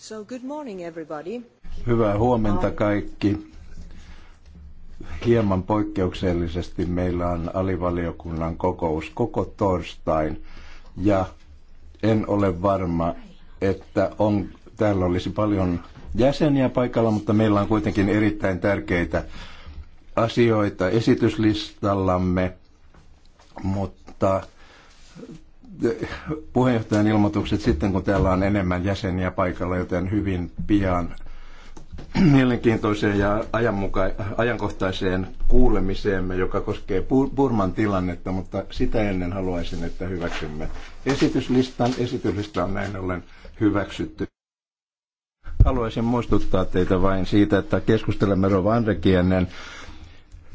So good morning everybody. Hyvää huomenta kaikki. Hieman poikkeuksellisesti meillä on alivaliokunnan kokous koko torstain ja en ole varma, että on, täällä olisi paljon jäseniä paikalla, mutta meillä on kuitenkin erittäin tärkeitä asioita esityslistallamme, mutta puheenjohtajan ilmoitukset sitten, kun täällä on enemmän jäseniä paikalla, joten hyvin pian mielenkiintoiseen ja ajanmuka- ajankohtaiseen kuulemiseemme, joka koskee Burman tilannetta, mutta sitä ennen haluaisin, että hyväksymme esityslistan. Esityslista on näin ollen hyväksytty. Haluaisin muistuttaa teitä vain siitä, että keskustelemme Rovandrekienen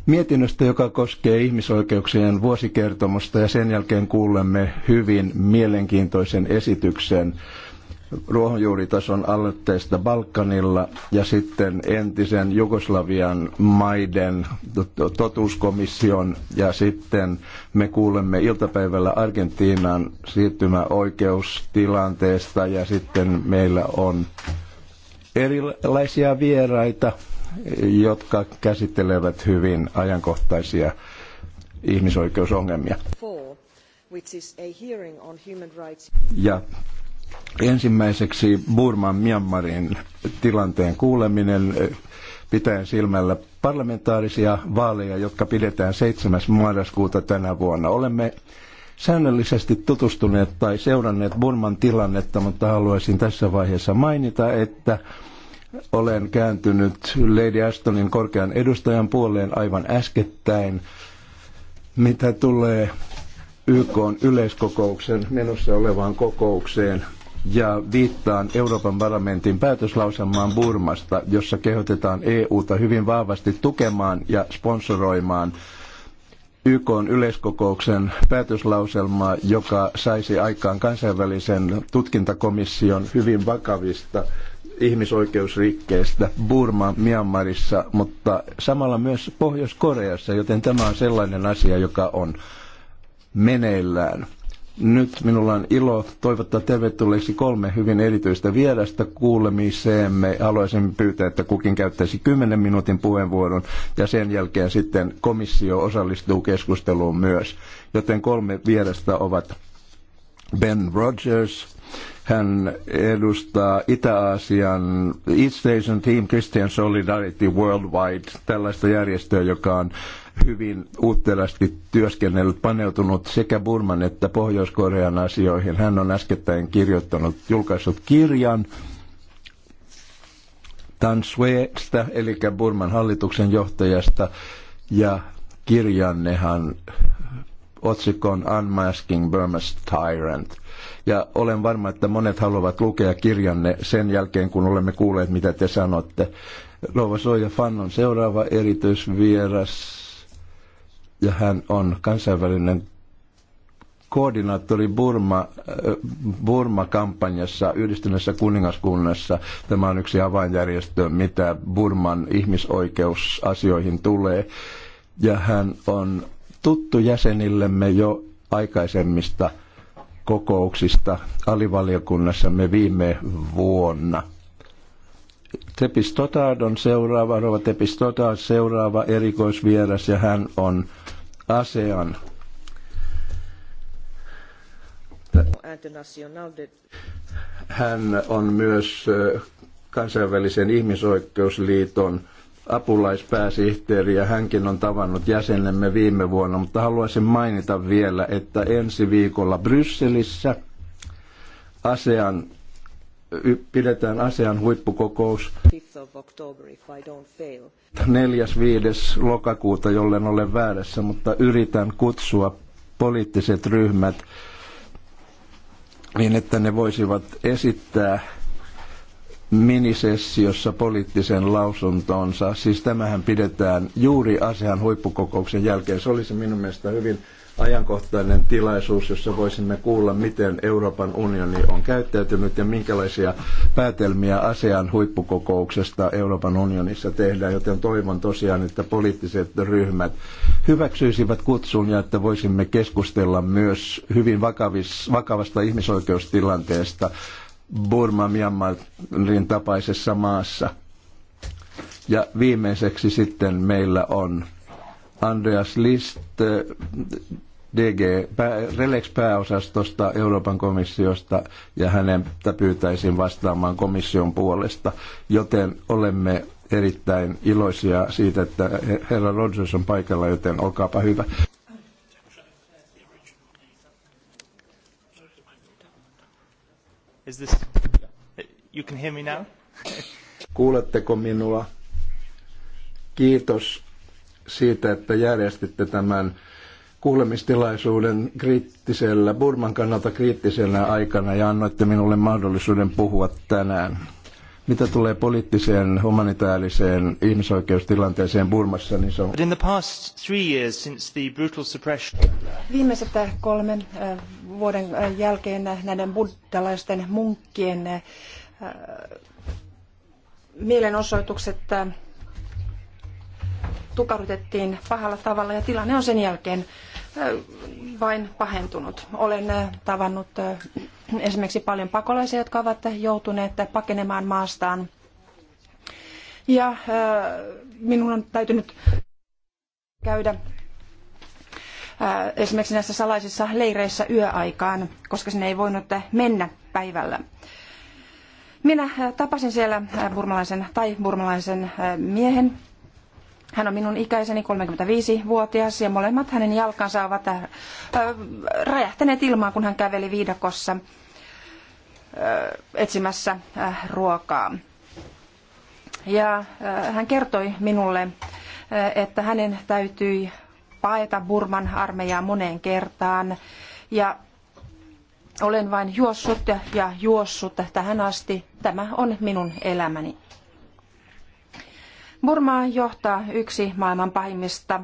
mietinnöstä, joka koskee ihmisoikeuksien vuosikertomusta ja sen jälkeen kuulemme hyvin mielenkiintoisen esityksen ruohonjuuritason aloitteesta Balkanilla ja sitten entisen Jugoslavian maiden totuuskomission ja sitten me kuulemme iltapäivällä Argentiinan siirtymäoikeustilanteesta ja sitten meillä on erilaisia vieraita jotka käsittelevät hyvin ajankohtaisia ihmisoikeusongelmia. Ja ensimmäiseksi Burman Myanmarin tilanteen kuuleminen eh, pitäen silmällä parlamentaarisia vaaleja, jotka pidetään 7. marraskuuta tänä vuonna. Olemme säännöllisesti tutustuneet tai seuranneet Burman tilannetta, mutta haluaisin tässä vaiheessa mainita, että olen kääntynyt Lady Ashtonin korkean edustajan puoleen aivan äskettäin. Mitä tulee YK yleiskokouksen menossa olevaan kokoukseen ja viittaan Euroopan parlamentin päätöslauselmaan Burmasta, jossa kehotetaan EUta hyvin vahvasti tukemaan ja sponsoroimaan YK yleiskokouksen päätöslauselmaa, joka saisi aikaan kansainvälisen tutkintakomission hyvin vakavista ihmisoikeusrikkeestä Burma Myanmarissa, mutta samalla myös Pohjois-Koreassa, joten tämä on sellainen asia, joka on meneillään. Nyt minulla on ilo toivottaa tervetulleeksi kolme hyvin erityistä vierasta kuulemiseemme. Haluaisin pyytää, että kukin käyttäisi 10 minuutin puheenvuoron ja sen jälkeen sitten komissio osallistuu keskusteluun myös. Joten kolme vierasta ovat Ben Rogers, hän edustaa Itä-Aasian East Asian Team Christian Solidarity Worldwide, tällaista järjestöä, joka on hyvin uutterasti työskennellyt, paneutunut sekä Burman että Pohjois-Korean asioihin. Hän on äskettäin kirjoittanut, julkaissut kirjan Tan Sueesta, eli Burman hallituksen johtajasta, ja kirjannehan otsikon Unmasking Burma's Tyrant – ja olen varma, että monet haluavat lukea kirjanne sen jälkeen, kun olemme kuulleet, mitä te sanotte. Rouva Soja Fan on seuraava erityisvieras ja hän on kansainvälinen koordinaattori Burma, äh, Burma-kampanjassa yhdistyneessä kuningaskunnassa. Tämä on yksi avainjärjestö, mitä Burman ihmisoikeusasioihin tulee. Ja hän on tuttu jäsenillemme jo aikaisemmista kokouksista alivaliokunnassamme viime vuonna. Tepistotaad on seuraava, Rova Tepistotaad seuraava erikoisvieras ja hän on ASEAN hän on myös kansainvälisen ihmisoikeusliiton apulaispääsihteeri ja hänkin on tavannut jäsenemme viime vuonna, mutta haluaisin mainita vielä, että ensi viikolla Brysselissä ASEAN pidetään ASEAN huippukokous 4.5. lokakuuta, jollen ole väärässä, mutta yritän kutsua poliittiset ryhmät niin, että ne voisivat esittää minisessiossa poliittisen lausuntonsa. Siis tämähän pidetään juuri asian huippukokouksen jälkeen. Se olisi minun mielestä hyvin ajankohtainen tilaisuus, jossa voisimme kuulla, miten Euroopan unioni on käyttäytynyt ja minkälaisia päätelmiä asian huippukokouksesta Euroopan unionissa tehdään, joten toivon tosiaan, että poliittiset ryhmät hyväksyisivät kutsun ja että voisimme keskustella myös hyvin vakavis, vakavasta ihmisoikeustilanteesta Burma Myanmarin tapaisessa maassa. Ja viimeiseksi sitten meillä on Andreas List, äh, DG, Relex-pääosastosta Euroopan komissiosta ja hänen pyytäisin vastaamaan komission puolesta, joten olemme erittäin iloisia siitä, että herra Rogers on paikalla, joten olkaapa hyvä. Is this... You can hear me now? Kuuletteko minua? Kiitos siitä, että järjestitte tämän kuulemistilaisuuden kriittisellä, Burman kannalta kriittisenä aikana ja annoitte minulle mahdollisuuden puhua tänään. Mitä tulee poliittiseen, humanitaariseen ihmisoikeustilanteeseen Burmassa, niin se on... Viimeiset kolmen vuoden jälkeen näiden buddhalaisten munkkien äh, äh, mielenosoitukset äh, tukarutettiin pahalla tavalla ja tilanne on sen jälkeen vain pahentunut. Olen tavannut esimerkiksi paljon pakolaisia, jotka ovat joutuneet pakenemaan maastaan. Ja minun on täytynyt käydä esimerkiksi näissä salaisissa leireissä yöaikaan, koska sinne ei voinut mennä päivällä. Minä tapasin siellä burmalaisen tai burmalaisen miehen, hän on minun ikäiseni 35-vuotias ja molemmat hänen jalkansa ovat äh, räjähtäneet ilmaan, kun hän käveli viidakossa äh, etsimässä äh, ruokaa. Ja äh, hän kertoi minulle, äh, että hänen täytyi paeta Burman armeijaa moneen kertaan ja olen vain juossut ja juossut tähän asti. Tämä on minun elämäni. Burmaa johtaa yksi maailman pahimmista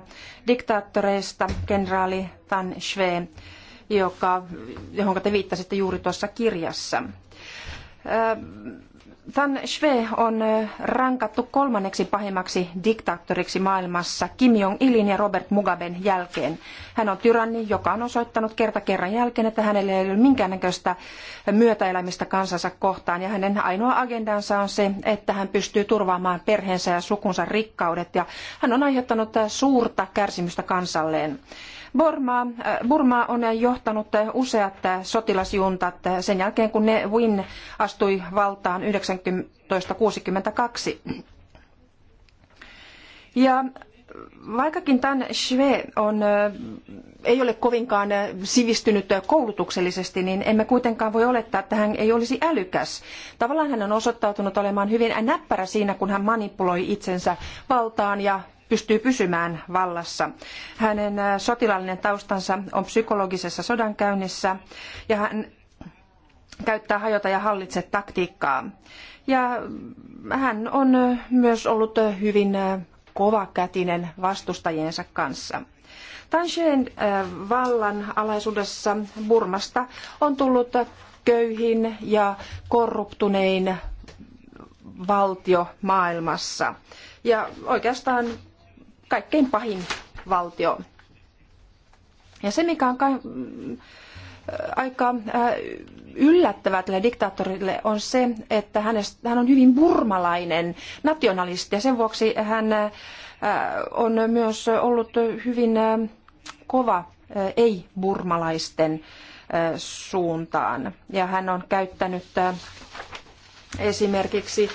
diktaattoreista, kenraali Tan Shwe, joka, johon te viittasitte juuri tuossa kirjassa. Tan Shwe on rankattu kolmanneksi pahimmaksi diktaattoriksi maailmassa Kim Jong-ilin ja Robert Mugaben jälkeen. Hän on tyranni, joka on osoittanut kerta kerran jälkeen, että hänellä ei ole minkäännäköistä myötäelämistä kansansa kohtaan. Ja hänen ainoa agendansa on se, että hän pystyy turvaamaan perheensä ja sukunsa rikkaudet. Ja hän on aiheuttanut suurta kärsimystä kansalleen. Äh, Burma, on johtanut useat sotilasjuntat sen jälkeen, kun Ne Win astui valtaan 1962. Ja vaikkakin Tan Shwe on, äh, ei ole kovinkaan äh, sivistynyt koulutuksellisesti, niin emme kuitenkaan voi olettaa, että hän ei olisi älykäs. Tavallaan hän on osoittautunut olemaan hyvin näppärä siinä, kun hän manipuloi itsensä valtaan ja pystyy pysymään vallassa. Hänen äh, sotilaallinen taustansa on psykologisessa sodankäynnissä ja hän käyttää hajota ja hallitse taktiikkaa. Ja hän on äh, myös ollut äh, hyvin kovakätinen vastustajiensa kanssa. Tansheen vallan alaisuudessa Burmasta on tullut köyhin ja korruptunein valtio maailmassa. Ja oikeastaan kaikkein pahin valtio. Ja se, mikä on äh, aika äh, yllättävää tälle diktaattorille on se, että hänestä, hän on hyvin burmalainen nationalisti ja sen vuoksi hän äh, on myös ollut hyvin kova ei-burmalaisten suuntaan. Ja hän on käyttänyt esimerkiksi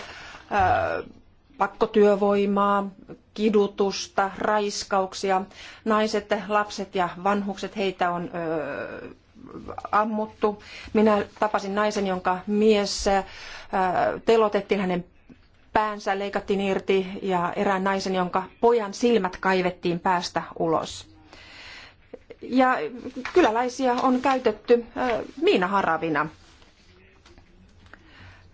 pakkotyövoimaa, kidutusta, raiskauksia. Naiset, lapset ja vanhukset, heitä on ö, ammuttu. Minä tapasin naisen, jonka mies ö, telotettiin hänen päänsä leikattiin irti ja erään naisen, jonka pojan silmät kaivettiin päästä ulos. Ja kyläläisiä on käytetty ö, miinaharavina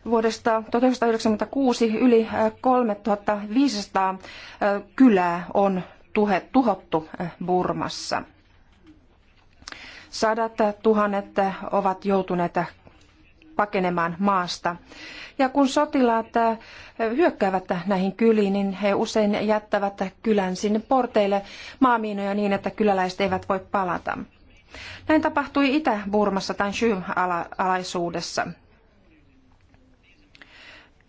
Vuodesta 1996 yli 3500 äh, äh, kylää on tuhottu äh, Burmassa. Sadat tuhannet ovat joutuneet pakenemaan maasta. Ja kun sotilaat hyökkäävät näihin kyliin, niin he usein jättävät kylän sinne porteille maamiinoja niin, että kyläläiset eivät voi palata. Näin tapahtui Itä-Burmassa tai alaisuudessa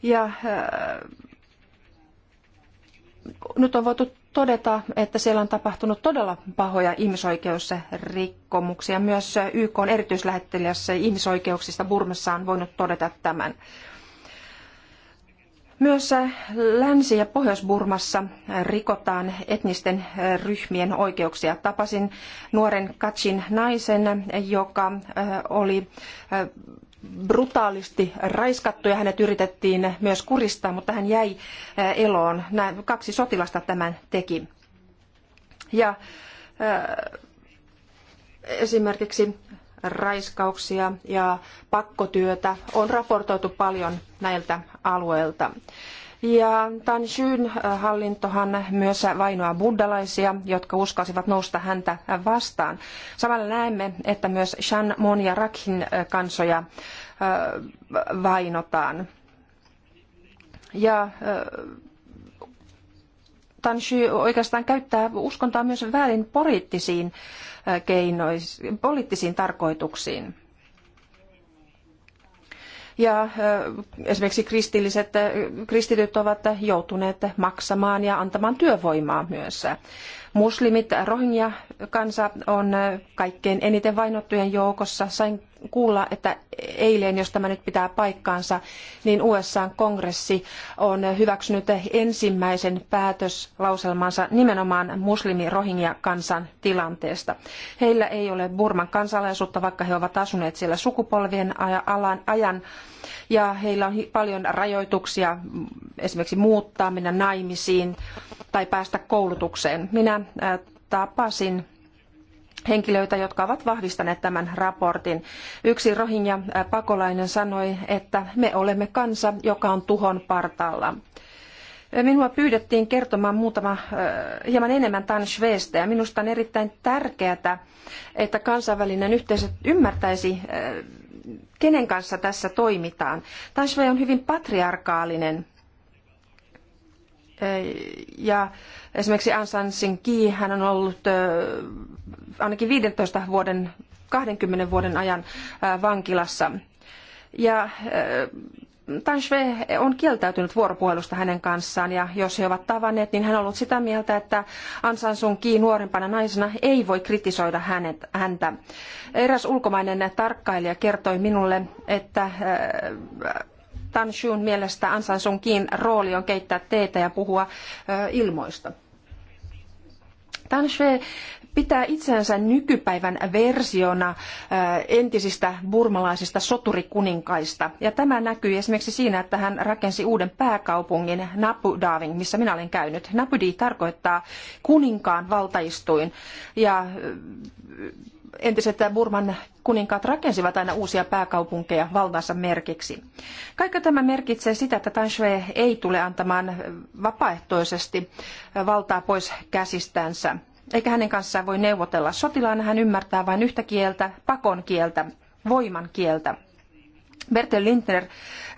ja äh, nyt on voitu todeta, että siellä on tapahtunut todella pahoja ihmisoikeusrikkomuksia. Myös YK on erityislähettelijässä ihmisoikeuksista Burmassa on voinut todeta tämän. Myös Länsi- ja Pohjois-Burmassa rikotaan etnisten ryhmien oikeuksia. Tapasin nuoren Katsin naisen, joka äh, oli äh, brutaalisti raiskattu ja hänet yritettiin myös kuristaa, mutta hän jäi eloon. Nämä kaksi sotilasta tämän teki. Ja esimerkiksi raiskauksia ja pakkotyötä on raportoitu paljon näiltä alueilta. Ja Tanjyn äh, hallintohan myös vainoaa buddalaisia, jotka uskalsivat nousta häntä vastaan. Samalla näemme, että myös Shan, Mon ja Rakhin äh, kansoja äh, vainotaan. Ja Tanshy oikeastaan käyttää uskontoa myös väärin poliittisiin keinoihin, poliittisiin tarkoituksiin ja esimerkiksi kristilliset, kristityt ovat joutuneet maksamaan ja antamaan työvoimaa myös. Muslimit, Rohingya-kansa on kaikkein eniten vainottujen joukossa. Sain kuulla, että eilen, jos tämä nyt pitää paikkaansa, niin USA-kongressi on hyväksynyt ensimmäisen päätöslauselmansa nimenomaan muslimi rohingya kansan tilanteesta. Heillä ei ole Burman kansalaisuutta, vaikka he ovat asuneet siellä sukupolvien ajan, ja heillä on paljon rajoituksia esimerkiksi muuttaa, mennä naimisiin tai päästä koulutukseen. Minä tapasin henkilöitä, jotka ovat vahvistaneet tämän raportin. Yksi rohingya pakolainen sanoi, että me olemme kansa, joka on tuhon partaalla. Minua pyydettiin kertomaan muutama, hieman enemmän Tan Schwestä ja minusta on erittäin tärkeää, että kansainvälinen yhteisö ymmärtäisi, kenen kanssa tässä toimitaan. Tan on hyvin patriarkaalinen ja Esimerkiksi Aung San Suu Kyi, hän on ollut ainakin 15 vuoden, 20 vuoden ajan vankilassa. Ja Tan Shwe on kieltäytynyt vuoropuhelusta hänen kanssaan ja jos he ovat tavanneet, niin hän on ollut sitä mieltä, että San Suu Kyi nuorempana naisena ei voi kritisoida hänet, häntä. Eräs ulkomainen tarkkailija kertoi minulle, että Tan Shun mielestä Ansan Sunkin rooli on keittää teetä ja puhua ilmoista. Tan Shue pitää itseänsä nykypäivän versiona entisistä burmalaisista soturikuninkaista. Ja tämä näkyy esimerkiksi siinä, että hän rakensi uuden pääkaupungin Napu missä minä olen käynyt. Napudi tarkoittaa kuninkaan valtaistuin. Ja entiset Burman kuninkaat rakensivat aina uusia pääkaupunkeja valtaansa merkiksi. Kaikki tämä merkitsee sitä, että Tanswe ei tule antamaan vapaaehtoisesti valtaa pois käsistänsä. Eikä hänen kanssaan voi neuvotella. Sotilaana hän ymmärtää vain yhtä kieltä, pakon kieltä, voiman kieltä. Bertel Lindner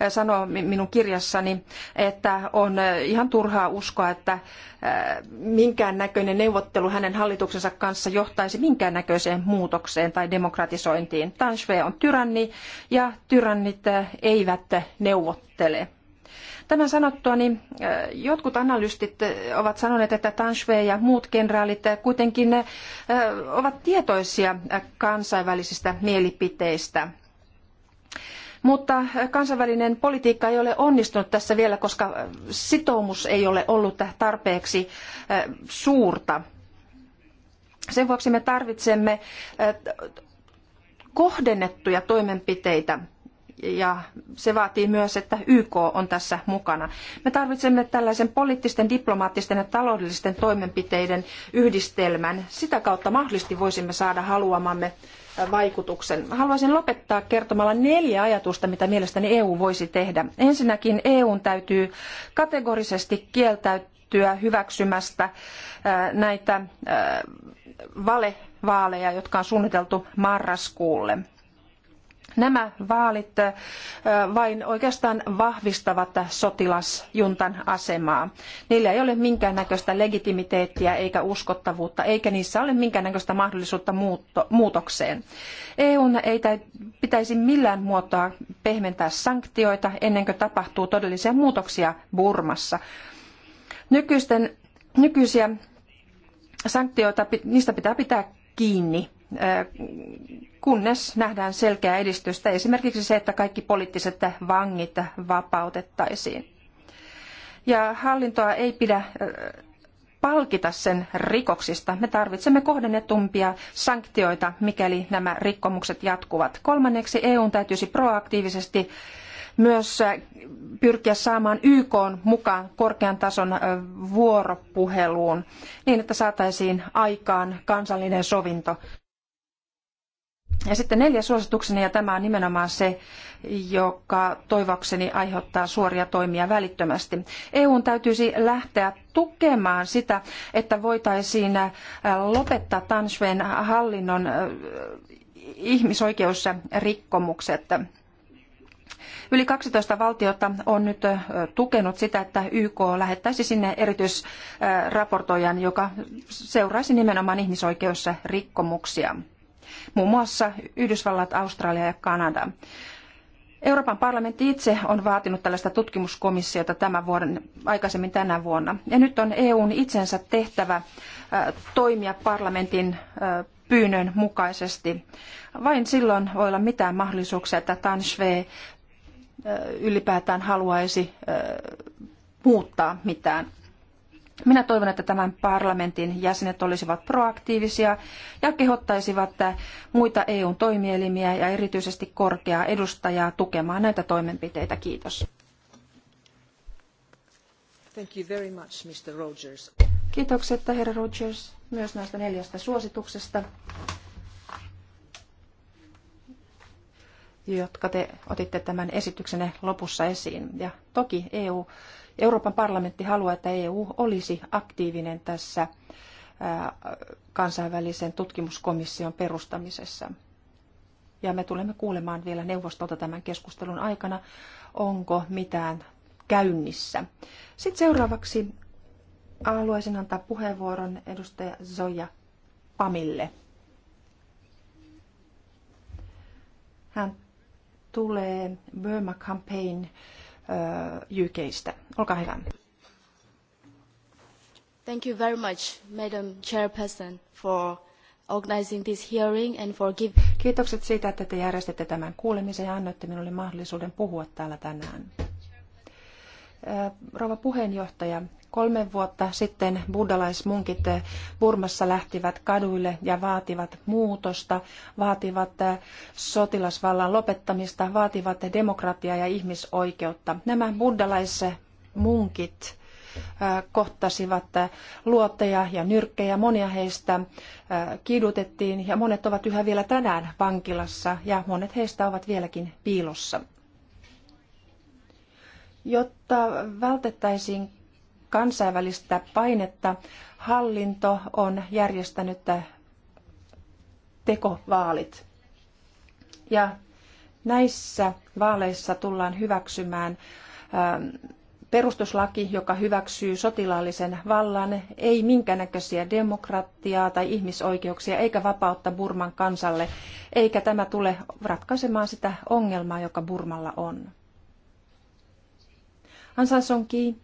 eh, sanoo minun kirjassani, että on eh, ihan turhaa uskoa, että eh, minkään näköinen neuvottelu hänen hallituksensa kanssa johtaisi minkään näköiseen muutokseen tai demokratisointiin. Tanshve on tyranni ja tyrannit eivät neuvottele. Tämän sanottua niin jotkut analystit ovat sanoneet, että Tanshve ja muut kenraalit kuitenkin ovat tietoisia kansainvälisistä mielipiteistä – mutta äh, kansainvälinen politiikka ei ole onnistunut tässä vielä, koska äh, sitoumus ei ole ollut tarpeeksi äh, suurta. Sen vuoksi me tarvitsemme kohdennettuja toimenpiteitä ja se vaatii myös, että YK on tässä mukana. Me tarvitsemme tällaisen poliittisten, diplomaattisten ja taloudellisten toimenpiteiden yhdistelmän. Sitä kautta mahdollisesti voisimme saada haluamamme vaikutuksen. Haluaisin lopettaa kertomalla neljä ajatusta, mitä mielestäni EU voisi tehdä. Ensinnäkin EUn täytyy kategorisesti kieltäytyä hyväksymästä äh, näitä äh, valevaaleja, jotka on suunniteltu marraskuulle. Nämä vaalit vain oikeastaan vahvistavat sotilasjuntan asemaa. Niillä ei ole minkäännäköistä legitimiteettiä eikä uskottavuutta, eikä niissä ole minkäännäköistä mahdollisuutta muutokseen. EUn ei pitäisi millään muotoa pehmentää sanktioita ennen kuin tapahtuu todellisia muutoksia Burmassa. Nykyisten, nykyisiä sanktioita, niistä pitää pitää kiinni kunnes nähdään selkeää edistystä, esimerkiksi se, että kaikki poliittiset vangit vapautettaisiin. Ja hallintoa ei pidä palkita sen rikoksista. Me tarvitsemme kohdennetumpia sanktioita, mikäli nämä rikkomukset jatkuvat. Kolmanneksi EUn täytyisi proaktiivisesti myös pyrkiä saamaan YK mukaan korkean tason vuoropuheluun niin, että saataisiin aikaan kansallinen sovinto. Ja sitten neljä suositukseni, ja tämä on nimenomaan se, joka toivokseni aiheuttaa suoria toimia välittömästi. EUn täytyisi lähteä tukemaan sitä, että voitaisiin äh, lopettaa Tansven hallinnon äh, ihmisoikeusrikkomukset. Yli 12 valtiota on nyt äh, tukenut sitä, että YK lähettäisi sinne erityisraportoijan, joka seuraisi nimenomaan ihmisoikeusrikkomuksia. rikkomuksia muun muassa Yhdysvallat, Australia ja Kanada. Euroopan parlamentti itse on vaatinut tällaista tutkimuskomissiota tämän vuoden, aikaisemmin tänä vuonna. Ja nyt on EUn itsensä tehtävä toimia parlamentin pyynnön mukaisesti. Vain silloin voi olla mitään mahdollisuuksia, että Tanshve ylipäätään haluaisi muuttaa mitään. Minä toivon, että tämän parlamentin jäsenet olisivat proaktiivisia ja kehottaisivat muita EUn toimielimiä ja erityisesti korkeaa edustajaa tukemaan näitä toimenpiteitä. Kiitos. Thank you very much, Mr. Rogers. Kiitokset, herra Rogers, myös näistä neljästä suosituksesta, jotka te otitte tämän esityksenne lopussa esiin. Ja toki EU Euroopan parlamentti haluaa, että EU olisi aktiivinen tässä kansainvälisen tutkimuskomission perustamisessa. Ja me tulemme kuulemaan vielä neuvostolta tämän keskustelun aikana, onko mitään käynnissä. Sitten seuraavaksi haluaisin antaa puheenvuoron edustaja Zoja Pamille. Hän tulee Burma Campaign UKstä. Olkaa hyvä. Thank you very much, Madam Chairperson, for organizing this hearing and for giving... Kiitokset siitä, että te järjestitte tämän kuulemisen ja annoitte minulle mahdollisuuden puhua täällä tänään. Rouva puheenjohtaja, kolme vuotta sitten buddalaismunkit Burmassa lähtivät kaduille ja vaativat muutosta, vaativat sotilasvallan lopettamista, vaativat demokratiaa ja ihmisoikeutta. Nämä buddalaismunkit kohtasivat luoteja ja nyrkkejä. Monia heistä kidutettiin ja monet ovat yhä vielä tänään vankilassa ja monet heistä ovat vieläkin piilossa. Jotta vältettäisiin kansainvälistä painetta, hallinto on järjestänyt tekovaalit. Ja näissä vaaleissa tullaan hyväksymään ähm, perustuslaki, joka hyväksyy sotilaallisen vallan, ei minkäännäköisiä demokratiaa tai ihmisoikeuksia eikä vapautta Burman kansalle, eikä tämä tule ratkaisemaan sitä ongelmaa, joka Burmalla on. San Suu Kyi,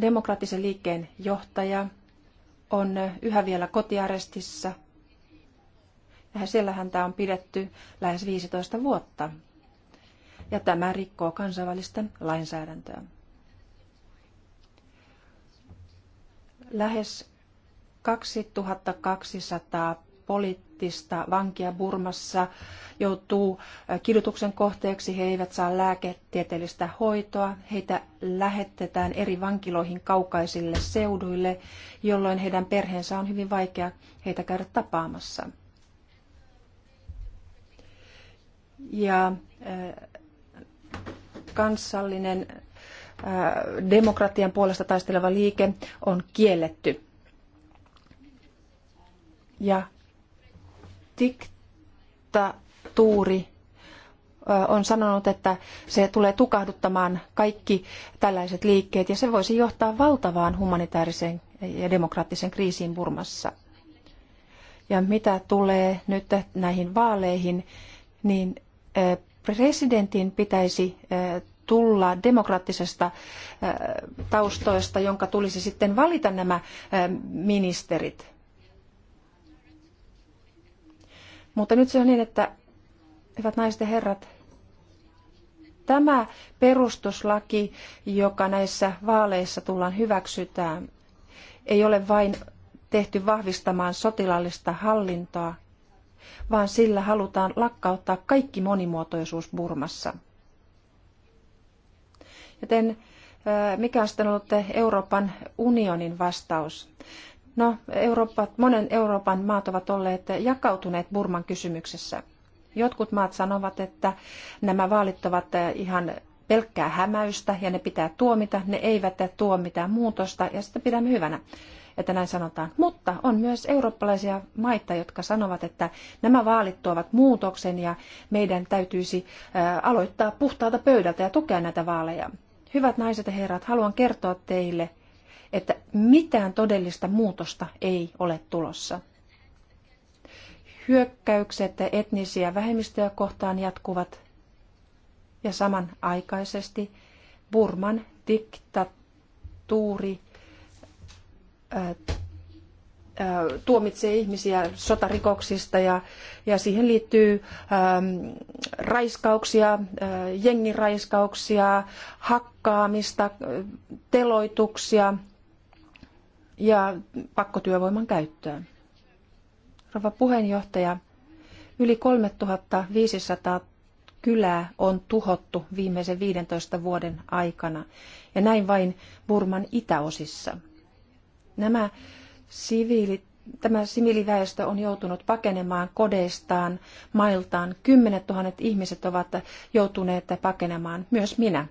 demokraattisen liikkeen johtaja, on yhä vielä kotiarestissa. Ja siellä häntä on pidetty lähes 15 vuotta. Ja tämä rikkoo kansainvälisten lainsäädäntöä. Lähes 2200 poliittista vankia Burmassa joutuu kidutuksen kohteeksi, he eivät saa lääketieteellistä hoitoa, heitä lähetetään eri vankiloihin kaukaisille seuduille, jolloin heidän perheensä on hyvin vaikea heitä käydä tapaamassa. Ja kansallinen demokratian puolesta taisteleva liike on kielletty. Ja diktatuuri on sanonut, että se tulee tukahduttamaan kaikki tällaiset liikkeet ja se voisi johtaa valtavaan humanitaariseen ja demokraattiseen kriisiin Burmassa. Ja mitä tulee nyt näihin vaaleihin, niin presidentin pitäisi tulla demokraattisesta taustoista, jonka tulisi sitten valita nämä ministerit. Mutta nyt se on niin, että hyvät naiset ja herrat, tämä perustuslaki, joka näissä vaaleissa tullaan hyväksytään, ei ole vain tehty vahvistamaan sotilaallista hallintoa, vaan sillä halutaan lakkauttaa kaikki monimuotoisuus Burmassa. Joten mikä on sitten ollut Euroopan unionin vastaus? No, Eurooppa, monen Euroopan maat ovat olleet jakautuneet Burman kysymyksessä. Jotkut maat sanovat, että nämä vaalit ovat ihan pelkkää hämäystä ja ne pitää tuomita, ne eivät tuo mitään muutosta ja sitä pidämme hyvänä, että näin sanotaan. Mutta on myös eurooppalaisia maita, jotka sanovat, että nämä vaalit tuovat muutoksen ja meidän täytyisi aloittaa puhtaalta pöydältä ja tukea näitä vaaleja. Hyvät naiset ja herrat, haluan kertoa teille, että mitään todellista muutosta ei ole tulossa. Hyökkäykset etnisiä vähemmistöjä kohtaan jatkuvat ja samanaikaisesti Burman diktatuuri ää, ää, tuomitsee ihmisiä sotarikoksista ja, ja siihen liittyy ää, raiskauksia, ää, jengiraiskauksia, hakkaamista, teloituksia – ja pakkotyövoiman käyttöön. Rova puheenjohtaja, yli 3500 kylää on tuhottu viimeisen 15 vuoden aikana, ja näin vain Burman itäosissa. Nämä siviilit, tämä similiväestö on joutunut pakenemaan kodeistaan, mailtaan. Kymmenet tuhannet ihmiset ovat joutuneet pakenemaan, myös minä.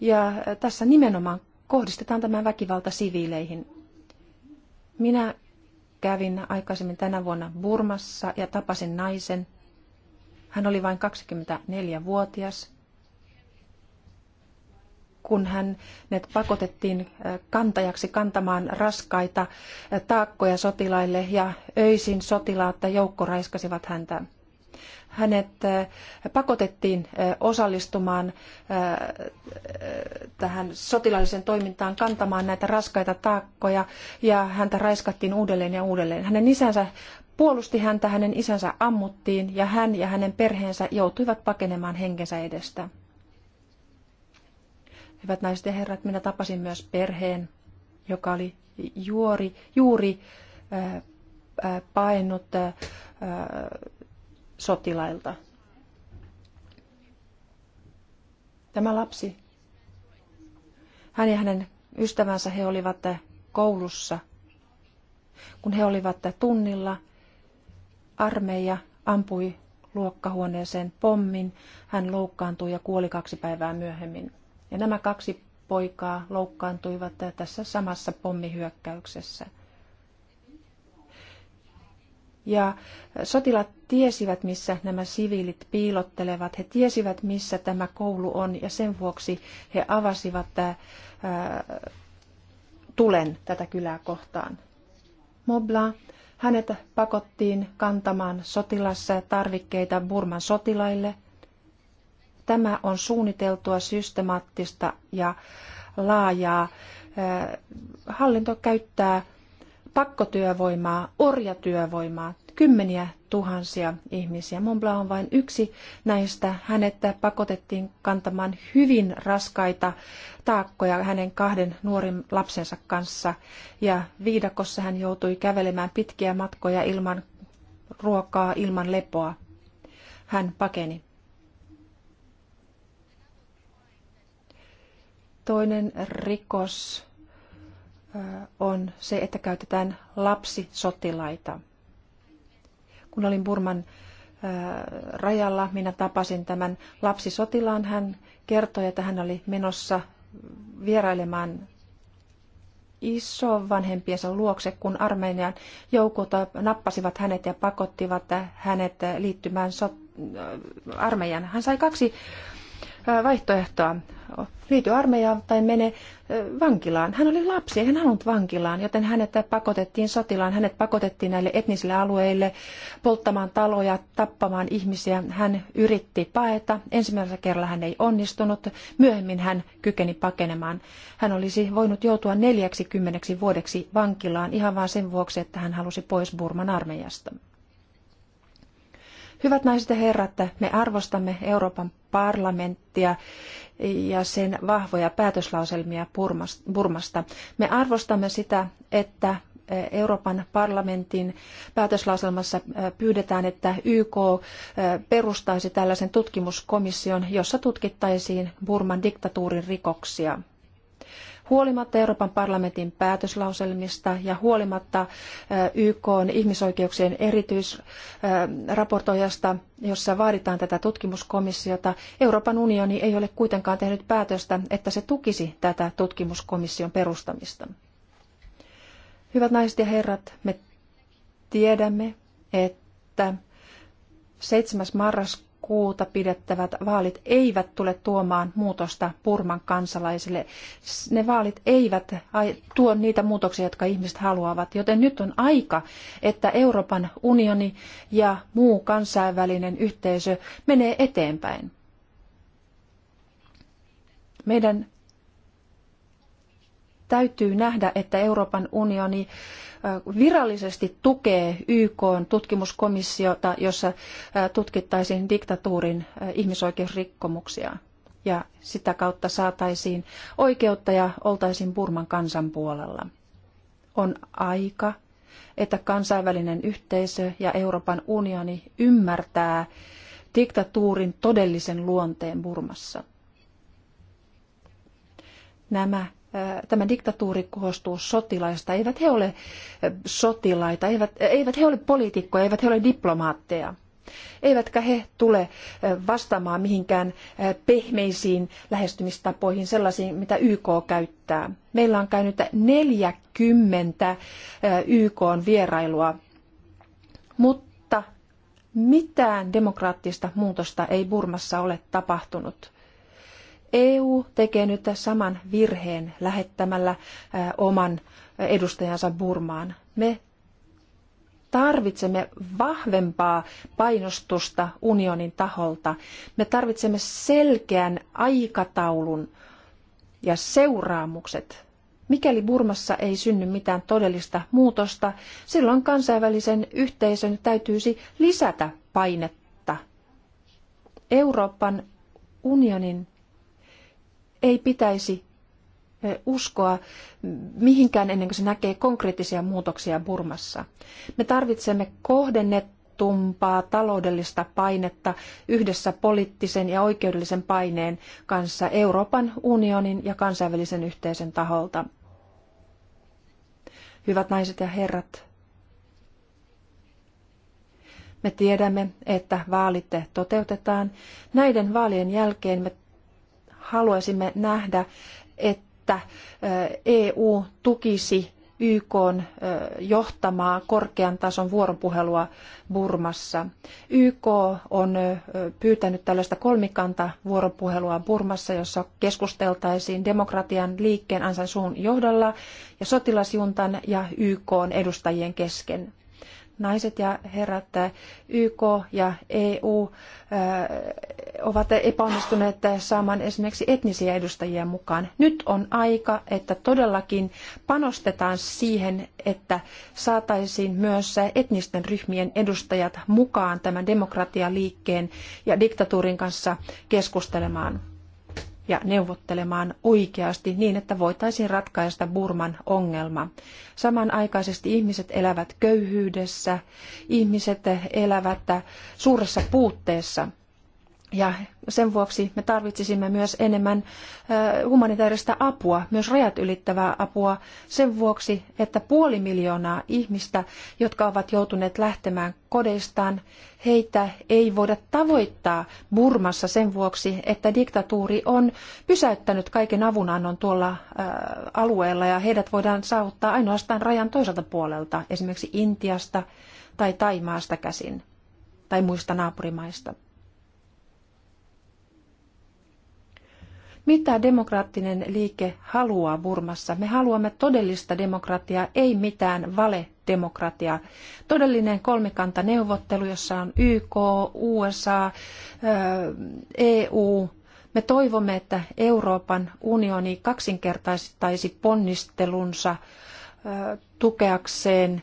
Ja tässä nimenomaan kohdistetaan tämä väkivalta siviileihin. Minä kävin aikaisemmin tänä vuonna Burmassa ja tapasin naisen. Hän oli vain 24-vuotias, kun hän net pakotettiin äh, kantajaksi kantamaan raskaita äh, taakkoja sotilaille ja öisin sotilaat joukkoraiskasivat häntä hänet äh, pakotettiin äh, osallistumaan äh, tähän sotilaalliseen toimintaan, kantamaan näitä raskaita taakkoja ja häntä raiskattiin uudelleen ja uudelleen. Hänen isänsä puolusti häntä, hänen isänsä ammuttiin ja hän ja hänen perheensä joutuivat pakenemaan henkensä edestä. Hyvät naiset ja herrat, minä tapasin myös perheen, joka oli juuri, juuri äh, paennut äh, sotilailta. Tämä lapsi, hän ja hänen ystävänsä, he olivat koulussa. Kun he olivat tunnilla, armeija ampui luokkahuoneeseen pommin, hän loukkaantui ja kuoli kaksi päivää myöhemmin. Ja nämä kaksi poikaa loukkaantuivat tässä samassa pommihyökkäyksessä – ja sotilat tiesivät, missä nämä siviilit piilottelevat. He tiesivät, missä tämä koulu on, ja sen vuoksi he avasivat tämä, äh, ää, tulen tätä kylää kohtaan. Mobla, hänet pakottiin kantamaan sotilassa tarvikkeita Burman sotilaille. Tämä on suunniteltua, systemaattista ja laajaa. Äh, hallinto käyttää pakkotyövoimaa, orjatyövoimaa, kymmeniä tuhansia ihmisiä. Mumbla on vain yksi näistä. Hänet pakotettiin kantamaan hyvin raskaita taakkoja hänen kahden nuorin lapsensa kanssa. Ja viidakossa hän joutui kävelemään pitkiä matkoja ilman ruokaa, ilman lepoa. Hän pakeni. Toinen rikos on se, että käytetään lapsisotilaita. Kun olin Burman rajalla, minä tapasin tämän lapsisotilaan. Hän kertoi, että hän oli menossa vierailemaan vanhempiensa luokse, kun Armenian joukot nappasivat hänet ja pakottivat hänet liittymään so- armeijan. Hän sai kaksi vaihtoehtoa liity armeijaan tai mene vankilaan. Hän oli lapsi, ei hän halunnut vankilaan, joten hänet pakotettiin sotilaan, hänet pakotettiin näille etnisille alueille polttamaan taloja, tappamaan ihmisiä. Hän yritti paeta, ensimmäisellä kerralla hän ei onnistunut, myöhemmin hän kykeni pakenemaan. Hän olisi voinut joutua neljäksi kymmeneksi vuodeksi vankilaan ihan vain sen vuoksi, että hän halusi pois Burman armeijasta. Hyvät naiset ja herrat, me arvostamme Euroopan parlamenttia ja sen vahvoja päätöslauselmia Burmasta. Me arvostamme sitä, että eh, Euroopan parlamentin päätöslauselmassa eh, pyydetään, että YK eh, perustaisi tällaisen tutkimuskomission, jossa tutkittaisiin Burman diktatuurin rikoksia. Huolimatta Euroopan parlamentin päätöslauselmista ja huolimatta YK ihmisoikeuksien erityisraportoijasta, jossa vaaditaan tätä tutkimuskomissiota, Euroopan unioni ei ole kuitenkaan tehnyt päätöstä, että se tukisi tätä tutkimuskomission perustamista. Hyvät naiset ja herrat, me tiedämme, että 7. marraskuuta kuuta pidettävät vaalit eivät tule tuomaan muutosta Burman kansalaisille. Ne vaalit eivät tuo niitä muutoksia, jotka ihmiset haluavat, joten nyt on aika, että Euroopan unioni ja muu kansainvälinen yhteisö menee eteenpäin. Meidän täytyy nähdä, että Euroopan unioni virallisesti tukee YK tutkimuskomissiota, jossa tutkittaisiin diktatuurin ihmisoikeusrikkomuksia. Ja sitä kautta saataisiin oikeutta ja oltaisiin Burman kansan puolella. On aika, että kansainvälinen yhteisö ja Euroopan unioni ymmärtää diktatuurin todellisen luonteen Burmassa. Nämä tämä diktatuuri koostuu sotilaista. Eivät he ole sotilaita, eivät, eivät he ole poliitikkoja, eivät he ole diplomaatteja. Eivätkä he tule vastaamaan mihinkään pehmeisiin lähestymistapoihin, sellaisiin mitä YK käyttää. Meillä on käynyt 40 YK vierailua, mutta mitään demokraattista muutosta ei Burmassa ole tapahtunut EU tekee nyt saman virheen lähettämällä oman edustajansa Burmaan. Me tarvitsemme vahvempaa painostusta unionin taholta. Me tarvitsemme selkeän aikataulun ja seuraamukset. Mikäli Burmassa ei synny mitään todellista muutosta, silloin kansainvälisen yhteisön täytyisi lisätä painetta. Euroopan unionin ei pitäisi uskoa mihinkään ennen kuin se näkee konkreettisia muutoksia Burmassa. Me tarvitsemme kohdennettumpaa taloudellista painetta yhdessä poliittisen ja oikeudellisen paineen kanssa Euroopan unionin ja kansainvälisen yhteisön taholta. Hyvät naiset ja herrat, me tiedämme, että vaalit toteutetaan. Näiden vaalien jälkeen me haluaisimme nähdä, että EU tukisi YK johtamaa korkean tason vuoropuhelua Burmassa. YK on pyytänyt tällaista kolmikanta vuoropuhelua Burmassa, jossa keskusteltaisiin demokratian liikkeen Ansan suun johdolla ja sotilasjuntan ja YK edustajien kesken naiset ja herrat, YK ja EU äh, ovat epäonnistuneet saamaan esimerkiksi etnisiä edustajia mukaan. Nyt on aika, että todellakin panostetaan siihen, että saataisiin myös etnisten ryhmien edustajat mukaan tämän demokratialiikkeen ja diktatuurin kanssa keskustelemaan ja neuvottelemaan oikeasti niin, että voitaisiin ratkaista Burman ongelma. Samanaikaisesti ihmiset elävät köyhyydessä, ihmiset elävät suuressa puutteessa – ja sen vuoksi me tarvitsisimme myös enemmän humanitaarista apua, myös rajat ylittävää apua, sen vuoksi, että puoli miljoonaa ihmistä, jotka ovat joutuneet lähtemään kodeistaan, heitä ei voida tavoittaa Burmassa sen vuoksi, että diktatuuri on pysäyttänyt kaiken avunannon tuolla alueella ja heidät voidaan saavuttaa ainoastaan rajan toiselta puolelta, esimerkiksi Intiasta tai Taimaasta käsin tai muista naapurimaista. mitä demokraattinen liike haluaa Burmassa. Me haluamme todellista demokratiaa, ei mitään valedemokratiaa. Todellinen kolmikantaneuvottelu, jossa on YK, USA, EU. Me toivomme, että Euroopan unioni kaksinkertaistaisi ponnistelunsa tukeakseen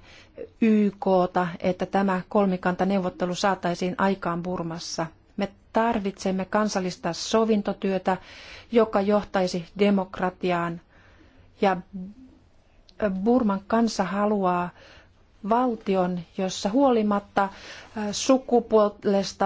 YKta, että tämä kolmikantaneuvottelu saataisiin aikaan Burmassa – tarvitsemme kansallista sovintotyötä, joka johtaisi demokratiaan. Ja Burman kansa haluaa valtion, jossa huolimatta sukupuolesta,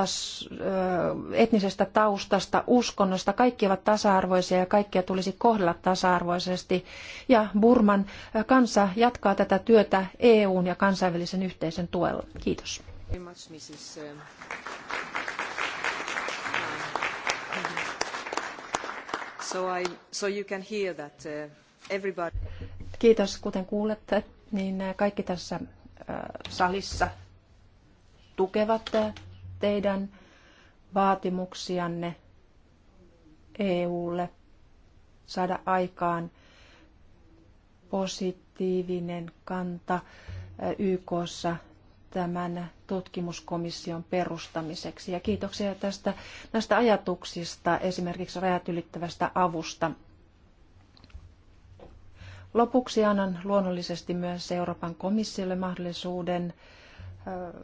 etnisestä taustasta, uskonnosta, kaikki ovat tasa-arvoisia ja kaikkia tulisi kohdella tasa-arvoisesti. Ja Burman kansa jatkaa tätä työtä EUn ja kansainvälisen yhteisön tuella. Kiitos. Um, Uh, Kiitos, kuten kuulette, niin äh, kaikki tässä äh, salissa tukevat äh, teidän vaatimuksianne EUlle saada aikaan positiivinen kanta YKssa tämän tutkimuskomission perustamiseksi. Ja kiitoksia tästä, näistä ajatuksista esimerkiksi rajat ylittävästä avusta. Lopuksi annan luonnollisesti myös Euroopan komissiolle mahdollisuuden äh,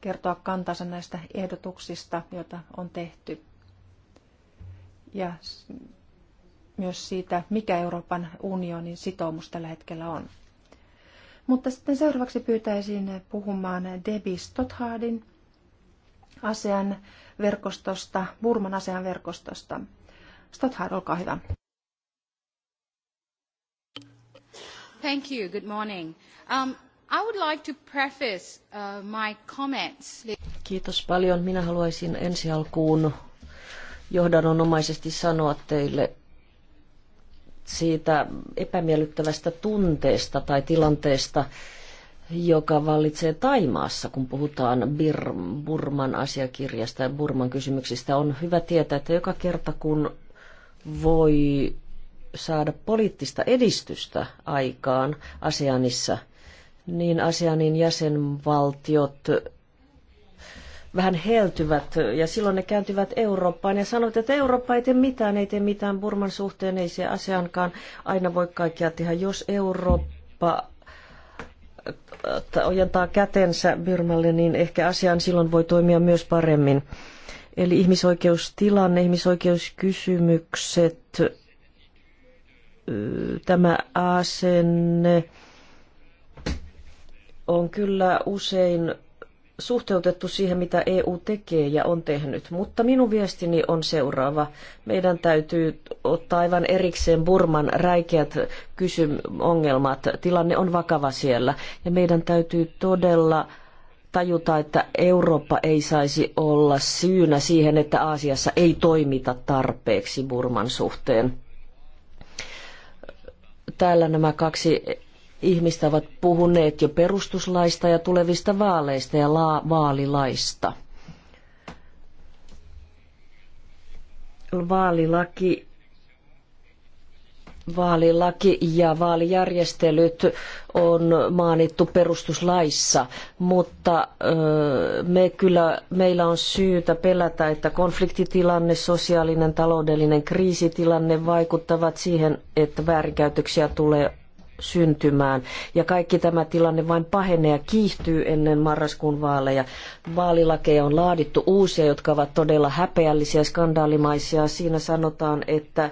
kertoa kantansa näistä ehdotuksista, joita on tehty. Ja myös siitä, mikä Euroopan unionin sitoumus tällä hetkellä on. Mutta sitten seuraavaksi pyytäisin puhumaan Debbie Stothardin ASEAN verkostosta, Burman ASEAN verkostosta. Stothard, olkaa hyvä. Thank you. Good morning. Um, I would like to preface uh, my comments. Kiitos paljon. Minä haluaisin ensi alkuun johdannonomaisesti sanoa teille siitä epämiellyttävästä tunteesta tai tilanteesta, joka vallitsee Taimaassa, kun puhutaan Bir- Burman asiakirjasta ja Burman kysymyksistä. On hyvä tietää, että joka kerta kun voi saada poliittista edistystä aikaan ASEANissa, niin ASEANin jäsenvaltiot vähän heltyvät ja silloin ne kääntyvät Eurooppaan ja sanovat, että Eurooppa ei tee mitään, ei tee mitään Burman suhteen, ei se asiankaan aina voi kaikkea tehdä. Jos Eurooppa ojentaa kätensä Burmalle, niin ehkä asiaan silloin voi toimia myös paremmin. Eli ihmisoikeustilanne, ihmisoikeuskysymykset, tämä asenne on kyllä usein suhteutettu siihen, mitä EU tekee ja on tehnyt. Mutta minun viestini on seuraava. Meidän täytyy ottaa aivan erikseen Burman räikeät kysym- ongelmat. Tilanne on vakava siellä. Ja meidän täytyy todella tajuta, että Eurooppa ei saisi olla syynä siihen, että Aasiassa ei toimita tarpeeksi Burman suhteen. Täällä nämä kaksi ihmistä ovat puhuneet jo perustuslaista ja tulevista vaaleista ja la- vaalilaista. Vaalilaki Vaalilaki ja vaalijärjestelyt on maanittu perustuslaissa, mutta me kyllä, meillä on syytä pelätä, että konfliktitilanne, sosiaalinen, taloudellinen kriisitilanne vaikuttavat siihen, että väärinkäytöksiä tulee syntymään. Ja kaikki tämä tilanne vain pahenee ja kiihtyy ennen marraskuun vaaleja. Vaalilakeja on laadittu uusia, jotka ovat todella häpeällisiä, skandaalimaisia. Siinä sanotaan, että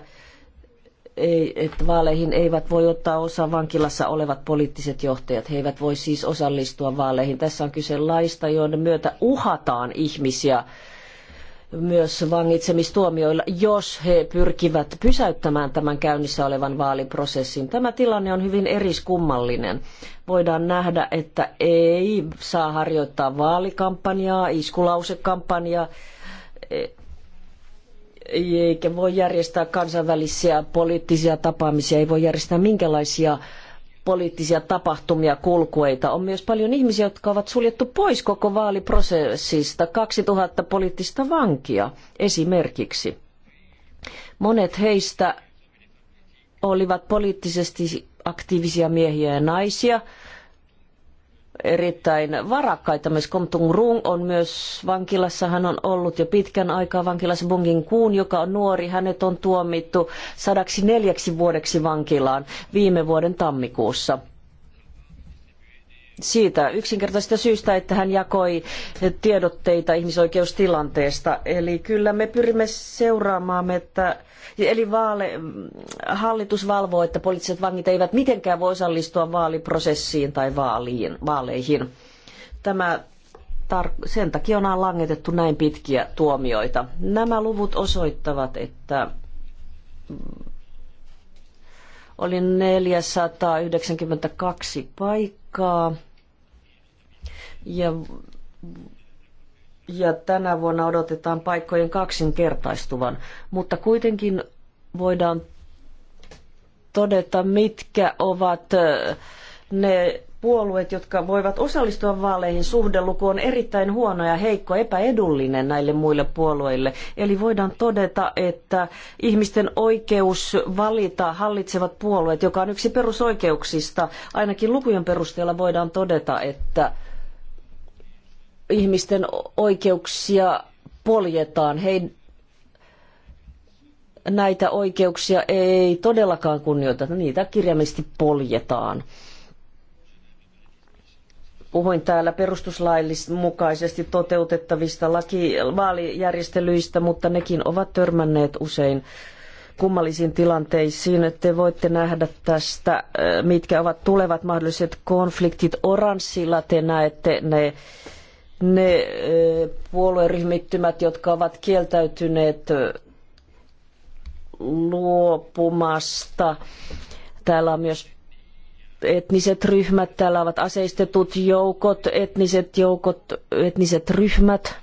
ei, että vaaleihin eivät voi ottaa osaa vankilassa olevat poliittiset johtajat. He eivät voi siis osallistua vaaleihin. Tässä on kyse laista, joiden myötä uhataan ihmisiä myös vangitsemistuomioilla, jos he pyrkivät pysäyttämään tämän käynnissä olevan vaaliprosessin. Tämä tilanne on hyvin eriskummallinen. Voidaan nähdä, että ei saa harjoittaa vaalikampanjaa, iskulausekampanjaa, eikä voi järjestää kansainvälisiä poliittisia tapaamisia, ei voi järjestää minkälaisia poliittisia tapahtumia, kulkueita. On myös paljon ihmisiä, jotka ovat suljettu pois koko vaaliprosessista, 2000 poliittista vankia esimerkiksi. Monet heistä olivat poliittisesti aktiivisia miehiä ja naisia, erittäin varakkaita. Myös Komtung Rung on myös vankilassa. Hän on ollut jo pitkän aikaa vankilassa. Bungin Kuun, joka on nuori, hänet on tuomittu neljäksi vuodeksi vankilaan viime vuoden tammikuussa siitä yksinkertaisesta syystä, että hän jakoi tiedotteita ihmisoikeustilanteesta. Eli kyllä me pyrimme seuraamaan, että eli vaale, hallitus valvoo, että poliittiset vangit eivät mitenkään voi osallistua vaaliprosessiin tai vaaliin, vaaleihin. Tämä sen takia on langetettu näin pitkiä tuomioita. Nämä luvut osoittavat, että oli 492 paikkaa ja, ja tänä vuonna odotetaan paikkojen kaksinkertaistuvan, mutta kuitenkin voidaan todeta, mitkä ovat ne puolueet, jotka voivat osallistua vaaleihin, suhdeluku on erittäin huono ja heikko, epäedullinen näille muille puolueille. Eli voidaan todeta, että ihmisten oikeus valita hallitsevat puolueet, joka on yksi perusoikeuksista, ainakin lukujen perusteella voidaan todeta, että ihmisten oikeuksia poljetaan. He, näitä oikeuksia ei todellakaan kunnioiteta, niitä kirjaimellisesti poljetaan. Puhuin täällä mukaisesti toteutettavista laki- vaalijärjestelyistä, mutta nekin ovat törmänneet usein kummallisiin tilanteisiin, että te voitte nähdä tästä, äh, mitkä ovat tulevat mahdolliset konfliktit. Oranssilla te näette ne ne e, puolueryhmittymät, jotka ovat kieltäytyneet e, luopumasta. Täällä on myös etniset ryhmät, täällä ovat aseistetut joukot, etniset joukot, etniset ryhmät.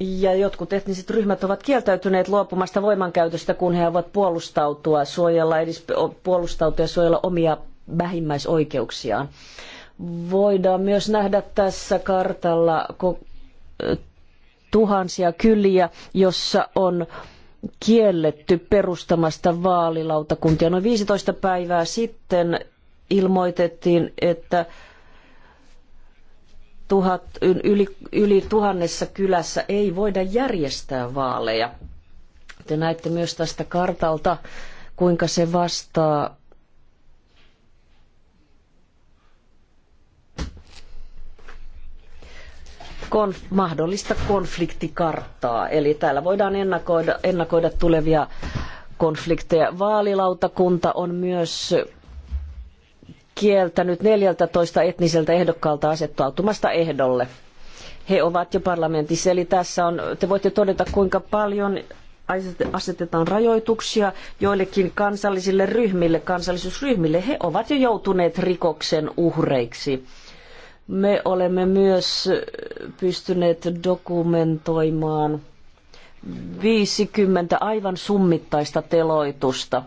Ja jotkut etniset ryhmät ovat kieltäytyneet luopumasta voimankäytöstä, kun he ovat puolustautua, suojella, edis, puolustautua ja suojella omia vähimmäisoikeuksiaan voidaan myös nähdä tässä kartalla tuhansia kyliä, jossa on kielletty perustamasta vaalilautakuntia. Noin 15 päivää sitten ilmoitettiin, että tuhat, yli, yli tuhannessa kylässä ei voida järjestää vaaleja. Te näette myös tästä kartalta, kuinka se vastaa konf- mahdollista konfliktikarttaa. Eli täällä voidaan ennakoida, ennakoida tulevia konflikteja. Vaalilautakunta on myös kieltänyt 14 etniseltä ehdokkaalta asettautumasta ehdolle. He ovat jo parlamentissa, eli tässä on, te voitte todeta kuinka paljon asetetaan rajoituksia joillekin kansallisille ryhmille, kansallisuusryhmille. He ovat jo joutuneet rikoksen uhreiksi me olemme myös pystyneet dokumentoimaan 50 aivan summittaista teloitusta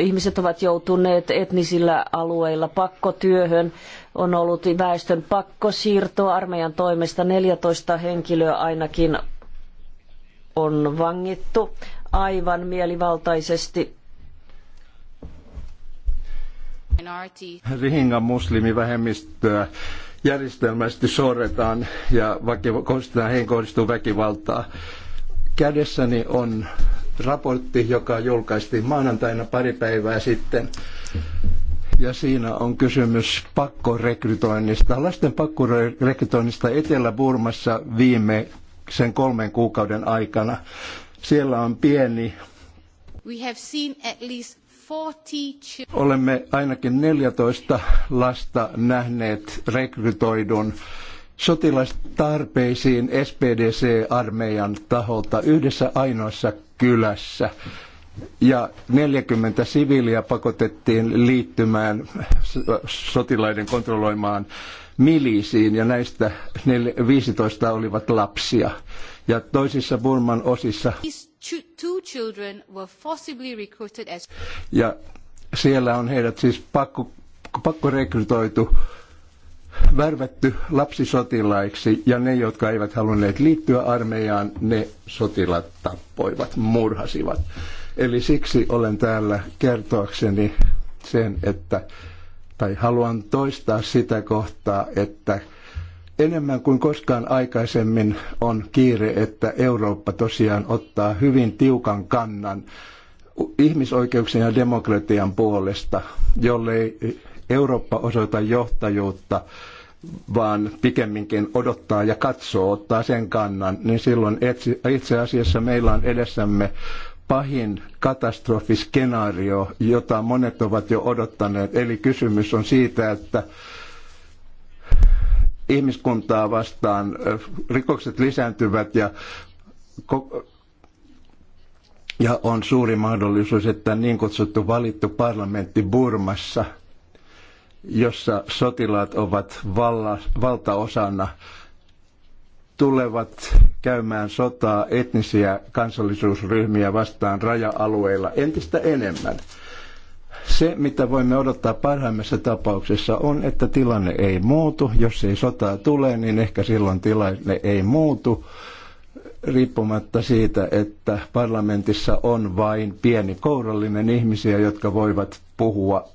ihmiset ovat joutuneet etnisillä alueilla pakkotyöhön. On ollut väestön pakkosiirto armeijan toimesta. 14 henkilöä ainakin on vangittu aivan mielivaltaisesti Rihingan muslimivähemmistöä järjestelmästi sorretaan ja väkiv- heihin kohdistuu väkivaltaa. Kädessäni on raportti, joka julkaistiin maanantaina pari päivää sitten. Ja siinä on kysymys pakkorekrytoinnista, lasten pakkorekrytoinnista Etelä-Burmassa viime sen kolmen kuukauden aikana. Siellä on pieni We have seen at least Olemme ainakin 14 lasta nähneet rekrytoidun sotilastarpeisiin SPDC-armeijan taholta yhdessä ainoassa kylässä. Ja 40 siviiliä pakotettiin liittymään sotilaiden kontrolloimaan milisiin ja näistä 15 olivat lapsia. Ja toisissa Burman osissa two children were forcibly recruited as... Ja siellä on heidät siis pakko, pakko rekrytoitu, värvätty lapsisotilaiksi ja ne, jotka eivät halunneet liittyä armeijaan, ne sotilat tappoivat, murhasivat. Eli siksi olen täällä kertoakseni sen, että, tai haluan toistaa sitä kohtaa, että Enemmän kuin koskaan aikaisemmin on kiire, että Eurooppa tosiaan ottaa hyvin tiukan kannan ihmisoikeuksien ja demokratian puolesta, jollei Eurooppa osoita johtajuutta, vaan pikemminkin odottaa ja katsoo, ottaa sen kannan, niin silloin itse asiassa meillä on edessämme pahin katastrofiskenaario, jota monet ovat jo odottaneet. Eli kysymys on siitä, että ihmiskuntaa vastaan, rikokset lisääntyvät ja ja on suuri mahdollisuus, että niin kutsuttu valittu parlamentti Burmassa, jossa sotilaat ovat valla, valtaosana, tulevat käymään sotaa etnisiä kansallisuusryhmiä vastaan raja-alueilla entistä enemmän. Se, mitä voimme odottaa parhaimmassa tapauksessa, on, että tilanne ei muutu. Jos ei sotaa tule, niin ehkä silloin tilanne ei muutu, riippumatta siitä, että parlamentissa on vain pieni kourallinen ihmisiä, jotka voivat puhua,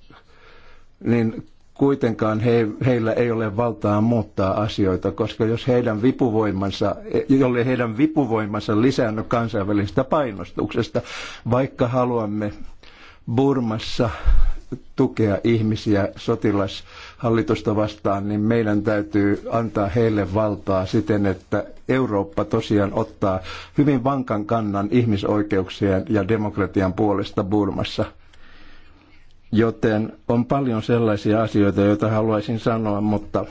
niin kuitenkaan he, heillä ei ole valtaa muuttaa asioita, koska jos heidän vipuvoimansa, jolle heidän vipuvoimansa lisäänny kansainvälisestä painostuksesta, vaikka haluamme Burmassa tukea ihmisiä sotilashallitusta vastaan, niin meidän täytyy antaa heille valtaa siten, että Eurooppa tosiaan ottaa hyvin vankan kannan ihmisoikeuksien ja demokratian puolesta Burmassa. Joten on paljon sellaisia asioita, joita haluaisin sanoa, mutta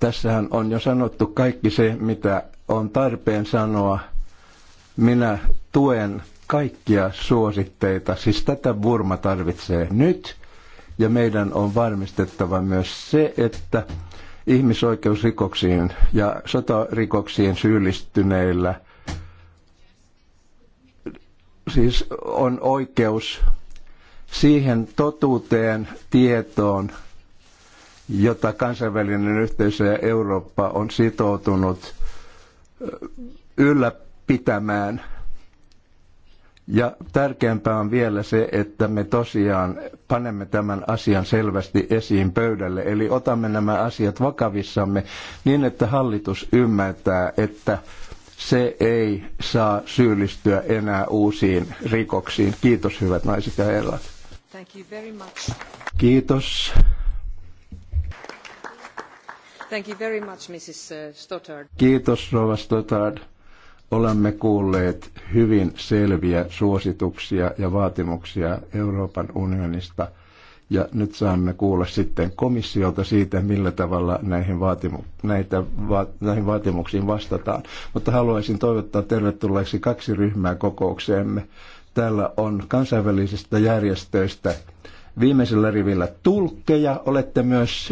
tässähän on jo sanottu kaikki se, mitä on tarpeen sanoa. Minä tuen kaikkia suositteita. Siis tätä Burma tarvitsee nyt ja meidän on varmistettava myös se, että ihmisoikeusrikoksiin ja sotarikoksiin syyllistyneillä siis on oikeus siihen totuuteen, tietoon, jota kansainvälinen yhteisö ja Eurooppa on sitoutunut ylläpitämään – ja tärkeämpää on vielä se, että me tosiaan panemme tämän asian selvästi esiin pöydälle. Eli otamme nämä asiat vakavissamme niin, että hallitus ymmärtää, että se ei saa syyllistyä enää uusiin rikoksiin. Kiitos hyvät naiset ja herrat. Thank you very much. Kiitos. Thank you very much, Mrs. Stottard. Kiitos, Rova Stottard. Olemme kuulleet hyvin selviä suosituksia ja vaatimuksia Euroopan unionista – ja nyt saamme kuulla sitten komissiolta siitä, millä tavalla näihin, vaatimu- näitä va- näihin vaatimuksiin vastataan. Mutta haluaisin toivottaa tervetulleeksi kaksi ryhmää kokoukseemme. Täällä on kansainvälisistä järjestöistä viimeisellä rivillä tulkkeja. Olette myös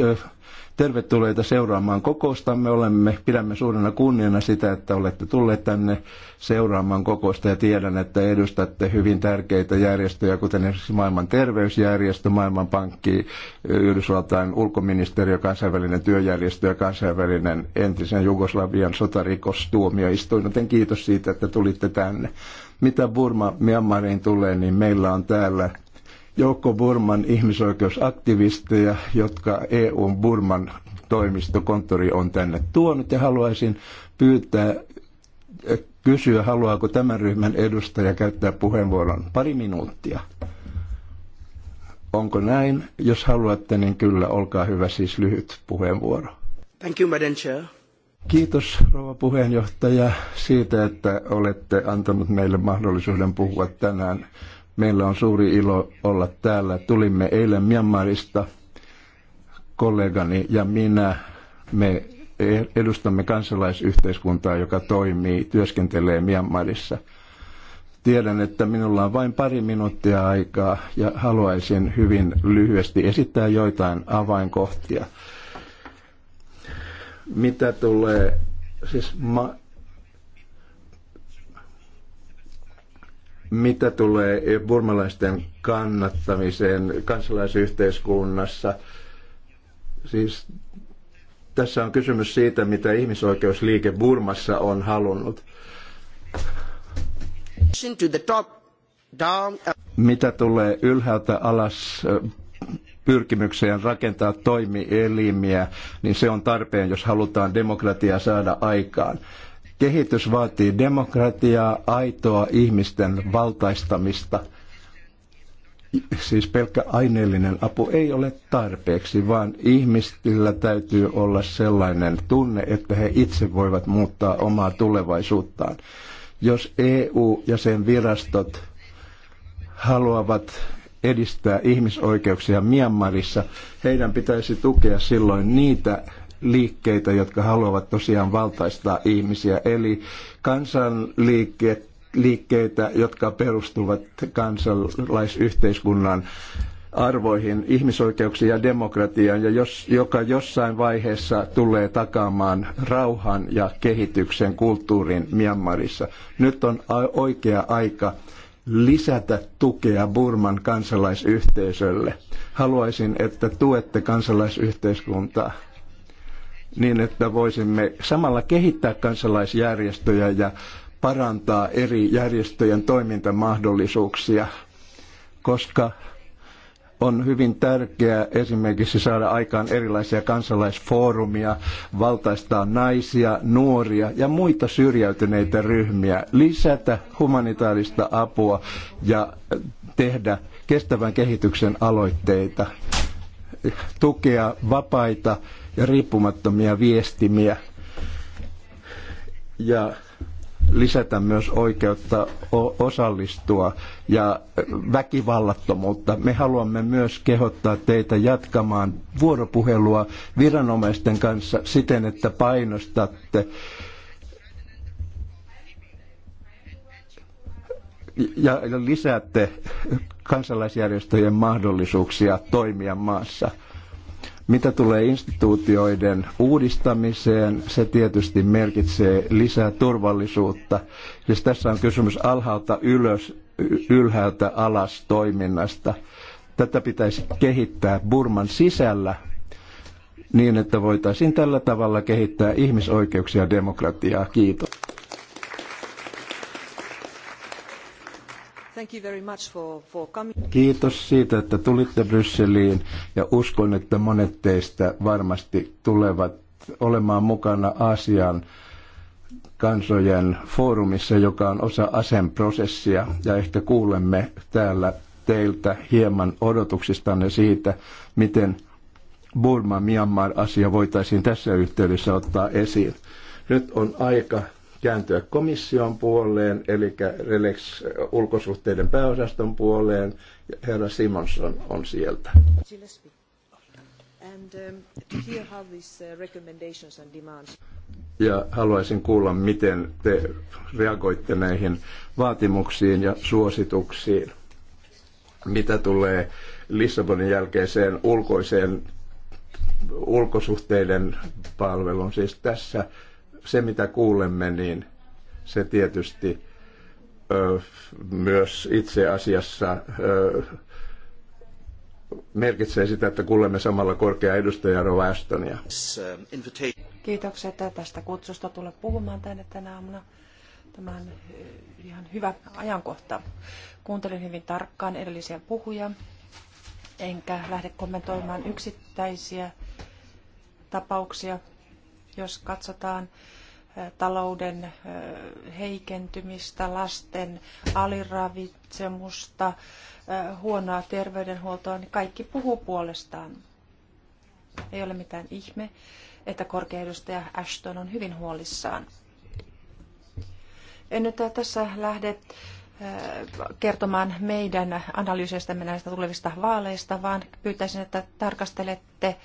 tervetulleita seuraamaan kokoustamme. Olemme, pidämme suurena kunniana sitä, että olette tulleet tänne seuraamaan kokousta ja tiedän, että edustatte hyvin tärkeitä järjestöjä, kuten esimerkiksi maailman terveysjärjestö, maailmanpankki, Yhdysvaltain ulkoministeriö, kansainvälinen työjärjestö ja kansainvälinen entisen Jugoslavian sotarikostuomioistuin. Joten kiitos siitä, että tulitte tänne. Mitä Burma Myanmariin tulee, niin meillä on täällä joukko Burman ihmisoikeusaktivisteja, jotka EUn Burman toimistokonttori on tänne tuonut ja haluaisin pyytää eh, kysyä, haluaako tämän ryhmän edustaja käyttää puheenvuoron pari minuuttia. Onko näin? Jos haluatte, niin kyllä, olkaa hyvä, siis lyhyt puheenvuoro. Thank you, Madam Chair. Kiitos rouva puheenjohtaja siitä, että olette antanut meille mahdollisuuden puhua tänään Meillä on suuri ilo olla täällä. Tulimme eilen Myanmarista, kollegani ja minä. Me edustamme kansalaisyhteiskuntaa, joka toimii, työskentelee Myanmarissa. Tiedän, että minulla on vain pari minuuttia aikaa ja haluaisin hyvin lyhyesti esittää joitain avainkohtia. Mitä tulee, siis ma- Mitä tulee burmalaisten kannattamiseen kansalaisyhteiskunnassa, siis tässä on kysymys siitä, mitä ihmisoikeusliike Burmassa on halunnut. Mitä tulee ylhäältä alas pyrkimykseen rakentaa toimielimiä, niin se on tarpeen, jos halutaan demokratiaa saada aikaan. Kehitys vaatii demokratiaa, aitoa ihmisten valtaistamista. Siis pelkkä aineellinen apu ei ole tarpeeksi, vaan ihmistillä täytyy olla sellainen tunne, että he itse voivat muuttaa omaa tulevaisuuttaan. Jos EU ja sen virastot haluavat edistää ihmisoikeuksia Myanmarissa, heidän pitäisi tukea silloin niitä liikkeitä, jotka haluavat tosiaan valtaistaa ihmisiä, eli kansanliikkeitä, jotka perustuvat kansalaisyhteiskunnan arvoihin, ihmisoikeuksiin ja demokratiaan, ja jos, joka jossain vaiheessa tulee takaamaan rauhan ja kehityksen kulttuurin Myanmarissa. Nyt on oikea aika lisätä tukea Burman kansalaisyhteisölle. Haluaisin, että tuette kansalaisyhteiskuntaa niin, että voisimme samalla kehittää kansalaisjärjestöjä ja parantaa eri järjestöjen toimintamahdollisuuksia, koska on hyvin tärkeää esimerkiksi saada aikaan erilaisia kansalaisfoorumia, valtaistaa naisia, nuoria ja muita syrjäytyneitä ryhmiä, lisätä humanitaarista apua ja tehdä kestävän kehityksen aloitteita, tukea vapaita ja riippumattomia viestimiä ja lisätä myös oikeutta osallistua ja väkivallattomuutta. Me haluamme myös kehottaa teitä jatkamaan vuoropuhelua viranomaisten kanssa siten, että painostatte ja lisäätte kansalaisjärjestöjen mahdollisuuksia toimia maassa. Mitä tulee instituutioiden uudistamiseen, se tietysti merkitsee lisää turvallisuutta. Siis tässä on kysymys alhaalta ylös, ylhäältä alas toiminnasta. Tätä pitäisi kehittää Burman sisällä niin, että voitaisiin tällä tavalla kehittää ihmisoikeuksia ja demokratiaa. Kiitos. Kiitos siitä, että tulitte Brysseliin ja uskon, että monet teistä varmasti tulevat olemaan mukana Aasian kansojen foorumissa, joka on osa prosessia ja ehkä kuulemme täällä teiltä hieman odotuksistanne siitä, miten Burma-Myanmar-asia voitaisiin tässä yhteydessä ottaa esiin. Nyt on aika kääntyä komission puoleen, eli Relex ulkosuhteiden pääosaston puoleen. Herra Simonson on sieltä. Um, uh, ja haluaisin kuulla, miten te reagoitte näihin vaatimuksiin ja suosituksiin, mitä tulee Lissabonin jälkeiseen ulkoiseen ulkosuhteiden palveluun. Siis tässä se mitä kuulemme, niin se tietysti ö, myös itse asiassa ö, merkitsee sitä, että kuulemme samalla korkea edustaja Rova Astonia. Kiitokset tästä kutsusta tulla puhumaan tänne tänä aamuna. Tämä on ihan hyvä ajankohta. Kuuntelin hyvin tarkkaan edellisiä puhuja, enkä lähde kommentoimaan yksittäisiä tapauksia. Jos katsotaan talouden heikentymistä, lasten aliravitsemusta, huonoa terveydenhuoltoa, niin kaikki puhuu puolestaan. Ei ole mitään ihme, että korkeudustaja Ashton on hyvin huolissaan. En nyt tässä lähde kertomaan meidän analyyseistämme näistä tulevista vaaleista, vaan pyytäisin, että tarkastelette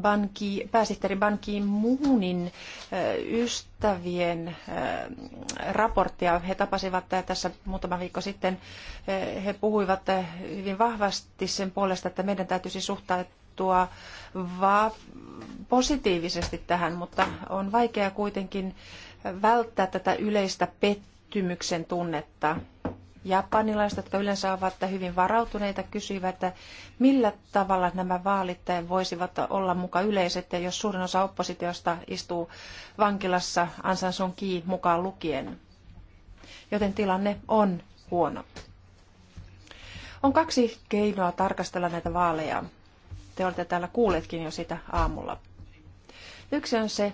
Ban Ki, pääsihteeri Ban Ki-moonin ystävien raporttia. He tapasivat tässä muutama viikko sitten. He puhuivat hyvin vahvasti sen puolesta, että meidän täytyisi suhtautua va- positiivisesti tähän, mutta on vaikea kuitenkin välttää tätä yleistä pettymyksen tunnetta japanilaiset, jotka yleensä ovat hyvin varautuneita, kysyivät, että millä tavalla nämä vaalit voisivat olla muka yleiset, jos suurin osa oppositiosta istuu vankilassa Ansan Sun Ki mukaan lukien. Joten tilanne on huono. On kaksi keinoa tarkastella näitä vaaleja. Te olette täällä kuulleetkin jo sitä aamulla. Yksi on se,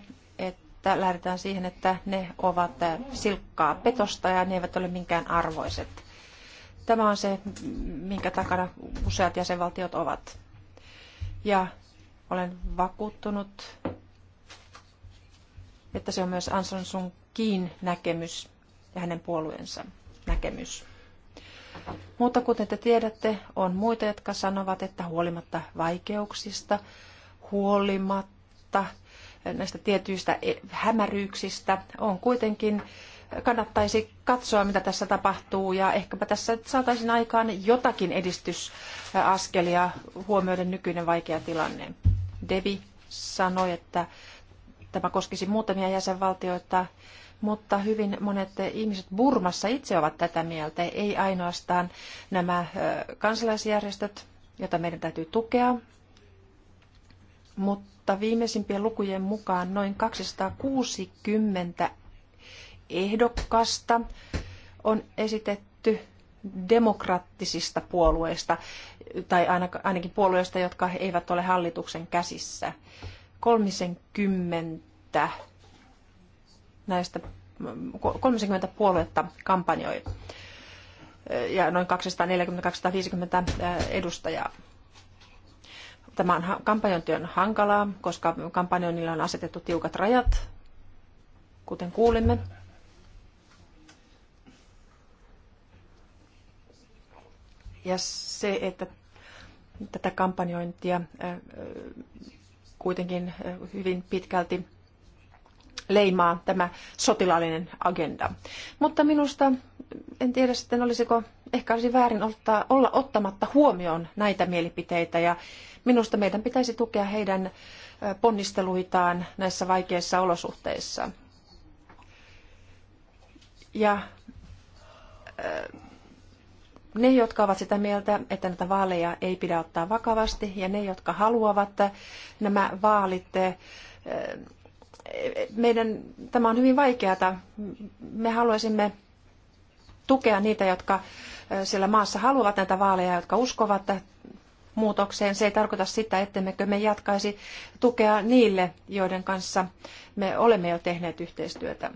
että lähdetään siihen, että ne ovat silkkaa petosta ja ne eivät ole minkään arvoiset. Tämä on se, minkä takana useat jäsenvaltiot ovat. Ja olen vakuuttunut, että se on myös Anson Sun Kiin näkemys ja hänen puolueensa näkemys. Mutta kuten te tiedätte, on muita, jotka sanovat, että huolimatta vaikeuksista, huolimatta näistä tietyistä e- hämäryyksistä, on kuitenkin kannattaisi katsoa, mitä tässä tapahtuu ja ehkäpä tässä saataisiin aikaan jotakin edistysaskelia huomioiden nykyinen vaikea tilanne. Devi sanoi, että tämä koskisi muutamia jäsenvaltioita, mutta hyvin monet ihmiset Burmassa itse ovat tätä mieltä, ei ainoastaan nämä kansalaisjärjestöt, joita meidän täytyy tukea, mutta viimeisimpien lukujen mukaan noin 260 ehdokasta on esitetty demokraattisista puolueista, tai ainakin puolueista, jotka eivät ole hallituksen käsissä. 30 näistä 30 puoluetta kampanjoi ja noin 240-250 edustajaa. Tämä on, kampanjointi on hankalaa, koska kampanjoinnilla on asetettu tiukat rajat, kuten kuulimme. Ja se, että tätä kampanjointia kuitenkin hyvin pitkälti leimaa tämä sotilaallinen agenda. Mutta minusta, en tiedä sitten olisiko, ehkä olisi väärin ottaa, olla ottamatta huomioon näitä mielipiteitä ja Minusta meidän pitäisi tukea heidän ponnisteluitaan näissä vaikeissa olosuhteissa. Ja ne, jotka ovat sitä mieltä, että näitä vaaleja ei pidä ottaa vakavasti, ja ne, jotka haluavat nämä vaalit, meidän, tämä on hyvin vaikeata. Me haluaisimme tukea niitä, jotka siellä maassa haluavat näitä vaaleja, jotka uskovat muutokseen. Se ei tarkoita sitä, ettemmekö me jatkaisi tukea niille, joiden kanssa me olemme jo tehneet yhteistyötä.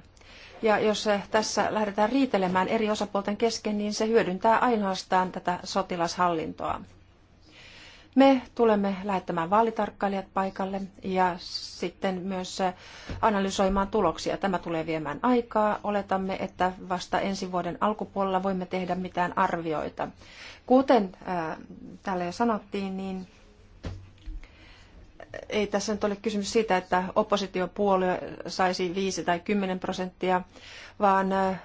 Ja jos tässä lähdetään riitelemään eri osapuolten kesken, niin se hyödyntää ainoastaan tätä sotilashallintoa. Me tulemme lähettämään vaalitarkkailijat paikalle ja sitten myös äh, analysoimaan tuloksia. Tämä tulee viemään aikaa. Oletamme, että vasta ensi vuoden alkupuolella voimme tehdä mitään arvioita. Kuten äh, täällä jo sanottiin, niin ei tässä nyt ole kysymys siitä, että oppositiopuolue saisi 5 tai 10 prosenttia, vaan äh,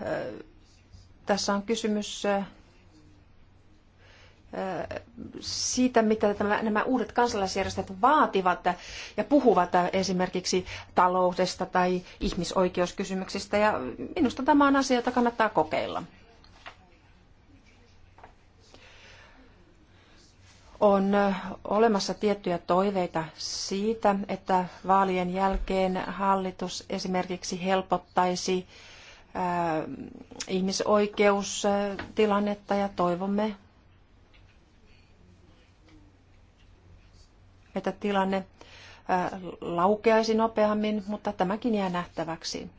tässä on kysymys äh, siitä, mitä tämä, nämä uudet kansalaisjärjestöt vaativat ja puhuvat esimerkiksi taloudesta tai ihmisoikeuskysymyksistä. Ja minusta tämä on asia, jota kannattaa kokeilla. On olemassa tiettyjä toiveita siitä, että vaalien jälkeen hallitus esimerkiksi helpottaisi ihmisoikeustilannetta ja toivomme että tilanne laukeaisi nopeammin, mutta tämäkin jää nähtäväksi.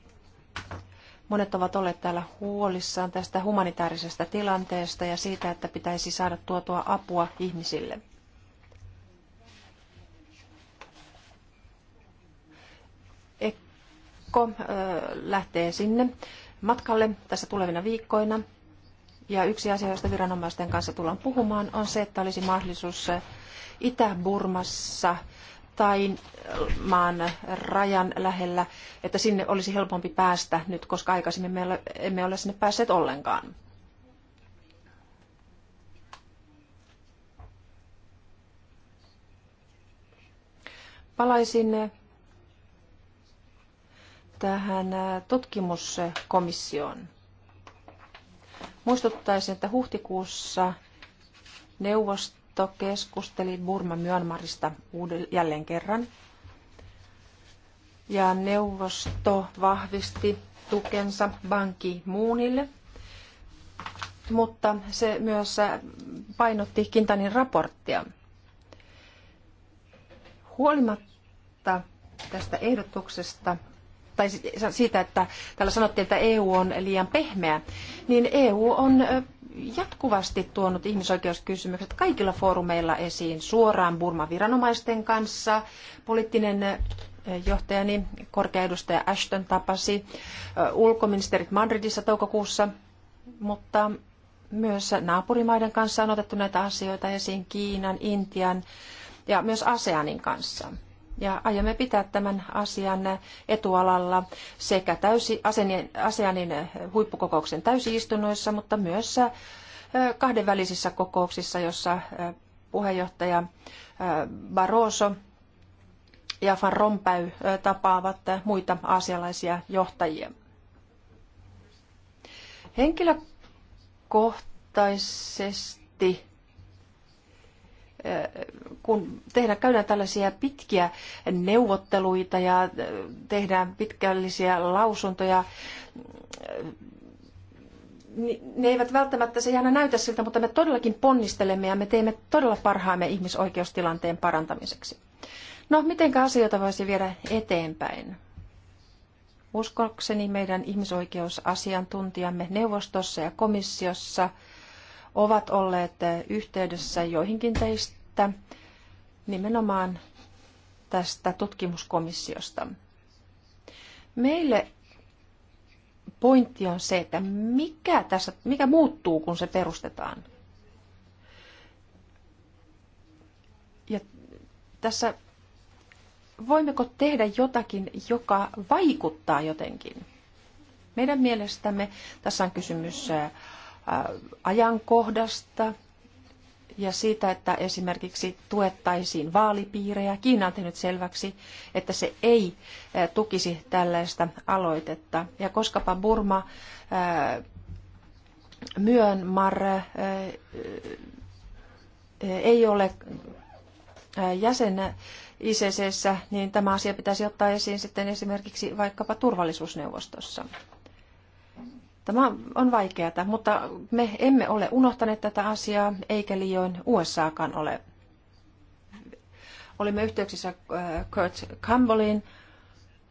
Monet ovat olleet täällä huolissaan tästä humanitaarisesta tilanteesta ja siitä, että pitäisi saada tuotua apua ihmisille. Ekko lähtee sinne matkalle tässä tulevina viikkoina. Ja yksi asia, josta viranomaisten kanssa tullaan puhumaan, on se, että olisi mahdollisuus Itä-Burmassa tai maan rajan lähellä, että sinne olisi helpompi päästä nyt, koska aikaisemmin me emme ole sinne päässeet ollenkaan. Palaisin tähän tutkimuskomissioon. Muistuttaisin, että huhtikuussa neuvosto Neuvotteluliitto keskusteli Burma Myanmarista jälleen kerran. Ja neuvosto vahvisti tukensa Banki Muunille, mutta se myös painotti Kintanin raporttia. Huolimatta tästä ehdotuksesta tai siitä, että täällä sanottiin, että EU on liian pehmeä, niin EU on jatkuvasti tuonut ihmisoikeuskysymykset kaikilla foorumeilla esiin suoraan Burman viranomaisten kanssa. Poliittinen johtajani, korkea edustaja Ashton tapasi ulkoministerit Madridissa toukokuussa, mutta myös naapurimaiden kanssa on otettu näitä asioita esiin Kiinan, Intian ja myös ASEANin kanssa ja aiomme pitää tämän asian etualalla sekä täysi, ASEANin huippukokouksen täysistunnoissa, mutta myös kahdenvälisissä kokouksissa, jossa puheenjohtaja Barroso ja Van Rompuy tapaavat muita asialaisia johtajia. Henkilökohtaisesti kun tehdään, käydään tällaisia pitkiä neuvotteluita ja äh, tehdään pitkällisiä lausuntoja, äh, ne eivät välttämättä, se ei aina näytä siltä, mutta me todellakin ponnistelemme ja me teemme todella parhaamme ihmisoikeustilanteen parantamiseksi. No, miten asioita voisi viedä eteenpäin? Uskokseni meidän ihmisoikeusasiantuntijamme neuvostossa ja komissiossa – ovat olleet eh, yhteydessä joihinkin teistä nimenomaan tästä tutkimuskomissiosta. Meille pointti on se, että mikä, tässä, mikä muuttuu, kun se perustetaan. Ja tässä voimmeko tehdä jotakin, joka vaikuttaa jotenkin? Meidän mielestämme tässä on kysymys eh, ajankohdasta ja siitä, että esimerkiksi tuettaisiin vaalipiirejä. Kiina on tehnyt selväksi, että se ei tukisi tällaista aloitetta. Ja koskapa Burma, Myönmar ei ole jäsen ICC, niin tämä asia pitäisi ottaa esiin sitten esimerkiksi vaikkapa turvallisuusneuvostossa. Tämä on vaikeaa, mutta me emme ole unohtaneet tätä asiaa, eikä liioin USAkaan ole. Olimme yhteyksissä äh, Kurt Campbelliin,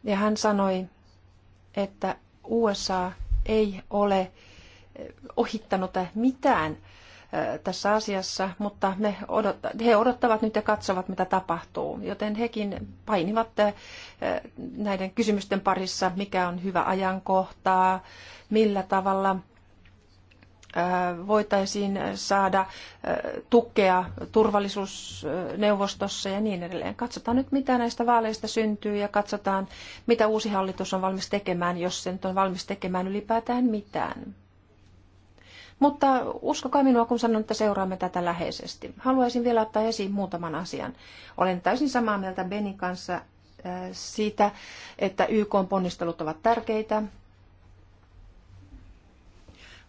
ja hän sanoi, että USA ei ole ohittanut mitään – tässä asiassa, mutta ne odottaa, he odottavat nyt ja katsovat, mitä tapahtuu. Joten hekin painivat näiden kysymysten parissa, mikä on hyvä ajankohtaa, millä tavalla voitaisiin saada tukea turvallisuusneuvostossa ja niin edelleen. Katsotaan nyt, mitä näistä vaaleista syntyy ja katsotaan, mitä uusi hallitus on valmis tekemään, jos se on valmis tekemään ylipäätään mitään. Mutta uskokaa minua, kun sanon, että seuraamme tätä läheisesti. Haluaisin vielä ottaa esiin muutaman asian. Olen täysin samaa mieltä Benin kanssa äh, siitä, että YK ponnistelut ovat tärkeitä.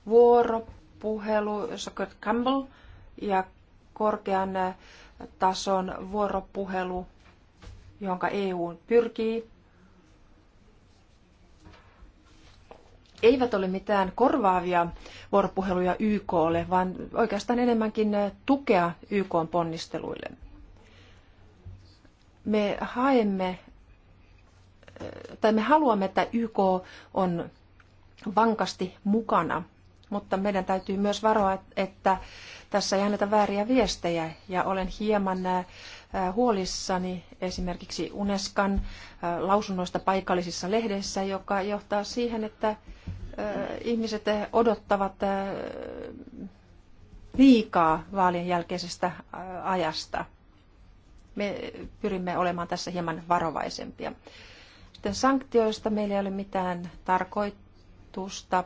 Vuoropuhelu, Socrates Campbell ja korkean äh, tason vuoropuhelu, jonka EU pyrkii eivät ole mitään korvaavia vuoropuheluja YKlle, vaan oikeastaan enemmänkin tukea YKn ponnisteluille. Me haemme tai me haluamme, että YK on vankasti mukana, mutta meidän täytyy myös varoa, että tässä ei anneta vääriä viestejä ja olen hieman huolissani esimerkiksi Unescan lausunnoista paikallisissa lehdeissä, joka johtaa siihen, että ihmiset odottavat liikaa vaalien jälkeisestä ajasta. Me pyrimme olemaan tässä hieman varovaisempia. Sitten sanktioista meillä ei ole mitään tarkoitusta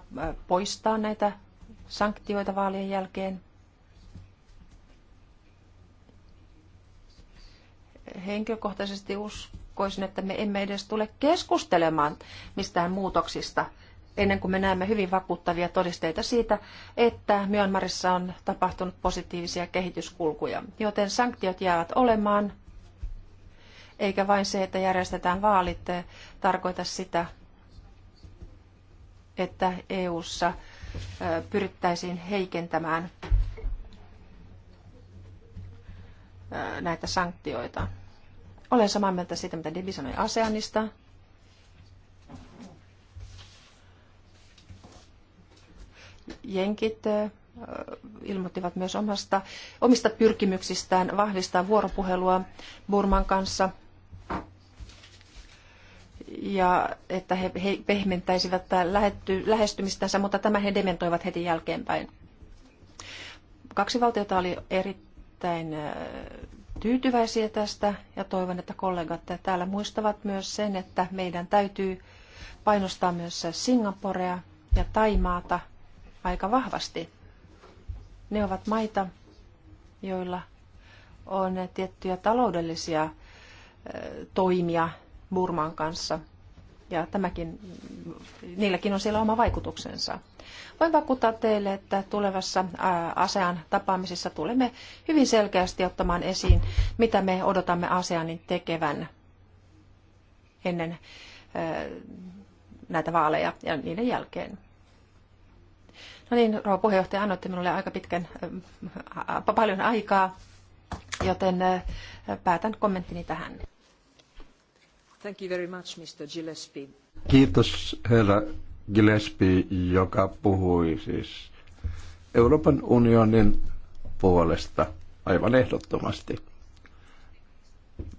poistaa näitä sanktioita vaalien jälkeen. Henkilökohtaisesti uskoisin, että me emme edes tule keskustelemaan mistään muutoksista – ennen kuin me näemme hyvin vakuuttavia todisteita siitä, että Myanmarissa on tapahtunut positiivisia kehityskulkuja. Joten sanktiot jäävät olemaan, eikä vain se, että järjestetään vaalit, eh, tarkoita sitä, että EU:ssa eh, pyrittäisiin heikentämään eh, näitä sanktioita. Olen samaa mieltä siitä, mitä Debi sanoi ASEANista. jenkit ilmoittivat myös omasta, omista pyrkimyksistään vahvistaa vuoropuhelua Burman kanssa ja että he, pehmentäisivät lähetty, lähestymistänsä, mutta tämä he dementoivat heti jälkeenpäin. Kaksi valtiota oli erittäin tyytyväisiä tästä ja toivon, että kollegat täällä muistavat myös sen, että meidän täytyy painostaa myös Singaporea ja Taimaata – aika vahvasti. Ne ovat maita, joilla on tiettyjä taloudellisia toimia Burman kanssa. Ja tämäkin, niilläkin on siellä oma vaikutuksensa. Voin vakuuttaa teille, että tulevassa ASEAN tapaamisessa tulemme hyvin selkeästi ottamaan esiin, mitä me odotamme ASEANin tekevän ennen näitä vaaleja ja niiden jälkeen. No niin, rouva puheenjohtaja, annoitte minulle aika pitkän, paljon aikaa, joten päätän kommenttini tähän. Thank you very much, Mr. Gillespie. Kiitos herra Gillespie, joka puhui siis Euroopan unionin puolesta aivan ehdottomasti.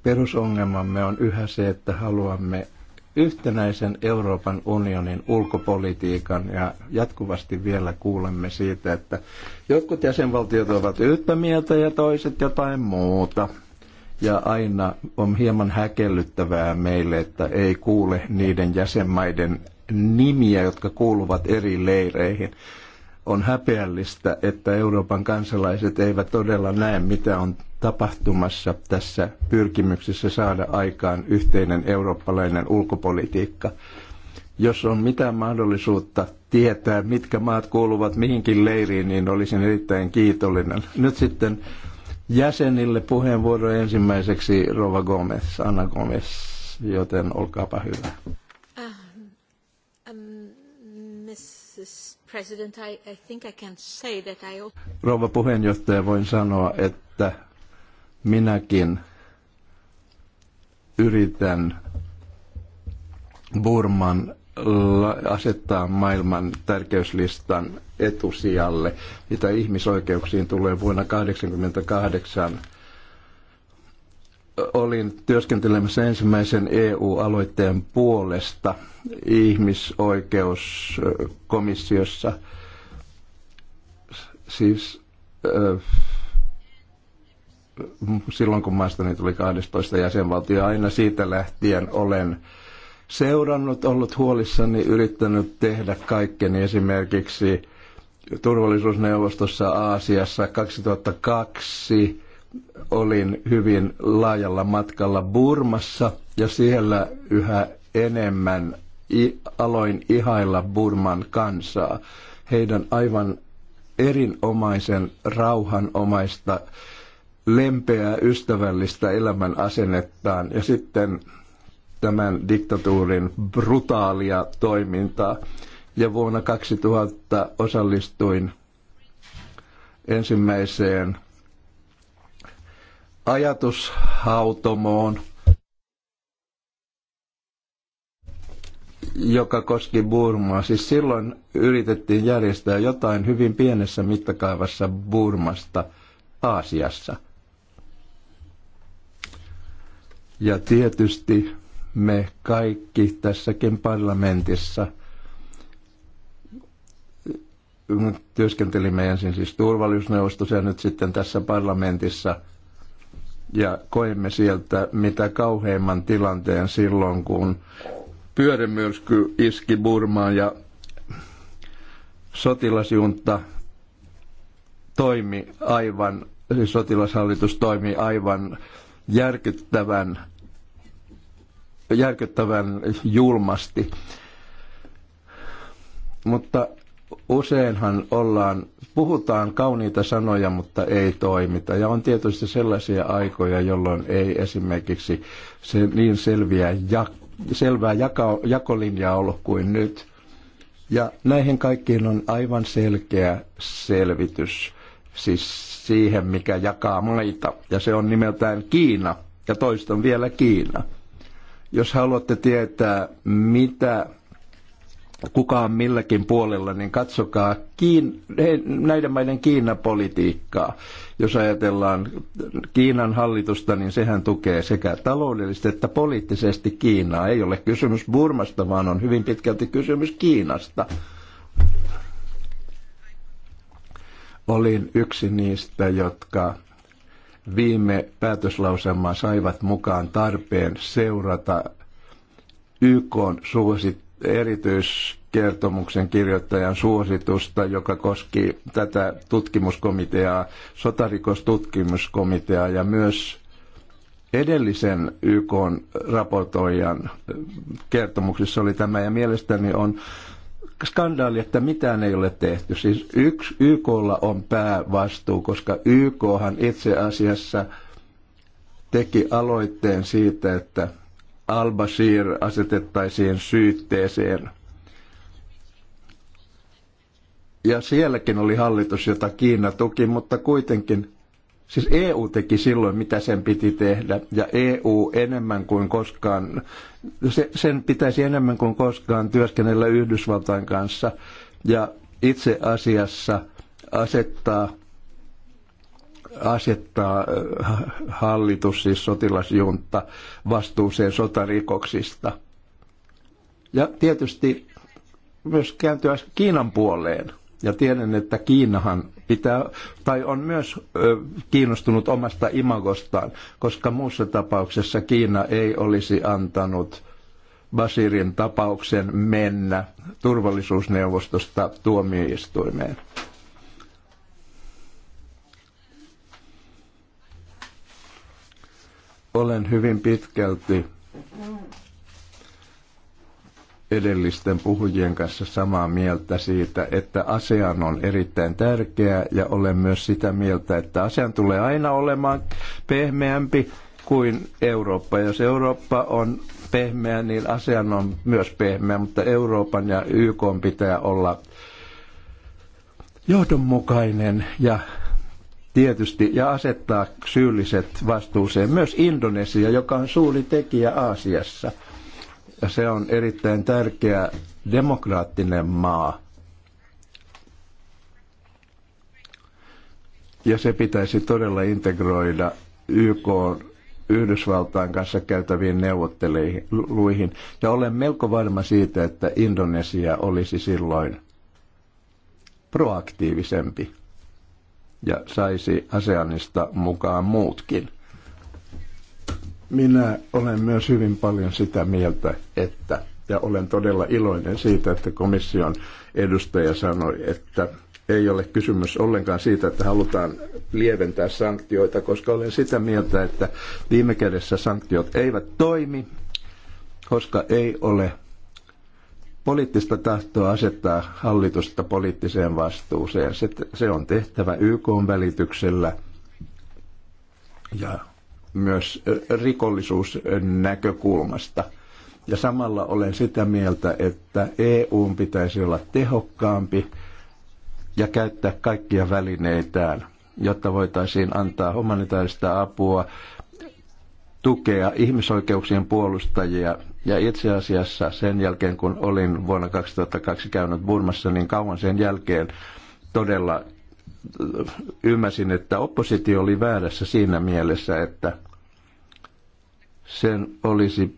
Perusongelmamme on yhä se, että haluamme yhtenäisen Euroopan unionin ulkopolitiikan ja jatkuvasti vielä kuulemme siitä, että jotkut jäsenvaltiot ovat yhtä mieltä ja toiset jotain muuta. Ja aina on hieman häkellyttävää meille, että ei kuule niiden jäsenmaiden nimiä, jotka kuuluvat eri leireihin. On häpeällistä, että Euroopan kansalaiset eivät todella näe, mitä on tapahtumassa tässä pyrkimyksessä saada aikaan yhteinen eurooppalainen ulkopolitiikka. Jos on mitään mahdollisuutta tietää, mitkä maat kuuluvat mihinkin leiriin, niin olisin erittäin kiitollinen. Nyt sitten jäsenille puheenvuoro ensimmäiseksi Rova Gomez, Anna Gomez, joten olkaapa hyvä. Uh, um, um, Rouva puheenjohtaja, voin sanoa, että Minäkin yritän Burman asettaa maailman tärkeyslistan etusijalle, mitä ihmisoikeuksiin tulee vuonna 1988. Olin työskentelemässä ensimmäisen EU-aloitteen puolesta ihmisoikeuskomissiossa. Siis äh, silloin kun maastani tuli 12 jäsenvaltio, aina siitä lähtien olen seurannut, ollut huolissani, yrittänyt tehdä kaikkeni esimerkiksi turvallisuusneuvostossa Aasiassa 2002 olin hyvin laajalla matkalla Burmassa ja siellä yhä enemmän aloin ihailla Burman kansaa. Heidän aivan erinomaisen rauhanomaista lempeää, ystävällistä elämän asennettaan ja sitten tämän diktatuurin brutaalia toimintaa. Ja vuonna 2000 osallistuin ensimmäiseen ajatushautomoon, joka koski Burmaa. Siis silloin yritettiin järjestää jotain hyvin pienessä mittakaavassa Burmasta Aasiassa. Ja tietysti me kaikki tässäkin parlamentissa mm, työskentelimme ensin siis turvallisuusneuvostossa ja nyt sitten tässä parlamentissa ja koimme sieltä mitä kauheimman tilanteen silloin, kun pyörimyrsky iski Burmaan ja sotilasjunta toimi aivan, siis sotilashallitus toimi aivan järkyttävän, järkyttävän julmasti. Mutta useinhan ollaan, puhutaan kauniita sanoja, mutta ei toimita. Ja on tietysti sellaisia aikoja, jolloin ei esimerkiksi se niin selviä jak, selvää jaka, jakolinjaa ollut kuin nyt. Ja näihin kaikkiin on aivan selkeä selvitys siis siihen, mikä jakaa maita, ja se on nimeltään Kiina, ja toistan vielä Kiina. Jos haluatte tietää, mitä kukaan milläkin puolella, niin katsokaa Kiin, he, näiden maiden Kiinapolitiikkaa. Jos ajatellaan Kiinan hallitusta, niin sehän tukee sekä taloudellisesti että poliittisesti Kiinaa. Ei ole kysymys Burmasta, vaan on hyvin pitkälti kysymys Kiinasta. Olin yksi niistä, jotka viime päätöslausemaa saivat mukaan tarpeen seurata YK suosit, erityiskertomuksen kirjoittajan suositusta, joka koski tätä tutkimuskomiteaa, sotarikostutkimuskomiteaa ja myös edellisen YK raportoijan kertomuksessa oli tämä ja mielestäni on skandaali, että mitään ei ole tehty. Siis yksi YKlla on päävastuu, koska YKhan itse asiassa teki aloitteen siitä, että Al-Bashir asetettaisiin syytteeseen. Ja sielläkin oli hallitus, jota Kiina tuki, mutta kuitenkin Siis EU teki silloin, mitä sen piti tehdä, ja EU enemmän kuin koskaan, se, sen pitäisi enemmän kuin koskaan työskennellä Yhdysvaltain kanssa, ja itse asiassa asettaa, asettaa äh, hallitus, siis sotilasjunta, vastuuseen sotarikoksista. Ja tietysti myös kääntyä Kiinan puoleen. Ja tiedän, että Kiinahan pitää, tai on myös ö, kiinnostunut omasta imagostaan, koska muussa tapauksessa Kiina ei olisi antanut Basirin tapauksen mennä turvallisuusneuvostosta tuomioistuimeen. Olen hyvin pitkälti edellisten puhujien kanssa samaa mieltä siitä, että ASEAN on erittäin tärkeä ja olen myös sitä mieltä, että ASEAN tulee aina olemaan pehmeämpi kuin Eurooppa. Jos Eurooppa on pehmeä, niin ASEAN on myös pehmeä, mutta Euroopan ja YK pitää olla johdonmukainen ja tietysti ja asettaa syylliset vastuuseen myös Indonesia, joka on suuri tekijä Aasiassa – ja se on erittäin tärkeä demokraattinen maa. Ja se pitäisi todella integroida YK Yhdysvaltain kanssa käytäviin neuvotteluihin. Ja olen melko varma siitä, että Indonesia olisi silloin proaktiivisempi ja saisi ASEANista mukaan muutkin. Minä olen myös hyvin paljon sitä mieltä, että, ja olen todella iloinen siitä, että komission edustaja sanoi, että ei ole kysymys ollenkaan siitä, että halutaan lieventää sanktioita, koska olen sitä mieltä, että viime kädessä sanktiot eivät toimi, koska ei ole poliittista tahtoa asettaa hallitusta poliittiseen vastuuseen. Se, se on tehtävä YK välityksellä ja myös rikollisuusnäkökulmasta. Ja samalla olen sitä mieltä, että EUn pitäisi olla tehokkaampi ja käyttää kaikkia välineitään, jotta voitaisiin antaa humanitaarista apua, tukea ihmisoikeuksien puolustajia. Ja itse asiassa sen jälkeen, kun olin vuonna 2002 käynyt Burmassa, niin kauan sen jälkeen todella ymmärsin, että oppositio oli väärässä siinä mielessä, että sen olisi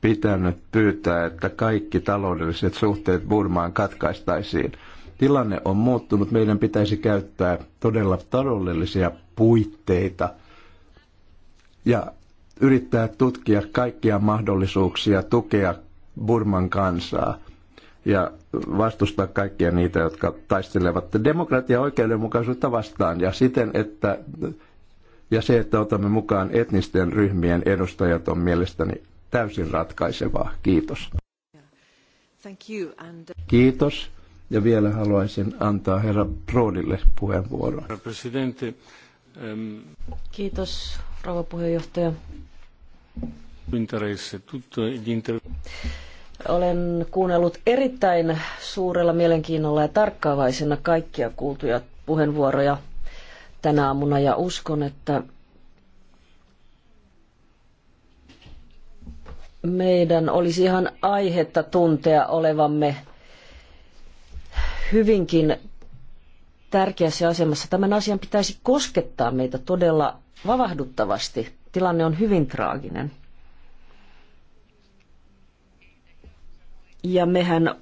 pitänyt pyytää, että kaikki taloudelliset suhteet Burmaan katkaistaisiin. Tilanne on muuttunut, meidän pitäisi käyttää todella taloudellisia puitteita ja yrittää tutkia kaikkia mahdollisuuksia tukea Burman kansaa ja vastustaa kaikkia niitä, jotka taistelevat demokratia oikeudenmukaisuutta vastaan ja siten, että ja se, että otamme mukaan etnisten ryhmien edustajat, on mielestäni täysin ratkaisevaa. Kiitos. Uh, Kiitos. Ja vielä haluaisin antaa herra Broodille puheenvuoron. Ehm, Kiitos, rouva puheenjohtaja. Olen kuunnellut erittäin suurella mielenkiinnolla ja tarkkaavaisena kaikkia kuultuja puheenvuoroja tänä aamuna ja uskon, että meidän olisi ihan aihetta tuntea olevamme hyvinkin tärkeässä asemassa. Tämän asian pitäisi koskettaa meitä todella vavahduttavasti. Tilanne on hyvin traaginen. Ja mehän,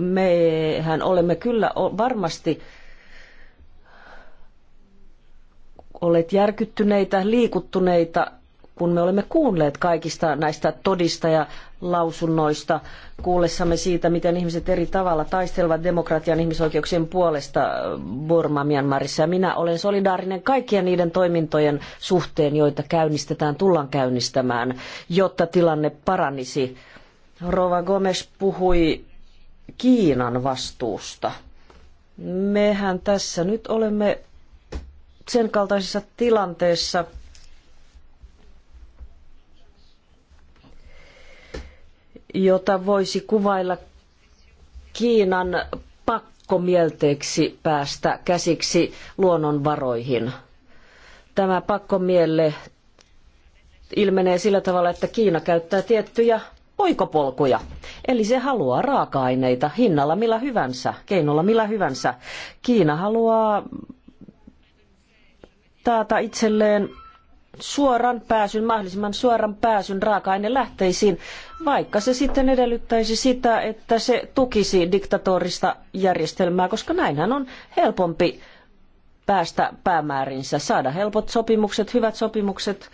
mehän olemme kyllä varmasti olleet järkyttyneitä, liikuttuneita, kun me olemme kuulleet kaikista näistä todistajalausunnoista, kuullessamme siitä, miten ihmiset eri tavalla taistelevat demokratian ihmisoikeuksien puolesta äh, Burma Myanmarissa. Ja minä olen solidaarinen kaikkien niiden toimintojen suhteen, joita käynnistetään, tullaan käynnistämään, jotta tilanne paranisi. Rova Gomes puhui Kiinan vastuusta. Mehän tässä nyt olemme sen kaltaisissa tilanteissa jota voisi kuvailla Kiinan pakkomielteeksi päästä käsiksi luonnonvaroihin. Tämä pakkomielle ilmenee sillä tavalla, että Kiina käyttää tiettyjä oikopolkuja. Eli se haluaa raaka-aineita hinnalla millä hyvänsä, keinolla millä hyvänsä. Kiina haluaa taata itselleen suoran pääsyn, mahdollisimman suoran pääsyn raaka-ainelähteisiin, vaikka se sitten edellyttäisi sitä, että se tukisi diktatorista järjestelmää, koska näinhän on helpompi päästä päämäärinsä, saada helpot sopimukset, hyvät sopimukset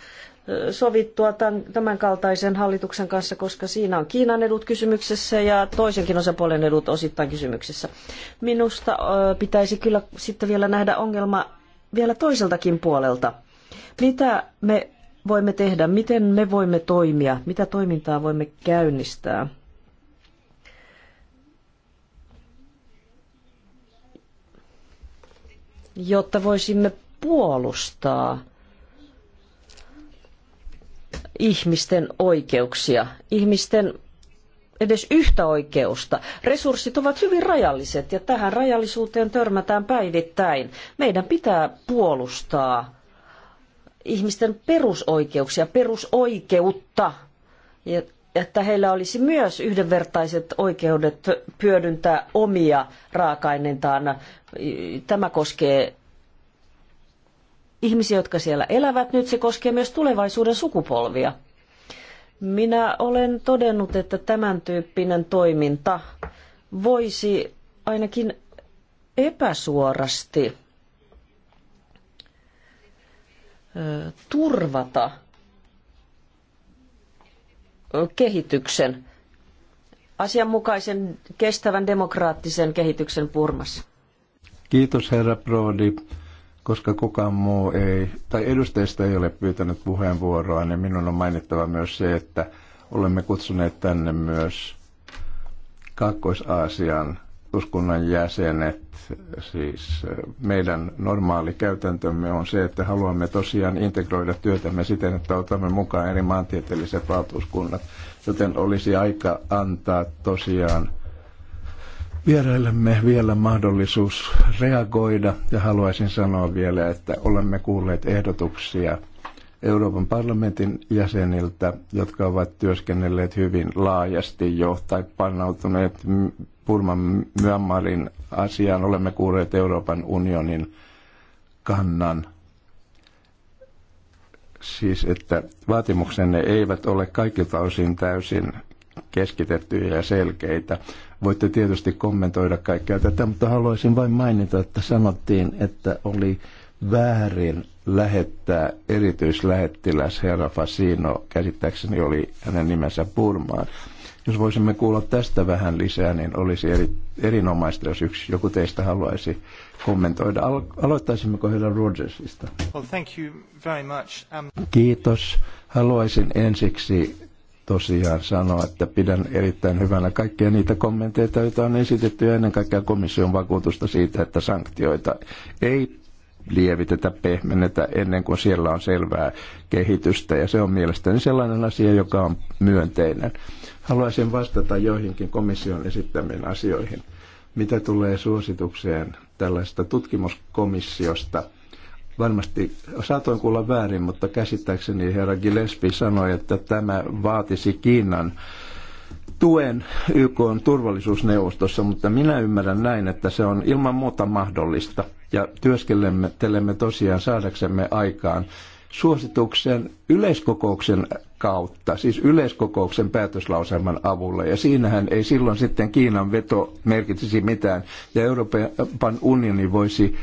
sovittua tämän, tämän kaltaisen hallituksen kanssa, koska siinä on Kiinan edut kysymyksessä ja toisenkin osapuolen edut osittain kysymyksessä. Minusta pitäisi kyllä sitten vielä nähdä ongelma vielä toiseltakin puolelta. Mitä me voimme tehdä? Miten me voimme toimia? Mitä toimintaa voimme käynnistää? Jotta voisimme puolustaa ihmisten oikeuksia, ihmisten edes yhtä oikeusta. Resurssit ovat hyvin rajalliset ja tähän rajallisuuteen törmätään päivittäin. Meidän pitää puolustaa ihmisten perusoikeuksia, perusoikeutta, että heillä olisi myös yhdenvertaiset oikeudet hyödyntää omia raaka-aineitaan. Tämä koskee ihmisiä, jotka siellä elävät nyt, se koskee myös tulevaisuuden sukupolvia. Minä olen todennut, että tämän tyyppinen toiminta voisi ainakin epäsuorasti turvata kehityksen, asianmukaisen kestävän demokraattisen kehityksen purmassa. Kiitos herra Prodi koska kukaan muu ei, tai edustajista ei ole pyytänyt puheenvuoroa, niin minun on mainittava myös se, että olemme kutsuneet tänne myös Kaakkois-Aasian uskonnon jäsenet. Siis eh, meidän normaali käytäntömme on se, että haluamme tosiaan integroida työtämme siten, että otamme mukaan eri maantieteelliset valtuuskunnat, joten olisi aika antaa tosiaan vieraillemme vielä mahdollisuus reagoida ja haluaisin sanoa vielä, että olemme kuulleet ehdotuksia Euroopan parlamentin jäseniltä, jotka ovat työskennelleet hyvin laajasti jo tai pannautuneet Purman Myanmarin asiaan. Olemme kuulleet Euroopan unionin kannan siis, että vaatimuksenne eivät ole kaikilta osin täysin keskitettyjä ja selkeitä. Voitte tietysti kommentoida kaikkea tätä, mutta haluaisin vain mainita, että sanottiin, että oli väärin lähettää erityislähettiläs herra Fasino, käsittääkseni oli hänen nimensä Burmaan. Jos voisimme kuulla tästä vähän lisää, niin olisi eri, erinomaista, jos yksi, joku teistä haluaisi kommentoida. Al- aloittaisimmeko herra Rogersista? Well, thank you very much. Um... Kiitos. Haluaisin ensiksi tosiaan sanoa, että pidän erittäin hyvänä kaikkia niitä kommenteita, joita on esitetty ja ennen kaikkea komission vakuutusta siitä, että sanktioita ei lievitetä, pehmennetä ennen kuin siellä on selvää kehitystä. Ja se on mielestäni sellainen asia, joka on myönteinen. Haluaisin vastata joihinkin komission esittämiin asioihin. Mitä tulee suositukseen tällaista tutkimuskomissiosta – Varmasti saatoin kuulla väärin, mutta käsittääkseni herra Gillespie sanoi, että tämä vaatisi Kiinan tuen YK on turvallisuusneuvostossa, mutta minä ymmärrän näin, että se on ilman muuta mahdollista. Ja työskentelemme tosiaan saadaksemme aikaan suosituksen yleiskokouksen kautta, siis yleiskokouksen päätöslauselman avulla. Ja siinähän ei silloin sitten Kiinan veto merkitsisi mitään. Ja Euroopan unioni voisi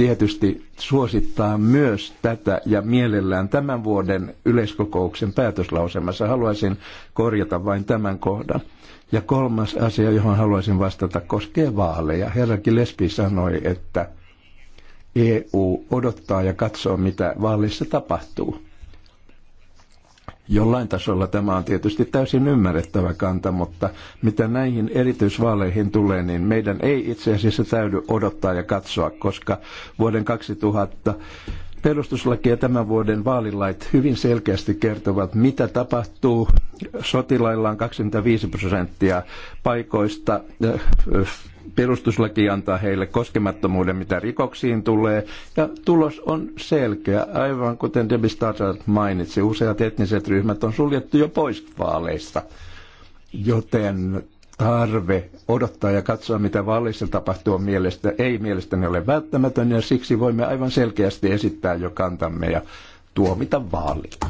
tietysti suosittaa myös tätä ja mielellään tämän vuoden yleiskokouksen päätöslausemassa. Haluaisin korjata vain tämän kohdan. Ja kolmas asia, johon haluaisin vastata, koskee vaaleja. Herrakin Lesbi sanoi, että EU odottaa ja katsoo, mitä vaalissa tapahtuu. Jollain tasolla tämä on tietysti täysin ymmärrettävä kanta, mutta mitä näihin erityisvaaleihin tulee, niin meidän ei itse asiassa täydy odottaa ja katsoa, koska vuoden 2000 Perustuslaki ja tämän vuoden vaalilait hyvin selkeästi kertovat, mitä tapahtuu. Sotilailla on 25 prosenttia paikoista. Perustuslaki antaa heille koskemattomuuden, mitä rikoksiin tulee. Ja tulos on selkeä, aivan kuten Debbie Stoddard mainitsi. Useat etniset ryhmät on suljettu jo pois vaaleista. Joten tarve odottaa ja katsoa, mitä vaaleissa tapahtuu, mielestä, ei mielestäni ole välttämätön, ja siksi voimme aivan selkeästi esittää jo kantamme ja tuomita vaalit.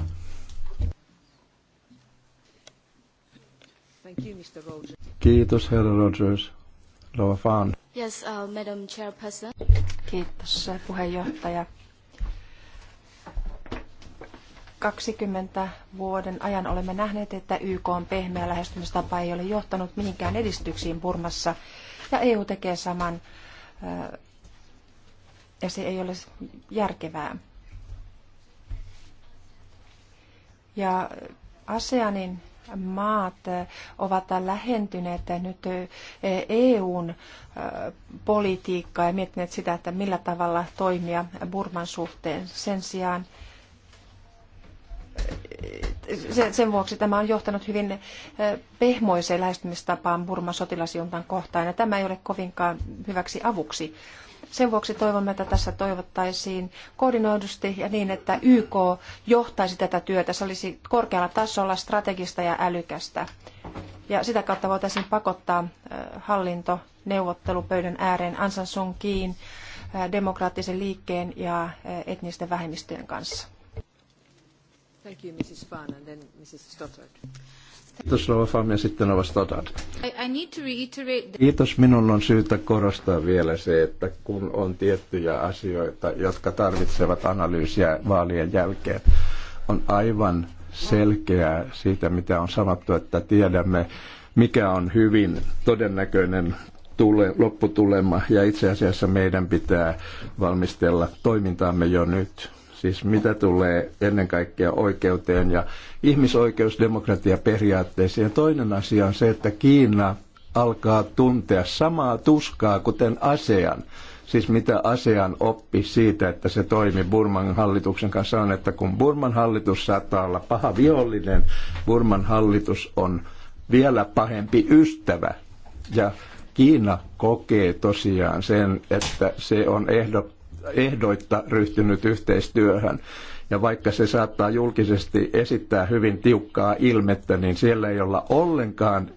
Kiitos, herra Rogers. Rova Yes, uh, Madam Chairperson. Kiitos, puheenjohtaja. 20 vuoden ajan olemme nähneet, että YK on pehmeä lähestymistapa ei ole johtanut mihinkään edistyksiin Burmassa ja EU tekee saman ja se ei ole järkevää. Ja ASEANin maat ovat lähentyneet nyt EUn politiikkaa ja miettineet sitä, että millä tavalla toimia Burman suhteen. Sen sijaan sen vuoksi tämä on johtanut hyvin eh, pehmoiseen lähestymistapaan Burman sotilasjuntan kohtaan, ja tämä ei ole kovinkaan hyväksi avuksi. Sen vuoksi toivomme, että tässä toivottaisiin koordinoidusti ja niin, että YK johtaisi tätä työtä. Se olisi korkealla tasolla strategista ja älykästä. Ja sitä kautta voitaisiin pakottaa eh, hallinto neuvottelupöydän ääreen Ansan Sun Kiin, eh, demokraattisen liikkeen ja etnisten vähemmistöjen kanssa. Thank you, Mrs. Fan, and then Mrs. Stothard. Kiitos Rova ja sitten Ova Stothard. I, I need to reiterate Kiitos. Minun on syytä korostaa vielä se, että kun on tiettyjä asioita, jotka tarvitsevat analyysiä vaalien jälkeen, on aivan selkeää siitä, mitä on sanottu, että tiedämme, mikä on hyvin todennäköinen tule, lopputulema. Ja itse asiassa meidän pitää valmistella toimintaamme jo nyt siis mitä tulee ennen kaikkea oikeuteen ja ihmisoikeusdemokratiaperiaatteisiin. Toinen asia on se, että Kiina alkaa tuntea samaa tuskaa kuten ASEAN. Siis mitä ASEAN oppi siitä, että se toimi Burman hallituksen kanssa on, että kun Burman hallitus saattaa olla paha vihollinen, Burman hallitus on vielä pahempi ystävä. Ja Kiina kokee tosiaan sen, että se on ehdokkaan ehdoitta ryhtynyt yhteistyöhön. Ja vaikka se saattaa julkisesti esittää hyvin tiukkaa ilmettä, niin siellä ei olla ollenkaan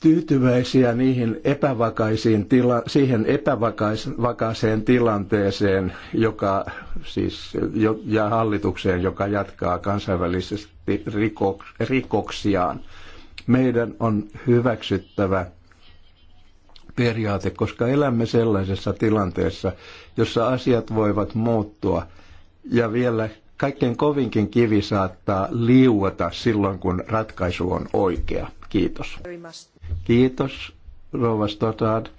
tyytyväisiä niihin epävakaisiin tila, siihen epävakaiseen tilanteeseen, joka siis, jo, ja hallitukseen, joka jatkaa kansainvälisesti rikok, rikoksiaan. Meidän on hyväksyttävä periaate, koska elämme sellaisessa tilanteessa, jossa asiat voivat muuttua. Ja vielä kaikkein kovinkin kivi saattaa liuota silloin, kun ratkaisu on oikea. Kiitos. Kiitos, rouva Stotard.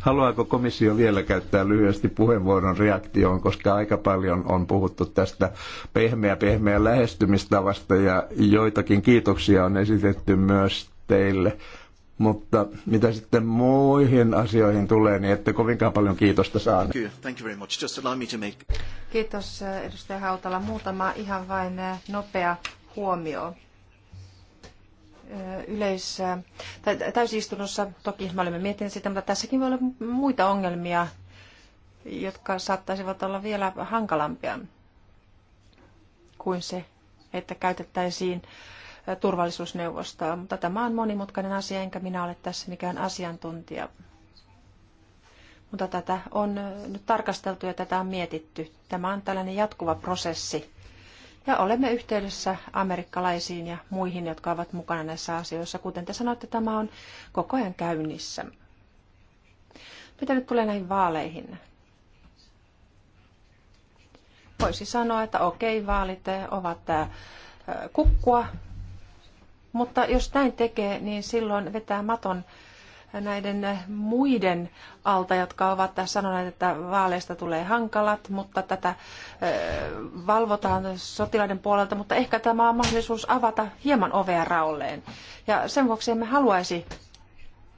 Haluaako komissio vielä käyttää lyhyesti puheenvuoron reaktioon, koska aika paljon on puhuttu tästä pehmeä pehmeä lähestymistavasta ja joitakin kiitoksia on esitetty myös teille mutta mitä sitten muihin asioihin tulee, niin ette kovinkaan paljon kiitosta saa. Kiitos eh, edustaja Hautala. Muutama ihan vain eh, nopea huomio eh, yleis- tai täysistunnossa, toki me olemme miettineet sitä, mutta tässäkin voi olla muita ongelmia, jotka saattaisivat olla vielä hankalampia kuin se, että käytettäisiin turvallisuusneuvostoa, mutta tämä on monimutkainen asia, enkä minä ole tässä mikään asiantuntija. Mutta tätä on nyt tarkasteltu ja tätä on mietitty. Tämä on tällainen jatkuva prosessi. Ja olemme yhteydessä amerikkalaisiin ja muihin, jotka ovat mukana näissä asioissa. Kuten te sanoitte, tämä on koko ajan käynnissä. Mitä nyt tulee näihin vaaleihin? Voisi sanoa, että okei, vaalit ovat kukkua, mutta jos näin tekee, niin silloin vetää maton näiden muiden alta, jotka ovat sanoneet, että vaaleista tulee hankalat, mutta tätä valvotaan sotilaiden puolelta, mutta ehkä tämä on mahdollisuus avata hieman ovea raolleen. Ja sen vuoksi emme haluaisi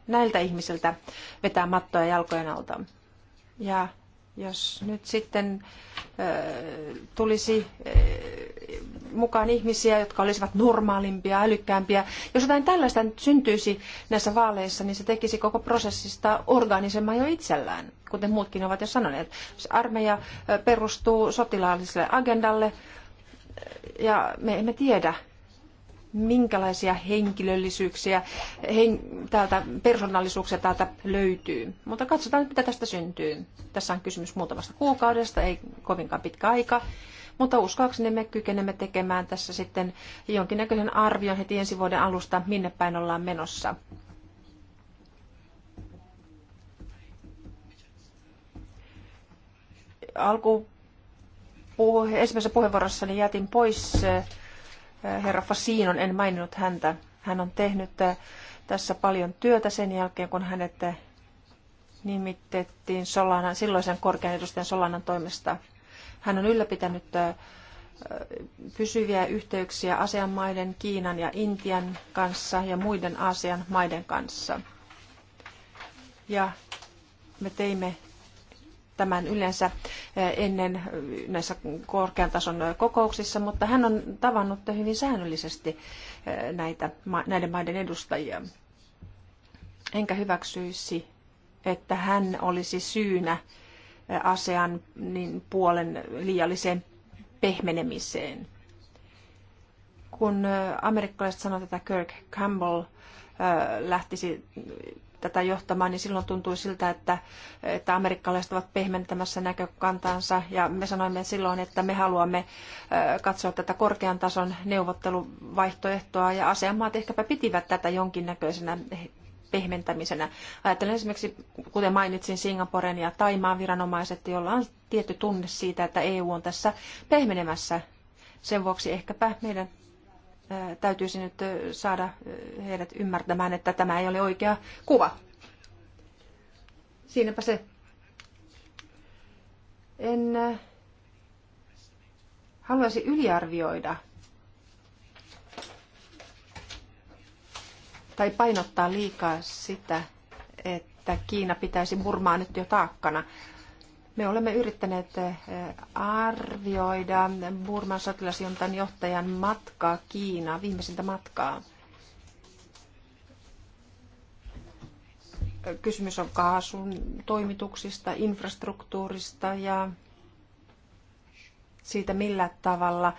näiltä ihmisiltä vetää mattoja jalkojen alta. Ja jos nyt sitten tulisi mukaan ihmisiä, jotka olisivat normaalimpia, älykkäämpiä. Jos jotain tällaista nyt syntyisi näissä vaaleissa, niin se tekisi koko prosessista organisemman jo itsellään, kuten muutkin ovat jo sanoneet. Armeija perustuu sotilaalliselle agendalle ja me emme tiedä, minkälaisia henkilöllisyyksiä, hen, täältä, persoonallisuuksia täältä löytyy. Mutta katsotaan nyt, mitä tästä syntyy. Tässä on kysymys muutamasta kuukaudesta, ei kovinkaan pitkä aika. Mutta uskoakseni me kykenemme tekemään tässä sitten jonkinnäköisen arvion heti ensi vuoden alusta, minne päin ollaan menossa. Alku puhe, ensimmäisessä puheenvuorossani jätin pois äh, Äh, herra Fasinon, en maininnut häntä. Hän on tehnyt äh, tässä paljon työtä sen jälkeen, kun hänet äh, nimitettiin Solanan, silloisen korkean edustajan Solanan toimesta. Hän on ylläpitänyt pysyviä yhteyksiä ASEAN maiden, Kiinan ja Intian kanssa ja muiden ASEAN maiden kanssa. Ja me teimme tämän yleensä eh, ennen eh, näissä korkean tason eh, kokouksissa, mutta hän on tavannut hyvin säännöllisesti näitä, näiden maiden edustajia. Enkä hyväksyisi, että hän olisi syynä asean niin puolen liialliseen pehmenemiseen. Kun amerikkalaiset sanoivat, että Kirk Campbell lähtisi tätä johtamaan, niin silloin tuntui siltä, että, että amerikkalaiset ovat pehmentämässä näkökantansa. Ja me sanoimme silloin, että me haluamme katsoa tätä korkean tason neuvotteluvaihtoehtoa. Ja asianmaat ehkäpä pitivät tätä jonkinnäköisenä pehmentämisenä. Ajattelen esimerkiksi, kuten mainitsin, Singaporen ja Taimaan viranomaiset, joilla on tietty tunne siitä, että EU on tässä pehmenemässä. Sen vuoksi ehkäpä meidän täytyisi nyt saada heidät ymmärtämään, että tämä ei ole oikea kuva. Siinäpä se. En haluaisi yliarvioida tai painottaa liikaa sitä, että Kiina pitäisi murmaa nyt jo taakkana. Me olemme yrittäneet eh, arvioida Burman sotilasjuntan johtajan matkaa Kiinaan, viimeisintä matkaa. Kysymys on kaasun toimituksista, infrastruktuurista ja siitä, millä tavalla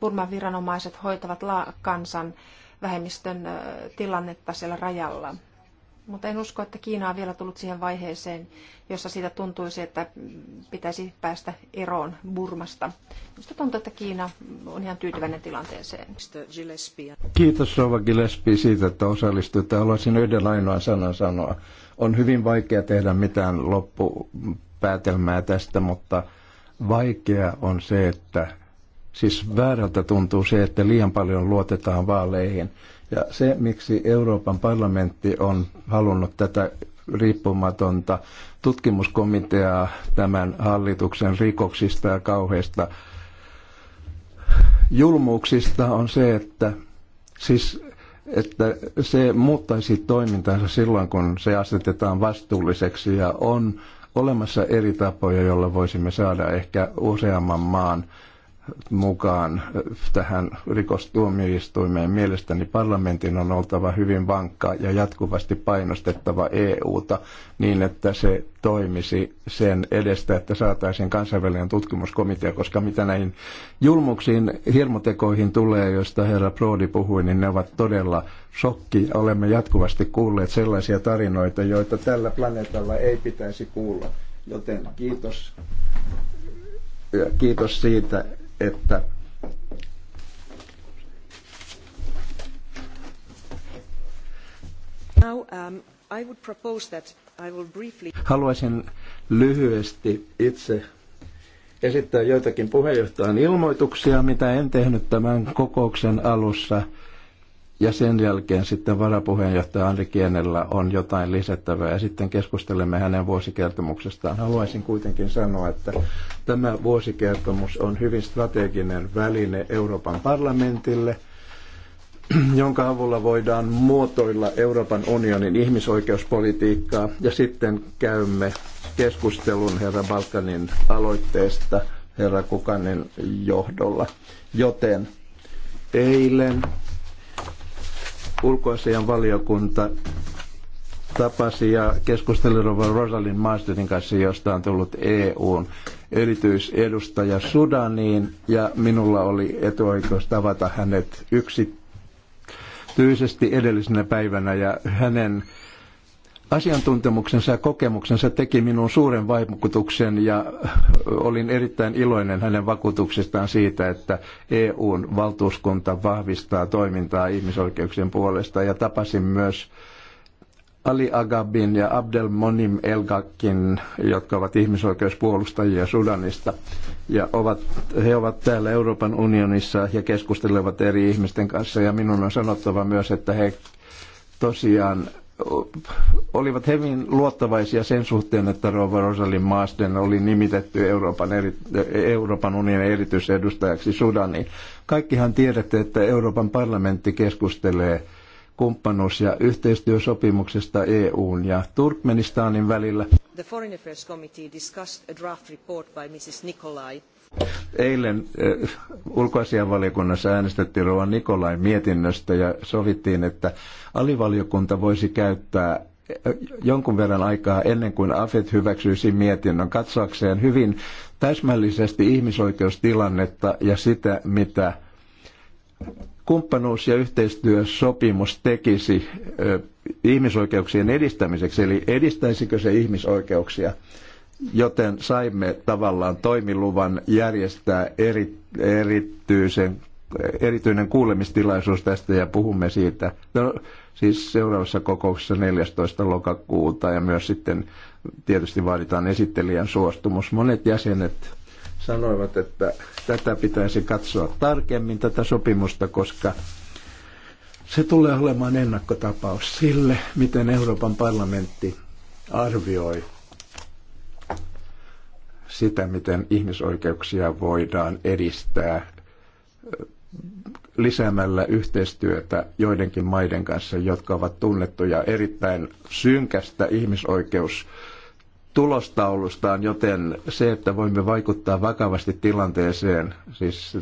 Burman viranomaiset hoitavat kansan vähemmistön eh, tilannetta siellä rajalla mutta en usko, että Kiina on vielä tullut siihen vaiheeseen, jossa siitä tuntuisi, että pitäisi päästä eroon Burmasta. Minusta tuntuu, että Kiina on ihan tyytyväinen tilanteeseen. Kiitos Rova Gillespie siitä, että osallistuitte. Haluaisin yhden ainoan sanan sanoa. On hyvin vaikea tehdä mitään loppupäätelmää tästä, mutta vaikea on se, että siis väärältä tuntuu se, että liian paljon luotetaan vaaleihin ja se, miksi Euroopan parlamentti on halunnut tätä riippumatonta tutkimuskomiteaa tämän hallituksen rikoksista ja kauheista julmuuksista, on se, että, siis, että se muuttaisi toimintansa silloin, kun se asetetaan vastuulliseksi ja on olemassa eri tapoja, joilla voisimme saada ehkä useamman maan mukaan tähän rikostuomioistuimeen. Mielestäni parlamentin on oltava hyvin vankka ja jatkuvasti painostettava EUta niin, että se toimisi sen edestä, että saataisiin kansainvälinen tutkimuskomitea, koska mitä näihin julmuksiin hirmutekoihin tulee, joista herra Prodi puhui, niin ne ovat todella shokki. Olemme jatkuvasti kuulleet sellaisia tarinoita, joita tällä planeetalla ei pitäisi kuulla. Joten kiitos kiitos siitä, että Now, um, I would propose that I will briefly... Haluaisin lyhyesti itse esittää joitakin puheenjohtajan ilmoituksia, mitä en tehnyt tämän kokouksen alussa – ja sen jälkeen sitten varapuheenjohtaja Andri Kienellä on jotain lisättävää ja sitten keskustelemme hänen vuosikertomuksestaan. Haluaisin kuitenkin sanoa, että tämä vuosikertomus on hyvin strateginen väline Euroopan parlamentille – jonka avulla voidaan muotoilla Euroopan unionin ihmisoikeuspolitiikkaa. Ja sitten käymme keskustelun herra Balkanin aloitteesta herra Kukanin johdolla. Joten eilen Ulkoasian valiokunta tapasi ja keskusteli Rosalind Marsdenin kanssa, josta on tullut EUn erityisedustaja Sudaniin, ja minulla oli etuoikeus tavata hänet yksityisesti edellisenä päivänä, ja hänen asiantuntemuksensa ja kokemuksensa teki minun suuren vaikutuksen ja olin erittäin iloinen hänen vakuutuksestaan siitä, että EUn valtuuskunta vahvistaa toimintaa ihmisoikeuksien puolesta ja tapasin myös Ali Agabin ja Abdel Monim Elgakin, jotka ovat ihmisoikeuspuolustajia Sudanista. Ja ovat, he ovat täällä Euroopan unionissa ja keskustelevat eri ihmisten kanssa. Ja minun on sanottava myös, että he tosiaan olivat hyvin luottavaisia sen suhteen, että Rova Rosalin Maasten oli nimitetty Euroopan, eri, Euroopan unionin erityisedustajaksi Sudaniin. Kaikkihan tiedätte, että Euroopan parlamentti keskustelee kumppanuus- ja yhteistyösopimuksesta EUn ja Turkmenistanin välillä. The Foreign Affairs Committee discussed a draft report by Mrs. Nikolai Eilen äh, ulkoasianvaliokunnassa äänestettiin Rovan Nikolain mietinnöstä ja sovittiin, että alivaliokunta voisi käyttää eh, jonkun verran aikaa ennen kuin AFET hyväksyisi mietinnön katsoakseen hyvin täsmällisesti ihmisoikeustilannetta ja sitä, mitä kumppanuus- ja yhteistyösopimus tekisi eh, ihmisoikeuksien edistämiseksi, eli edistäisikö se ihmisoikeuksia joten saimme tavallaan toimiluvan järjestää eri, erityisen, erityinen kuulemistilaisuus tästä ja puhumme siitä no, siis seuraavassa kokouksessa 14. lokakuuta ja myös sitten tietysti vaaditaan esittelijän suostumus. Monet jäsenet sanoivat, että tätä pitäisi katsoa tarkemmin, tätä sopimusta, koska se tulee olemaan ennakkotapaus sille, miten Euroopan parlamentti arvioi sitä, miten ihmisoikeuksia voidaan edistää lisäämällä yhteistyötä joidenkin maiden kanssa, jotka ovat tunnettuja erittäin synkästä ihmisoikeus tulostaulustaan, joten se, että voimme vaikuttaa vakavasti tilanteeseen, siis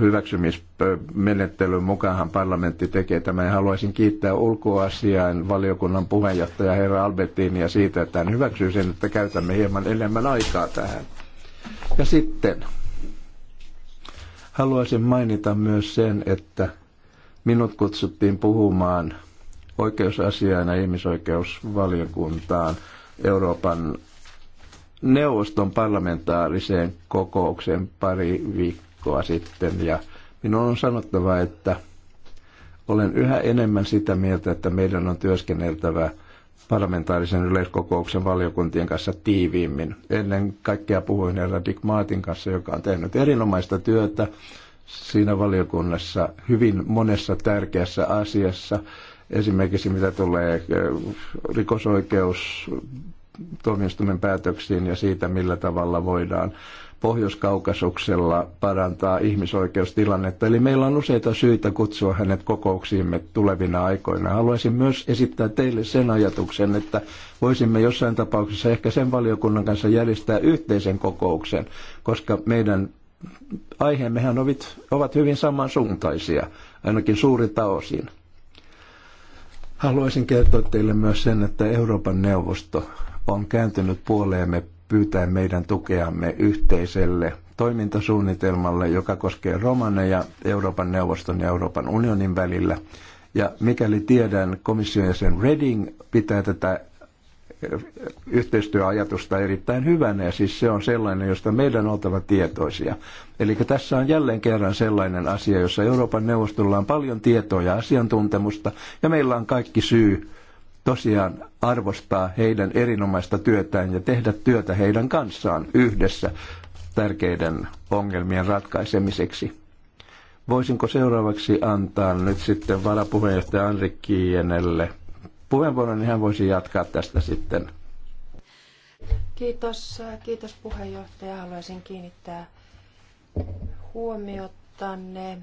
hyväksymismenettelyn mukaanhan parlamentti tekee tämän. Haluaisin kiittää ulkoasiain valiokunnan puheenjohtaja herra Albertinia siitä, että hän hyväksyy sen, että käytämme hieman enemmän aikaa tähän. Ja sitten haluaisin mainita myös sen, että minut kutsuttiin puhumaan oikeusasiaan ja ihmisoikeusvaliokuntaan Euroopan neuvoston parlamentaariseen kokoukseen pari viikkoa viikkoa sitten ja minun on sanottava, että olen yhä enemmän sitä mieltä, että meidän on työskenneltävä parlamentaarisen yleiskokouksen valiokuntien kanssa tiiviimmin. Ennen kaikkea puhuin herra Dick Martin kanssa, joka on tehnyt erinomaista työtä siinä valiokunnassa hyvin monessa tärkeässä asiassa. Esimerkiksi mitä tulee eh, rikosoikeus tuomioistuimen päätöksiin ja siitä, millä tavalla voidaan Pohjois-Kaukasuksella parantaa ihmisoikeustilannetta. Eli meillä on useita syitä kutsua hänet kokouksiimme tulevina aikoina. Haluaisin myös esittää teille sen ajatuksen, että voisimme jossain tapauksessa ehkä sen valiokunnan kanssa järjestää yhteisen kokouksen, koska meidän aiheemmehan ovat hyvin samansuuntaisia, ainakin suurilta osin. Haluaisin kertoa teille myös sen, että Euroopan neuvosto on kääntynyt puoleemme pyytää meidän tukeamme yhteiselle toimintasuunnitelmalle, joka koskee romaneja Euroopan neuvoston ja Euroopan unionin välillä. Ja mikäli tiedän, komission jäsen Reding pitää tätä eh, yhteistyöajatusta erittäin hyvänä ja siis se on sellainen, josta meidän on oltava tietoisia. Eli tässä on jälleen kerran sellainen asia, jossa Euroopan neuvostolla on paljon tietoa ja asiantuntemusta ja meillä on kaikki syy tosiaan arvostaa heidän erinomaista työtään ja tehdä työtä heidän kanssaan yhdessä tärkeiden ongelmien ratkaisemiseksi. Voisinko seuraavaksi antaa nyt sitten varapuheenjohtaja Anri Kienelle puheenvuoron, niin hän voisi jatkaa tästä sitten. Kiitos, kiitos puheenjohtaja. Haluaisin kiinnittää huomiotanne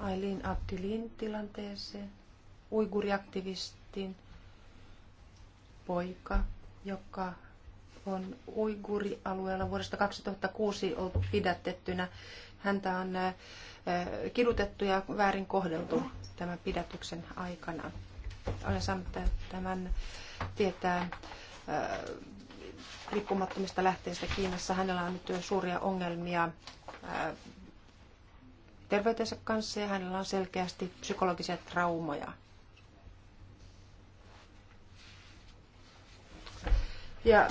Ailin Abdilin tilanteeseen uiguriaktivistin poika, joka on uigurialueella vuodesta 2006 ollut pidätettynä. Häntä on kidutettu ja väärin kohdeltu tämän pidätyksen aikana. Olen saanut tämän tietää riippumattomista lähteistä Kiinassa. Hänellä on nyt suuria ongelmia terveytensä kanssa ja hänellä on selkeästi psykologisia traumoja. Ja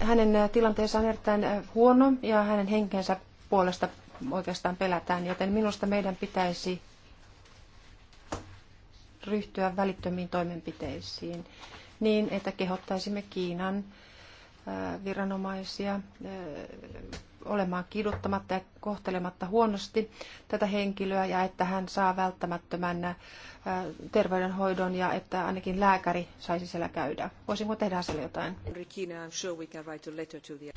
hänen tilanteensa on erittäin huono ja hänen henkensä puolesta oikeastaan pelätään, joten minusta meidän pitäisi ryhtyä välittömiin toimenpiteisiin niin, että kehottaisimme Kiinan äh, viranomaisia äh, olemaan kiduttamatta ja kohtelematta huonosti tätä henkilöä ja että hän saa välttämättömän äh, terveydenhoidon ja että ainakin lääkäri saisi siellä käydä. Voisinko tehdä asialle jotain?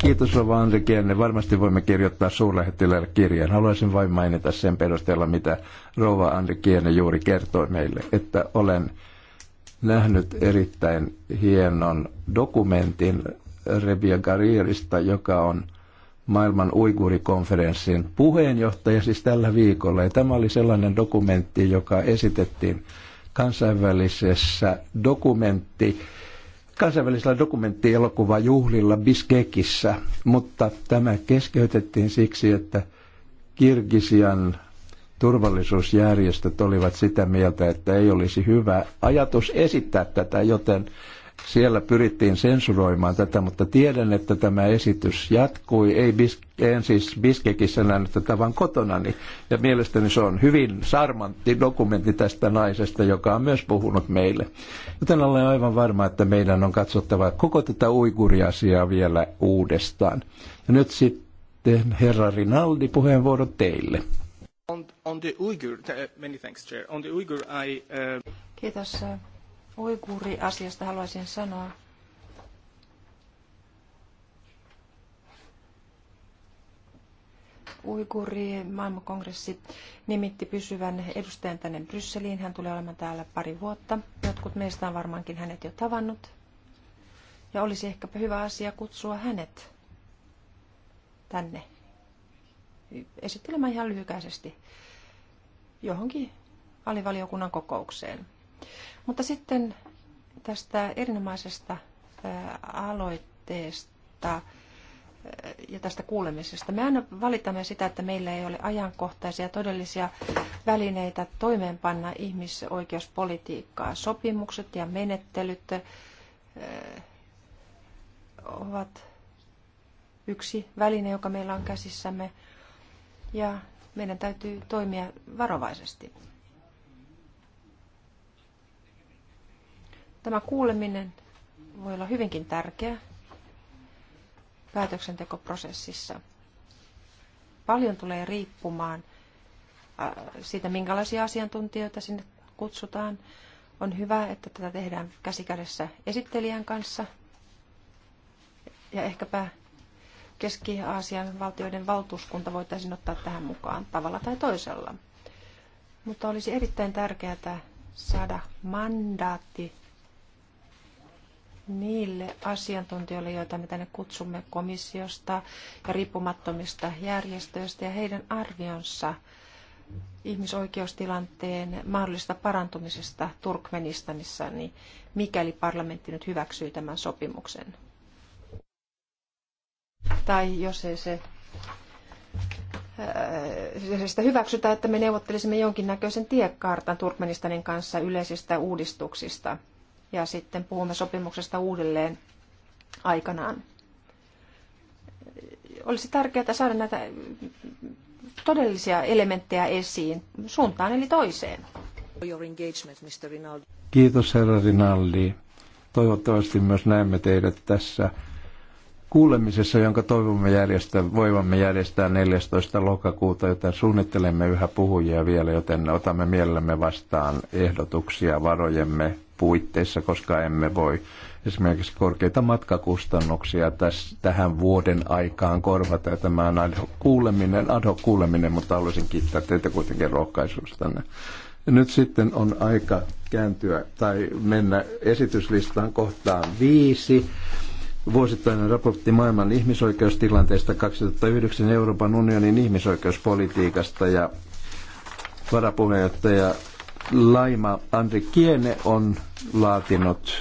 Kiitos Rova Andrikienne. Varmasti voimme kirjoittaa suurlähettiläille kirjeen. Haluaisin vain mainita sen perusteella, mitä Rova Andrikienne juuri kertoi meille, että olen nähnyt erittäin hienon dokumentin Rebia Garirista, joka on – maailman uigurikonferenssin puheenjohtaja siis tällä viikolla. Ja tämä oli sellainen dokumentti, joka esitettiin kansainvälisessä dokumentti, kansainvälisellä dokumenttielokuvajuhlilla Biskekissä, mutta tämä keskeytettiin siksi, että Kirgisian turvallisuusjärjestöt olivat sitä mieltä, että ei olisi hyvä ajatus esittää tätä, joten siellä pyrittiin sensuroimaan tätä, mutta tiedän, että tämä esitys jatkui. Ei bis, en siis Biskekissä nähnyt tätä, vaan kotonani. Ja mielestäni se on hyvin sarmantti dokumentti tästä naisesta, joka on myös puhunut meille. Joten olen aivan varma, että meidän on katsottava koko tätä uiguriasiaa vielä uudestaan. Ja nyt sitten herra Rinaldi, puheenvuoro teille. On, on the Uyghur, many thanks, Chair. On the Uyghur, I, uh... Kiitos uiguuri-asiasta haluaisin sanoa, Uiguri maailmankongressi nimitti pysyvän edustajan tänne Brysseliin. Hän tulee olemaan täällä pari vuotta. Jotkut meistä on varmaankin hänet jo tavannut. Ja olisi ehkäpä hyvä asia kutsua hänet tänne esittelemään ihan lyhykäisesti johonkin alivaliokunnan kokoukseen. Mutta sitten tästä erinomaisesta aloitteesta ja tästä kuulemisesta. Me aina valitamme sitä, että meillä ei ole ajankohtaisia todellisia välineitä toimeenpanna ihmisoikeuspolitiikkaa. Sopimukset ja menettelyt ovat yksi väline, joka meillä on käsissämme, ja meidän täytyy toimia varovaisesti. Tämä kuuleminen voi olla hyvinkin tärkeä päätöksentekoprosessissa. Paljon tulee riippumaan äh, siitä, minkälaisia asiantuntijoita sinne kutsutaan. On hyvä, että tätä tehdään käsikädessä esittelijän kanssa ja ehkäpä Keski-Aasian valtioiden valtuuskunta voitaisiin ottaa tähän mukaan tavalla tai toisella. Mutta olisi erittäin tärkeää saada mandaatti niille asiantuntijoille, joita me tänne kutsumme komissiosta ja riippumattomista järjestöistä ja heidän arvionsa ihmisoikeustilanteen mahdollisesta parantumisesta Turkmenistanissa, niin mikäli parlamentti nyt hyväksyy tämän sopimuksen. Tai jos ei se äh, sitä hyväksytä, että me neuvottelisimme jonkinnäköisen tiekartan Turkmenistanin kanssa yleisistä uudistuksista – ja sitten puhumme sopimuksesta uudelleen aikanaan. Olisi tärkeää saada näitä todellisia elementtejä esiin suuntaan eli toiseen. Kiitos herra Rinaldi. Toivottavasti myös näemme teidät tässä kuulemisessa, jonka toivomme järjestää, voivamme järjestää 14. lokakuuta, joten suunnittelemme yhä puhujia vielä, joten otamme mielellämme vastaan ehdotuksia varojemme puitteissa, koska emme voi esimerkiksi korkeita matkakustannuksia täs, tähän vuoden aikaan korvata. Tämä on ad kuuleminen, ad kuuleminen, mutta haluaisin kiittää teitä kuitenkin rohkaisuista. Nyt sitten on aika kääntyä tai mennä esityslistaan kohtaan viisi. Vuosittainen raportti maailman ihmisoikeustilanteesta 2009 Euroopan unionin ihmisoikeuspolitiikasta ja varapuheenjohtaja Laima Andri Kiene on laatinut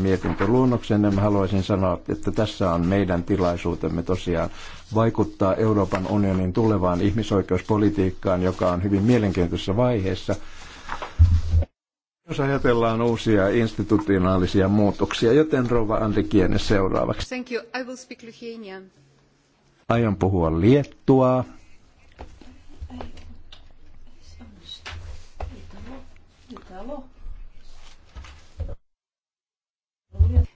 mietintöluonnoksen ja mä haluaisin sanoa, että tässä on meidän tilaisuutemme tosiaan vaikuttaa Euroopan unionin tulevaan ihmisoikeuspolitiikkaan, joka on hyvin mielenkiintoisessa vaiheessa. Jos ajatellaan uusia institutionaalisia muutoksia, joten rouva Andri Kiene seuraavaksi. Thank you. I will speak Aion puhua liettua.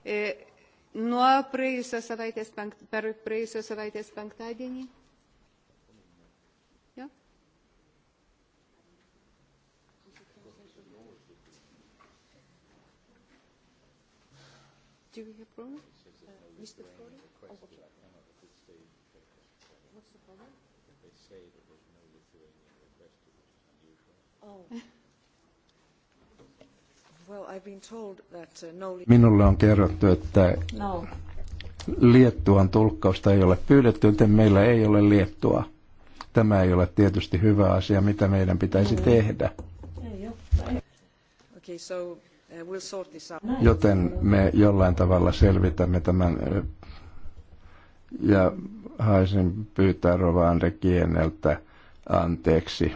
E, nuo praėjusios savaitės, penkt, per praėjusios savaitės penktadienį. Ja? Uh, oh. Uh, no Minulle on kerrottu, että no. Liettuan tulkkausta ei ole pyydetty, joten meillä ei ole Liettua. Tämä ei ole tietysti hyvä asia, mitä meidän pitäisi mm. tehdä. Ei Okay, so uh, we'll sort this out. Joten me jollain tavalla selvitämme tämän ja haisin pyytää Rovande Kieneltä anteeksi.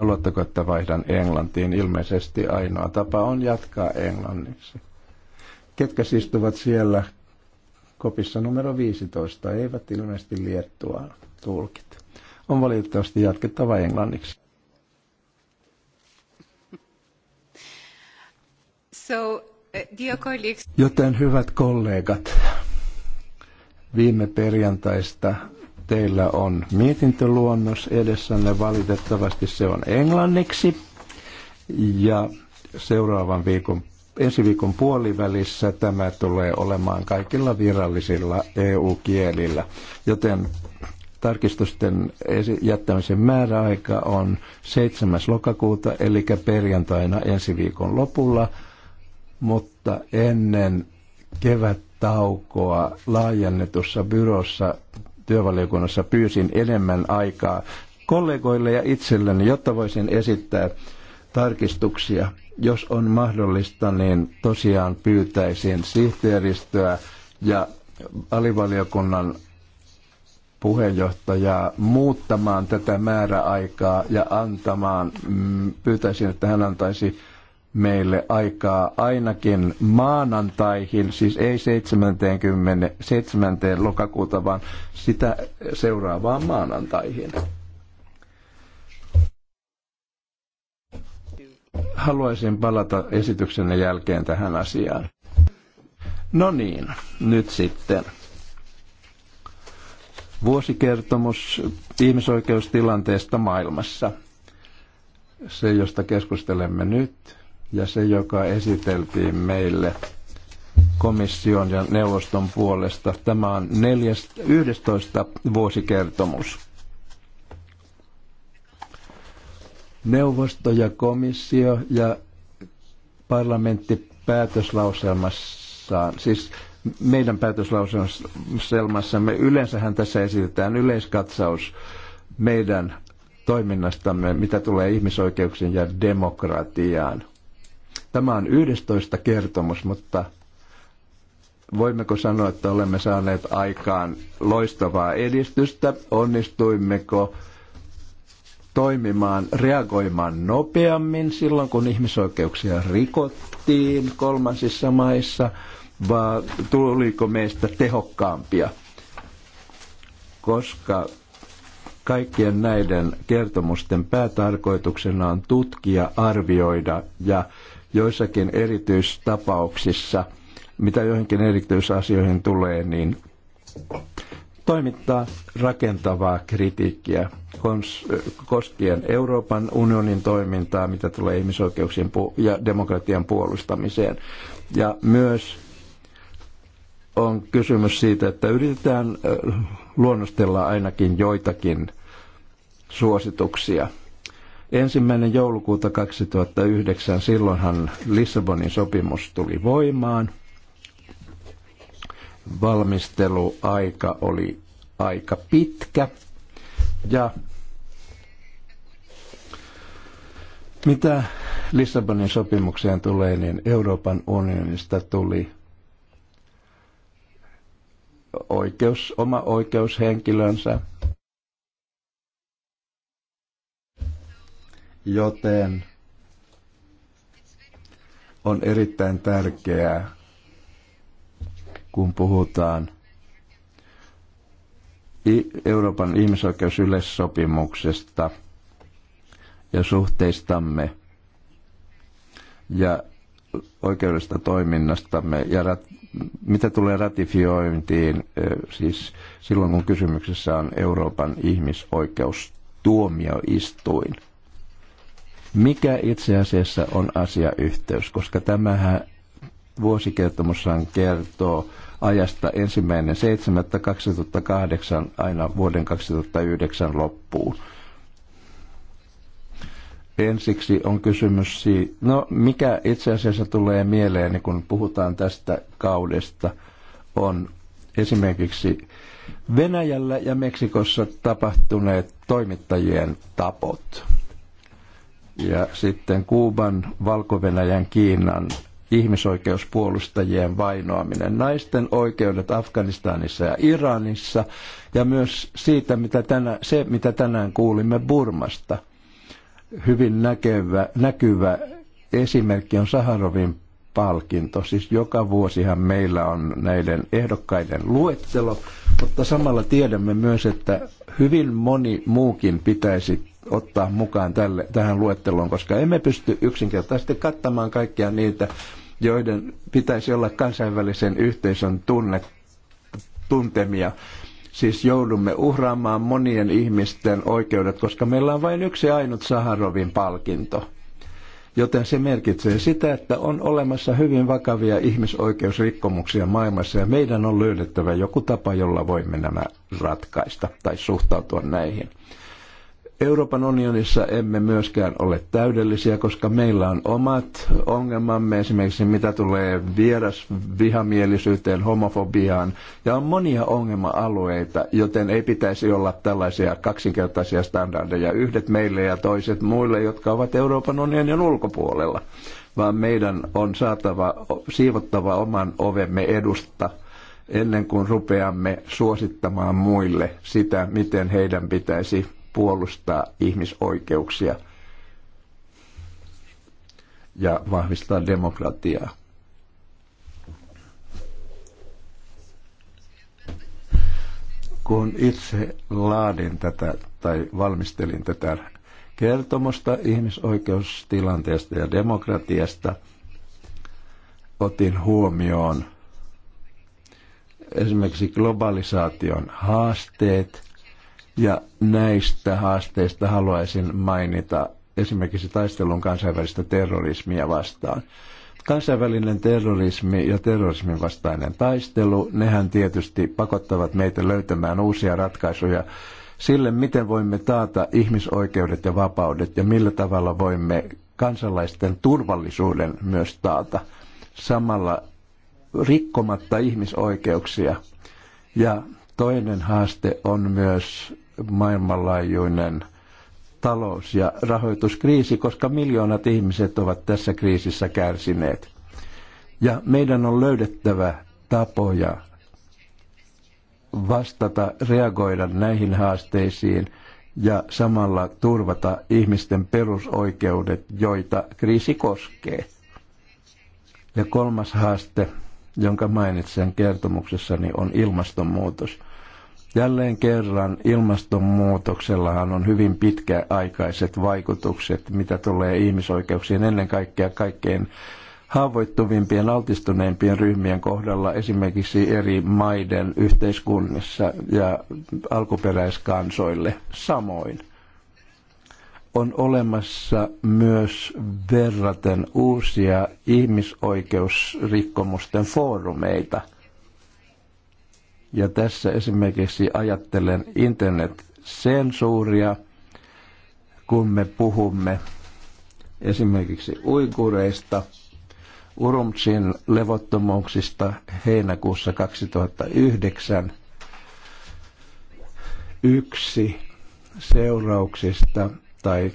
Haluatteko, että vaihdan englantiin? Ilmeisesti ainoa tapa on jatkaa englanniksi. Ketkä istuvat siellä kopissa numero 15, eivät ilmeisesti liettua tulkit. On valitettavasti jatkettava englanniksi. So, uh, dear colleagues... Joten hyvät kollegat, viime perjantaista Teillä on mietintöluonnos edessänne. Valitettavasti se on englanniksi. Ja seuraavan viikon, ensi viikon puolivälissä tämä tulee olemaan kaikilla virallisilla EU-kielillä. Joten tarkistusten jättämisen määräaika on 7. lokakuuta, eli perjantaina ensi viikon lopulla, mutta ennen kevättaukoa laajennetussa byrossa työvaliokunnassa pyysin enemmän aikaa kollegoille ja itselleni, jotta voisin esittää tarkistuksia. Jos on mahdollista, niin tosiaan pyytäisin sihteeristöä ja alivaliokunnan puheenjohtajaa muuttamaan tätä määräaikaa ja antamaan, mm, pyytäisin, että hän antaisi meille aikaa ainakin maanantaihin, siis ei 70, 7. lokakuuta, vaan sitä seuraavaan maanantaihin. Haluaisin palata esityksen jälkeen tähän asiaan. No niin, nyt sitten. Vuosikertomus ihmisoikeustilanteesta maailmassa. Se, josta keskustelemme nyt, ja se, joka esiteltiin meille komission ja neuvoston puolesta. Tämä on 11. vuosikertomus. Neuvosto ja komissio ja parlamentti päätöslauselmassaan, siis meidän päätöslauselmassamme yleensähän tässä esitetään yleiskatsaus meidän toiminnastamme, mitä tulee ihmisoikeuksiin ja demokratiaan – Tämä on 11 kertomus, mutta voimmeko sanoa, että olemme saaneet aikaan loistavaa edistystä? Onnistuimmeko toimimaan, reagoimaan nopeammin silloin, kun ihmisoikeuksia rikottiin kolmansissa maissa, vai tuliko meistä tehokkaampia? Koska kaikkien näiden kertomusten päätarkoituksena on tutkia, arvioida ja joissakin erityistapauksissa, mitä joihinkin erityisasioihin tulee, niin toimittaa rakentavaa kritiikkiä koskien Euroopan unionin toimintaa, mitä tulee ihmisoikeuksien ja demokratian puolustamiseen. Ja myös on kysymys siitä, että yritetään luonnostella ainakin joitakin suosituksia – Ensimmäinen joulukuuta 2009, silloinhan Lissabonin sopimus tuli voimaan. Valmisteluaika oli aika pitkä. Ja mitä Lissabonin sopimukseen tulee, niin Euroopan unionista tuli oikeus, oma oikeushenkilönsä, joten on erittäin tärkeää, kun puhutaan Euroopan ihmisoikeusyleissopimuksesta ja suhteistamme ja oikeudesta toiminnastamme ja rat- mitä tulee ratifiointiin, siis silloin kun kysymyksessä on Euroopan ihmisoikeustuomioistuin. Mikä itse asiassa on asiayhteys, koska tämähän vuosikertomussaan kertoo ajasta ensimmäinen 7.2008 aina vuoden 2009 loppuun. Ensiksi on kysymys siitä, no mikä itse asiassa tulee mieleen, niin kun puhutaan tästä kaudesta, on esimerkiksi Venäjällä ja Meksikossa tapahtuneet toimittajien tapot ja sitten Kuuban, valko Kiinan ihmisoikeuspuolustajien vainoaminen, naisten oikeudet Afganistanissa ja Iranissa ja myös siitä, mitä tänä, se, mitä tänään kuulimme Burmasta. Hyvin näkevä, näkyvä esimerkki on Saharovin palkinto. Siis joka vuosihan meillä on näiden ehdokkaiden luettelo, mutta samalla tiedämme myös, että hyvin moni muukin pitäisi ottaa mukaan tälle, tähän luetteloon, koska emme pysty yksinkertaisesti kattamaan kaikkia niitä, joiden pitäisi olla kansainvälisen yhteisön tunne, tuntemia. Siis joudumme uhraamaan monien ihmisten oikeudet, koska meillä on vain yksi ainut Saharovin palkinto. Joten se merkitsee sitä, että on olemassa hyvin vakavia ihmisoikeusrikkomuksia maailmassa ja meidän on löydettävä joku tapa, jolla voimme nämä ratkaista tai suhtautua näihin. Euroopan unionissa emme myöskään ole täydellisiä, koska meillä on omat ongelmamme, esimerkiksi mitä tulee vieras vihamielisyyteen, homofobiaan, ja on monia ongelma-alueita, joten ei pitäisi olla tällaisia kaksinkertaisia standardeja, yhdet meille ja toiset muille, jotka ovat Euroopan unionin ulkopuolella, vaan meidän on saatava, siivottava oman ovemme edusta ennen kuin rupeamme suosittamaan muille sitä, miten heidän pitäisi puolustaa ihmisoikeuksia ja vahvistaa demokratiaa. Kun itse laadin tätä tai valmistelin tätä kertomusta ihmisoikeustilanteesta ja demokratiasta, otin huomioon esimerkiksi globalisaation haasteet ja näistä haasteista haluaisin mainita esimerkiksi taistelun kansainvälistä terrorismia vastaan. Kansainvälinen terrorismi ja terrorismin vastainen taistelu, nehän tietysti pakottavat meitä löytämään uusia ratkaisuja sille, miten voimme taata ihmisoikeudet ja vapaudet ja millä tavalla voimme kansalaisten turvallisuuden myös taata samalla rikkomatta ihmisoikeuksia. Ja toinen haaste on myös maailmanlaajuinen talous- ja rahoituskriisi, koska miljoonat ihmiset ovat tässä kriisissä kärsineet. Ja meidän on löydettävä tapoja vastata, reagoida näihin haasteisiin ja samalla turvata ihmisten perusoikeudet, joita kriisi koskee. Ja kolmas haaste, jonka mainitsen kertomuksessani, on ilmastonmuutos – Jälleen kerran ilmastonmuutoksellahan on hyvin pitkäaikaiset vaikutukset, mitä tulee ihmisoikeuksiin ennen kaikkea kaikkein haavoittuvimpien, altistuneimpien ryhmien kohdalla esimerkiksi eri maiden yhteiskunnissa ja alkuperäiskansoille samoin. On olemassa myös verraten uusia ihmisoikeusrikkomusten foorumeita – ja tässä esimerkiksi ajattelen internet internet-sensuuria, kun me puhumme esimerkiksi uikureista Urumtsin levottomuuksista heinäkuussa 2009 yksi seurauksista tai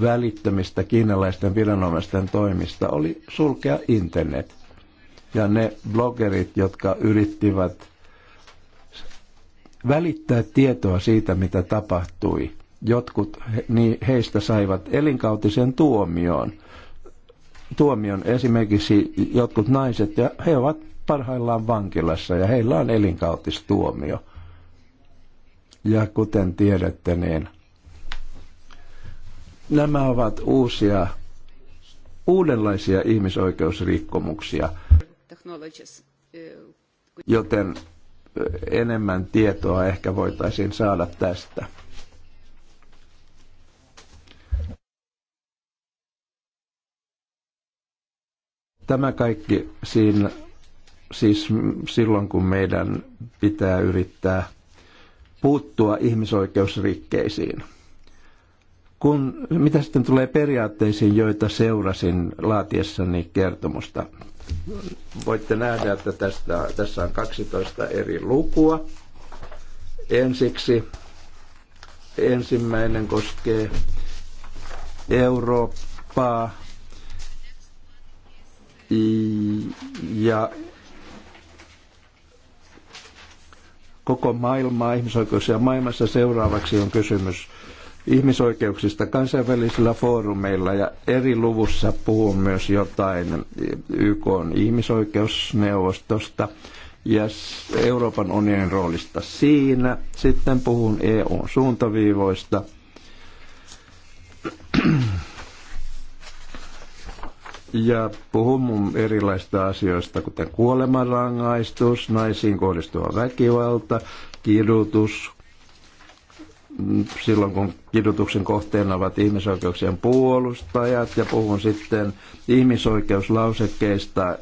välittömistä kiinalaisten viranomaisten toimista oli sulkea internet. Ja ne bloggerit, jotka yrittivät välittää tietoa siitä, mitä tapahtui. Jotkut niin, heistä saivat elinkautisen tuomion. Tuomion esimerkiksi jotkut naiset, ja he ovat parhaillaan vankilassa ja heillä on elinkautistuomio. Ja kuten tiedätte, niin nämä ovat uusia, uudenlaisia ihmisoikeusrikkomuksia. E, Joten enemmän tietoa ehkä voitaisiin saada tästä. Tämä kaikki siinä, siis silloin, kun meidän pitää yrittää puuttua ihmisoikeusrikkeisiin. Kun, mitä sitten tulee periaatteisiin, joita seurasin laatiessani kertomusta? voitte nähdä, että tästä, tässä on 12 eri lukua. Ensiksi ensimmäinen koskee Eurooppaa ja koko maailmaa, ja maailmassa. Seuraavaksi on kysymys ihmisoikeuksista kansainvälisillä foorumeilla ja eri luvussa puhun myös jotain YK on ihmisoikeusneuvostosta ja Euroopan unionin roolista siinä. Sitten puhun EUn suuntaviivoista. Ja puhun mun erilaisista asioista, kuten kuolemanrangaistus, naisiin kohdistuva väkivalta, kidutus, silloin, kun kidutuksen kohteena ovat ihmisoikeuksien puolustajat ja puhun sitten ihmisoikeuslausekkeista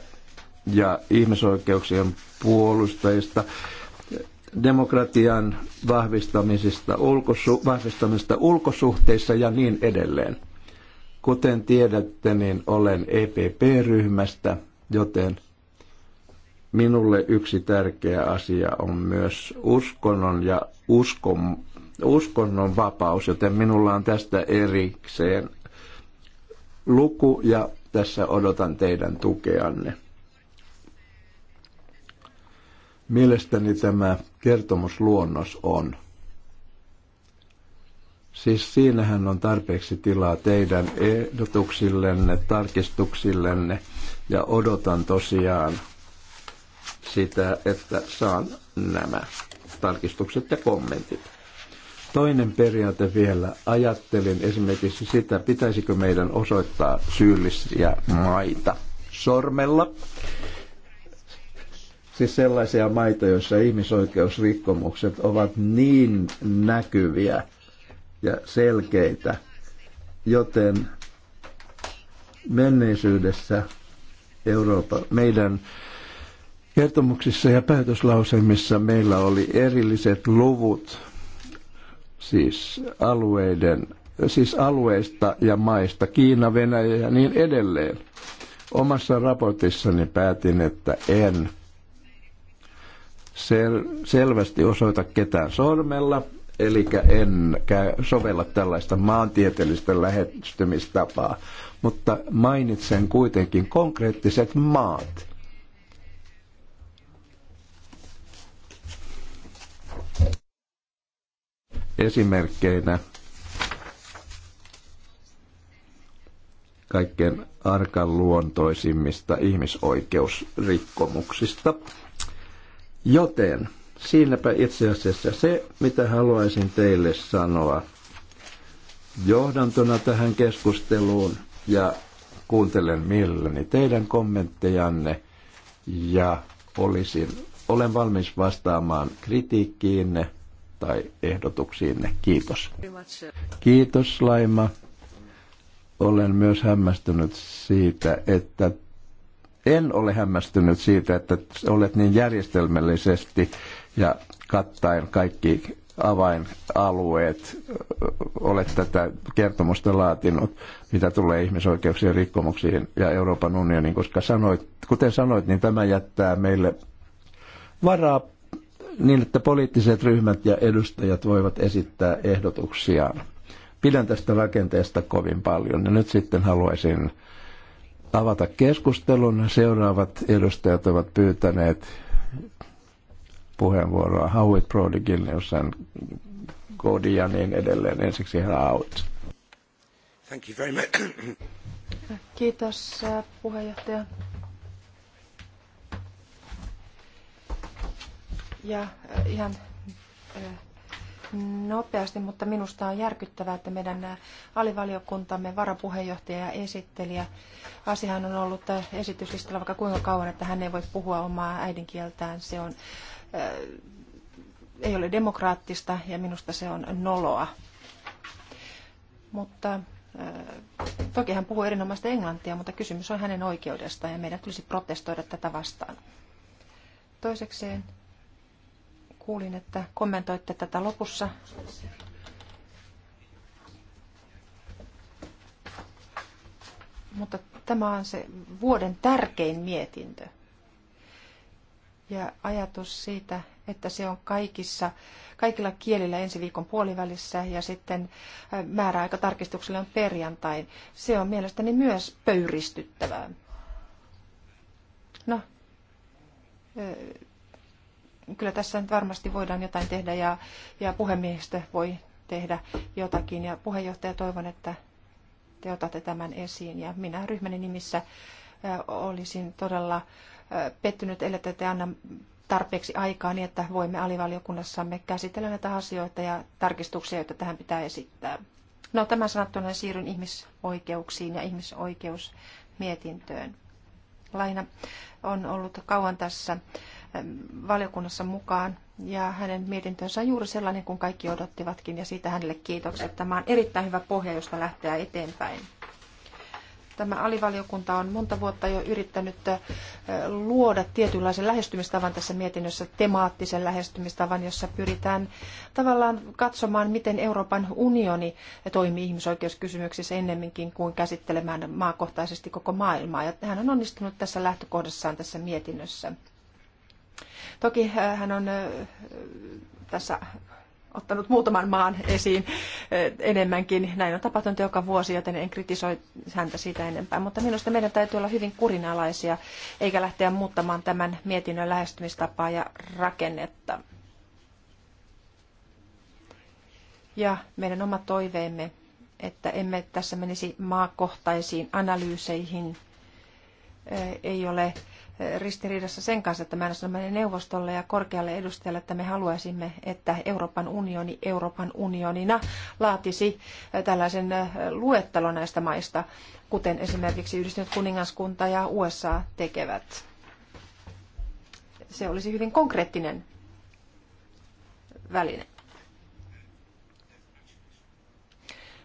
ja ihmisoikeuksien puolustajista, demokratian vahvistamisesta, ulkosu- vahvistamisesta ulkosuhteissa ja niin edelleen. Kuten tiedätte, niin olen EPP-ryhmästä, joten minulle yksi tärkeä asia on myös uskonnon ja uskon uskonnon vapaus, joten minulla on tästä erikseen luku ja tässä odotan teidän tukeanne. Mielestäni tämä kertomusluonnos on. Siis siinähän on tarpeeksi tilaa teidän ehdotuksillenne, tarkistuksillenne ja odotan tosiaan sitä, että saan nämä tarkistukset ja kommentit. Toinen periaate vielä. Ajattelin esimerkiksi sitä, pitäisikö meidän osoittaa syyllisiä maita sormella. Siis sellaisia maita, joissa ihmisoikeusrikkomukset ovat niin näkyviä ja selkeitä, joten menneisyydessä Eurooppa, meidän kertomuksissa ja päätöslauselmissa meillä oli erilliset luvut siis, alueiden, siis alueista ja maista, Kiina, Venäjä ja niin edelleen. Omassa raportissani päätin, että en sel- selvästi osoita ketään sormella, eli en käy, sovella tällaista maantieteellistä lähestymistapaa, mutta mainitsen kuitenkin konkreettiset maat, esimerkkeinä kaikkein luontoisimmista ihmisoikeusrikkomuksista. Joten siinäpä itse asiassa se, mitä haluaisin teille sanoa johdantona tähän keskusteluun ja kuuntelen mielelläni teidän kommenttejanne ja olisin, olen valmis vastaamaan kritiikkiinne tai ehdotuksiinne. Kiitos. Kiitos Laima. Olen myös hämmästynyt siitä, että en ole hämmästynyt siitä, että olet niin järjestelmällisesti ja kattaen kaikki avainalueet olet tätä kertomusta laatinut, mitä tulee ihmisoikeuksien rikkomuksiin ja Euroopan unioniin, koska sanoit, kuten sanoit, niin tämä jättää meille varaa niin, että poliittiset ryhmät ja edustajat voivat esittää ehdotuksiaan. Pidän tästä rakenteesta kovin paljon ja nyt sitten haluaisin avata keskustelun. Seuraavat edustajat ovat pyytäneet puheenvuoroa Howard Brody, Gilneusen, Godi ja niin edelleen. Ensiksi herra Howard. Thank you very much. Kiitos äh, puheenjohtaja. Ja eh, ihan eh, nopeasti, mutta minusta on järkyttävää, että meidän eh, alivaliokuntamme varapuheenjohtaja ja esittelijä, asiahan on ollut esityslistalla vaikka kuinka kauan, että hän ei voi puhua omaa äidinkieltään. Se on, ei ole demokraattista ja minusta se on noloa. Mutta toki hän puhuu erinomaista englantia, mutta kysymys on hänen oikeudestaan ja meidän tulisi protestoida tätä vastaan. Toisekseen Kuulin, että kommentoitte tätä lopussa. Mutta tämä on se vuoden tärkein mietintö. Ja ajatus siitä, että se on kaikissa, kaikilla kielillä ensi viikon puolivälissä ja sitten määräaikatarkistukselle on perjantai. Se on mielestäni myös pöyristyttävää. No, kyllä tässä nyt varmasti voidaan jotain tehdä ja, ja puhemiehistö voi tehdä jotakin. Ja puheenjohtaja, toivon, että te otatte tämän esiin. Ja minä ryhmäni nimissä olisin todella pettynyt, ellei te anna tarpeeksi aikaa niin, että voimme alivaliokunnassamme käsitellä näitä asioita ja tarkistuksia, joita tähän pitää esittää. No tämän sanottuna siirryn ihmisoikeuksiin ja ihmisoikeusmietintöön. Laina on ollut kauan tässä valiokunnassa mukaan ja hänen mietintönsä on juuri sellainen kuin kaikki odottivatkin ja siitä hänelle kiitokset. Tämä on erittäin hyvä pohja, josta lähteä eteenpäin. Tämä alivaliokunta on monta vuotta jo yrittänyt luoda tietynlaisen lähestymistavan tässä mietinnössä, temaattisen lähestymistavan, jossa pyritään tavallaan katsomaan, miten Euroopan unioni toimii ihmisoikeuskysymyksissä ennemminkin kuin käsittelemään maakohtaisesti koko maailmaa. Ja hän on onnistunut tässä lähtökohdassaan tässä mietinnössä Toki äh, hän on äh, tässä ottanut muutaman maan esiin äh, enemmänkin. Näin on tapahtunut joka vuosi, joten en kritisoi häntä siitä enempää. Mutta minusta meidän täytyy olla hyvin kurinalaisia, eikä lähteä muuttamaan tämän mietinnön lähestymistapaa ja rakennetta. Ja meidän oma toiveemme, että emme tässä menisi maakohtaisiin analyyseihin, ei ole ristiriidassa sen kanssa, että mä sanomme neuvostolle ja korkealle edustajalle, että me haluaisimme, että Euroopan unioni Euroopan unionina laatisi tällaisen luettelon näistä maista, kuten esimerkiksi Yhdistynyt kuningaskunta ja USA tekevät. Se olisi hyvin konkreettinen väline.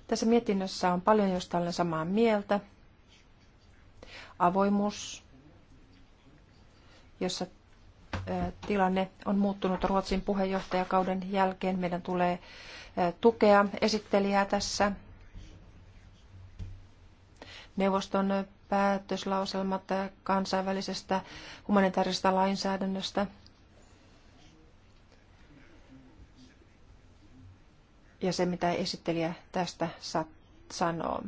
Tässä mietinnössä on paljon, josta olen samaa mieltä. Avoimuus, jossa tilanne on muuttunut Ruotsin puheenjohtajakauden jälkeen. Meidän tulee tukea esittelijää tässä. Neuvoston päätöslauselmat kansainvälisestä humanitaarisesta lainsäädännöstä ja se, mitä esittelijä tästä sanoo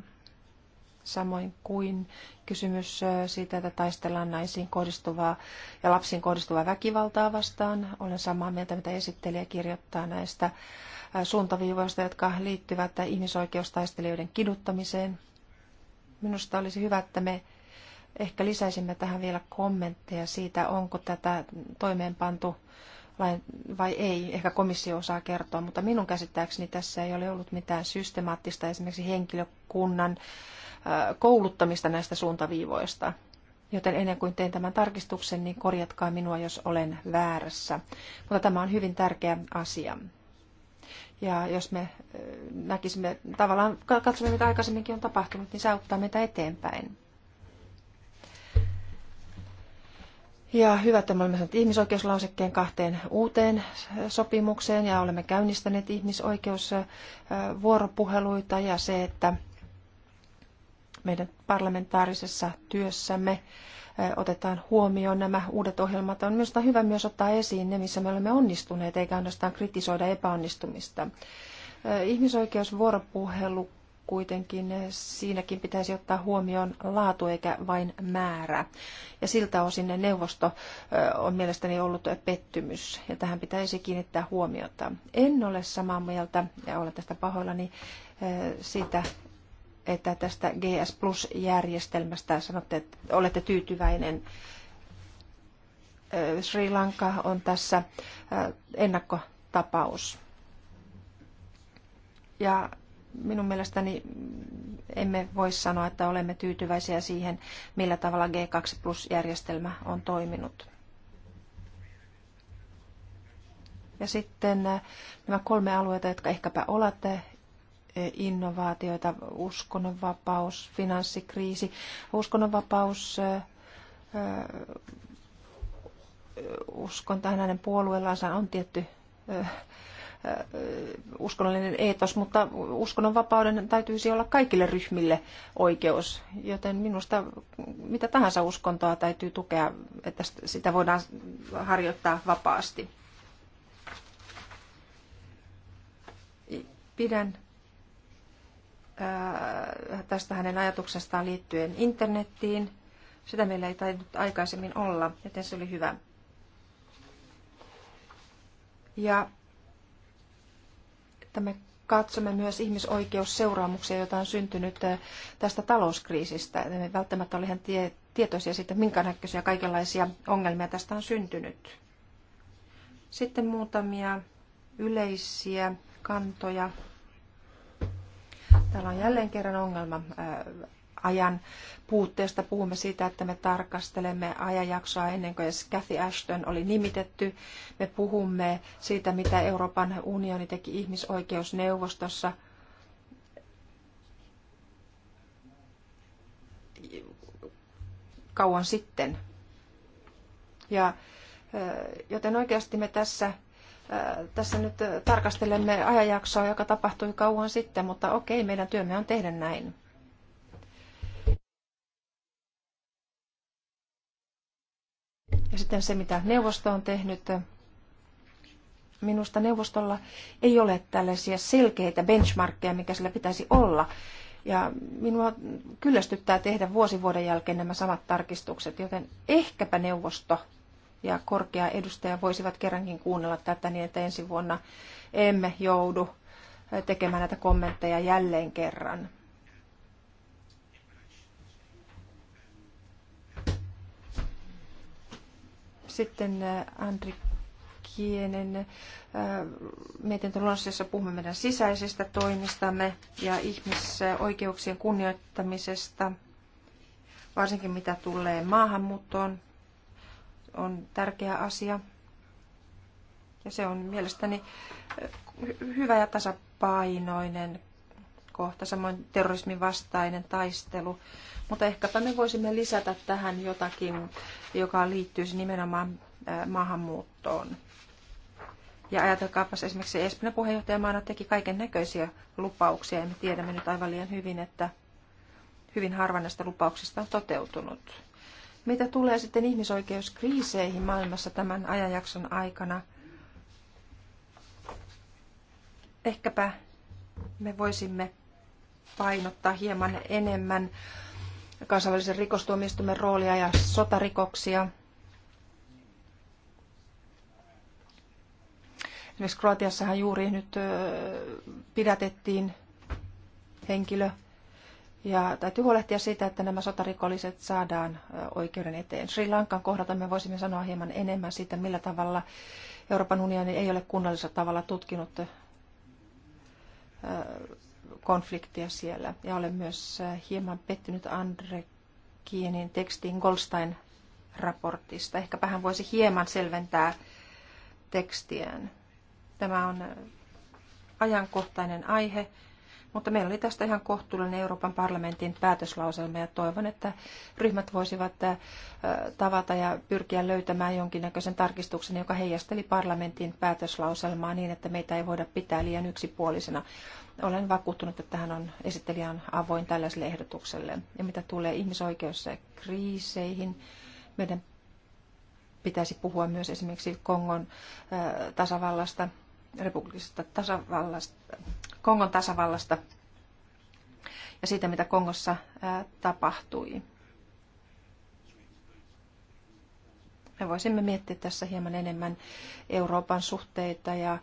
samoin kuin kysymys siitä, että taistellaan naisiin kohdistuvaa ja lapsiin kohdistuvaa väkivaltaa vastaan. Olen samaa mieltä, mitä esittelijä kirjoittaa näistä suuntaviivoista, jotka liittyvät ihmisoikeustaistelijoiden kiduttamiseen. Minusta olisi hyvä, että me ehkä lisäisimme tähän vielä kommentteja siitä, onko tätä toimeenpantu vai ei. Ehkä komissio osaa kertoa, mutta minun käsittääkseni tässä ei ole ollut mitään systemaattista esimerkiksi henkilökunnan kouluttamista näistä suuntaviivoista. Joten ennen kuin teen tämän tarkistuksen, niin korjatkaa minua, jos olen väärässä. Mutta tämä on hyvin tärkeä asia. Ja jos me näkisimme, tavallaan katsomme, mitä aikaisemminkin on tapahtunut, niin se auttaa meitä eteenpäin. Ja hyvä, että me olemme saaneet ihmisoikeuslausekkeen kahteen uuteen sopimukseen ja olemme käynnistäneet ihmisoikeusvuoropuheluita ja se, että meidän parlamentaarisessa työssämme otetaan huomioon nämä uudet ohjelmat. On minusta hyvä myös ottaa esiin ne, missä me olemme onnistuneet, eikä ainoastaan kritisoida epäonnistumista. Ihmisoikeusvuoropuhelu kuitenkin siinäkin pitäisi ottaa huomioon laatu eikä vain määrä. Ja siltä osin neuvosto on mielestäni ollut pettymys ja tähän pitäisi kiinnittää huomiota. En ole samaa mieltä ja olen tästä pahoillani siitä, että tästä GS Plus-järjestelmästä sanotte, että olette tyytyväinen. Sri Lanka on tässä ennakkotapaus. Ja minun mielestäni emme voi sanoa, että olemme tyytyväisiä siihen, millä tavalla G2 Plus-järjestelmä on toiminut. Ja sitten nämä kolme aluetta, jotka ehkäpä olette E, innovaatioita, uskonnonvapaus, finanssikriisi. Uskonnonvapaus, e, e, uskon tai hänen puolueellansa on tietty uskonnollinen eetos, mutta uskonnonvapauden täytyisi olla kaikille ryhmille oikeus, joten minusta mitä tahansa uskontoa täytyy tukea, että sitä voidaan harjoittaa vapaasti. Pidän tästä hänen ajatuksestaan liittyen internettiin. Sitä meillä ei tainnut aikaisemmin olla, joten se oli hyvä. Ja että me katsomme myös ihmisoikeusseuraamuksia, joita on syntynyt tästä talouskriisistä. Me välttämättä ole ihan tie, tietoisia siitä, minkä näköisiä kaikenlaisia ongelmia tästä on syntynyt. Sitten muutamia yleisiä kantoja Täällä on jälleen kerran ongelma äh, ajan puutteesta. Puhumme siitä, että me tarkastelemme ajanjaksoa ennen kuin edes Cathy Ashton oli nimitetty. Me puhumme siitä, mitä Euroopan unioni teki ihmisoikeusneuvostossa. kauan sitten. Ja, äh, joten oikeasti me tässä tässä nyt tarkastelemme ajanjaksoa, joka tapahtui kauan sitten, mutta okei, meidän työmme on tehdä näin. Ja sitten se, mitä neuvosto on tehnyt. Minusta neuvostolla ei ole tällaisia selkeitä benchmarkkeja, mikä sillä pitäisi olla. Ja minua kyllästyttää tehdä vuosi vuoden jälkeen nämä samat tarkistukset, joten ehkäpä neuvosto ja korkea edustaja voisivat kerrankin kuunnella tätä niin, että ensi vuonna emme joudu tekemään näitä kommentteja jälleen kerran. Sitten Andri Kienen mietintöluonnos, jossa puhumme meidän sisäisistä toimistamme ja ihmisoikeuksien kunnioittamisesta, varsinkin mitä tulee maahanmuuttoon on tärkeä asia. Ja se on mielestäni eh, hyvä ja tasapainoinen kohta, samoin terrorismin vastainen taistelu. Mutta ehkäpä me voisimme lisätä tähän jotakin, joka liittyisi nimenomaan eh, maahanmuuttoon. Ja ajatelkaapa esimerkiksi Espanjan puheenjohtajamaana teki kaiken näköisiä lupauksia ja me tiedämme nyt aivan liian hyvin, että hyvin harva näistä lupauksista on toteutunut. Mitä tulee sitten ihmisoikeuskriiseihin maailmassa tämän ajanjakson aikana, ehkäpä me voisimme painottaa hieman enemmän kansainvälisen rikostuomioistuimen roolia ja sotarikoksia. Esimerkiksi Kroatiassahan juuri nyt pidätettiin henkilö ja täytyy huolehtia siitä, että nämä sotarikolliset saadaan oikeuden eteen. Sri Lankan kohdalta me voisimme sanoa hieman enemmän siitä, millä tavalla Euroopan unioni ei ole kunnallisella tavalla tutkinut konfliktia siellä. Ja olen myös hieman pettynyt Andre Kienin tekstiin Goldstein raportista. Ehkäpä hän voisi hieman selventää tekstiään. Tämä on ajankohtainen aihe mutta meillä oli tästä ihan kohtuullinen Euroopan parlamentin päätöslauselma ja toivon, että ryhmät voisivat äh, tavata ja pyrkiä löytämään jonkinnäköisen tarkistuksen, joka heijasteli parlamentin päätöslauselmaa niin, että meitä ei voida pitää liian yksipuolisena. Olen vakuuttunut, että hän on esittelijän avoin tällaiselle ehdotukselle. Ja mitä tulee kriiseihin, meidän pitäisi puhua myös esimerkiksi Kongon äh, tasavallasta republikista tasavallasta, Kongon tasavallasta ja siitä, mitä Kongossa tapahtui. Me voisimme miettiä tässä hieman enemmän Euroopan suhteita ja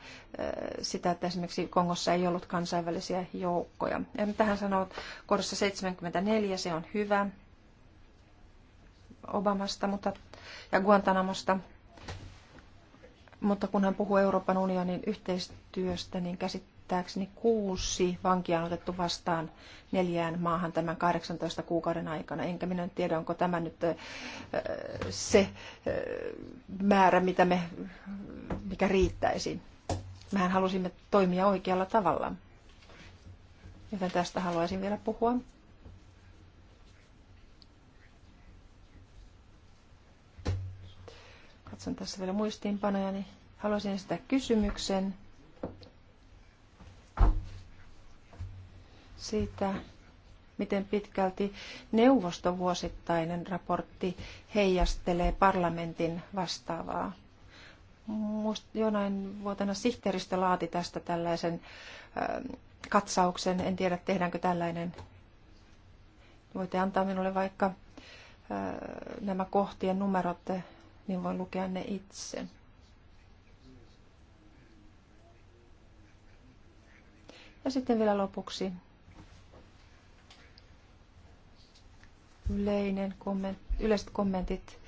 sitä, että esimerkiksi Kongossa ei ollut kansainvälisiä joukkoja. Ja tähän hän sanoo, kohdassa 74 se on hyvä Obamasta mutta, ja Guantanamosta, mutta kun hän puhuu Euroopan unionin yhteistyöstä, niin käsittääkseni kuusi vankia on otettu vastaan neljään maahan tämän 18 kuukauden aikana. Enkä minä tiedä, onko tämä nyt se määrä, mitä me, mikä riittäisi. Mehän halusimme toimia oikealla tavalla. Joten tästä haluaisin vielä puhua. Katson tässä vielä muistiinpanojani. Haluaisin esittää kysymyksen siitä, miten pitkälti neuvostovuosittainen raportti heijastelee parlamentin vastaavaa. Must, jonain vuotena sihteeristö laati tästä tällaisen ö, katsauksen. En tiedä, tehdäänkö tällainen. Voitte antaa minulle vaikka ö, nämä kohtien numerot, niin voin lukea ne itse. Ja sitten vielä lopuksi yleinen komment, yleiset kommentit.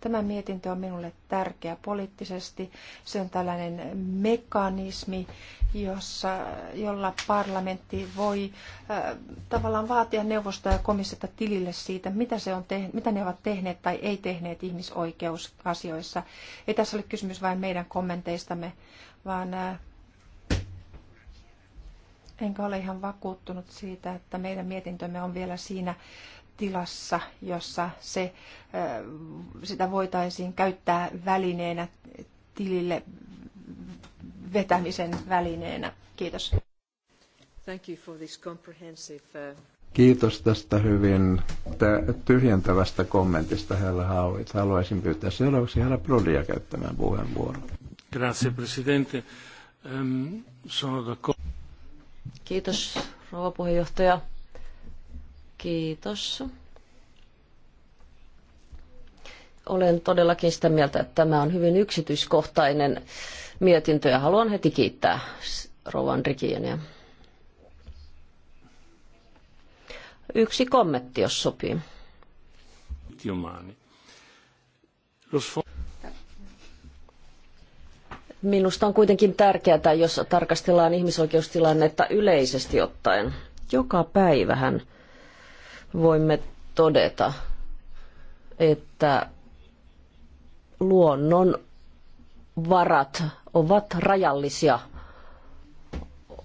Tämä mietintö on minulle tärkeä poliittisesti. Se on tällainen mekanismi, jossa, jolla parlamentti voi äh, tavallaan vaatia neuvostoa ja komissiota tilille siitä, mitä, se on te, mitä ne ovat tehneet tai ei tehneet ihmisoikeusasioissa. Ei tässä ole kysymys vain meidän kommenteistamme, vaan äh, enkä ole ihan vakuuttunut siitä, että meidän mietintömme on vielä siinä tilassa, jossa se, sitä voitaisiin käyttää välineenä tilille vetämisen välineenä. Kiitos. Thank you for this comprehensive, uh... Kiitos tästä hyvin tyhjentävästä kommentista, herra Hauit. Haluaisin pyytää seuraavaksi herra Brodia käyttämään puheenvuoron. Grazie, Presidente. Um, sono Kiitos, rouva puheenjohtaja. Kiitos. Olen todellakin sitä mieltä, että tämä on hyvin yksityiskohtainen mietintö ja haluan heti kiittää rouvan Rikieniä. Yksi kommentti, jos sopii. Tiumani. Minusta on kuitenkin tärkeää, jos tarkastellaan ihmisoikeustilannetta yleisesti ottaen. Joka päivähän voimme todeta, että luonnon varat ovat rajallisia.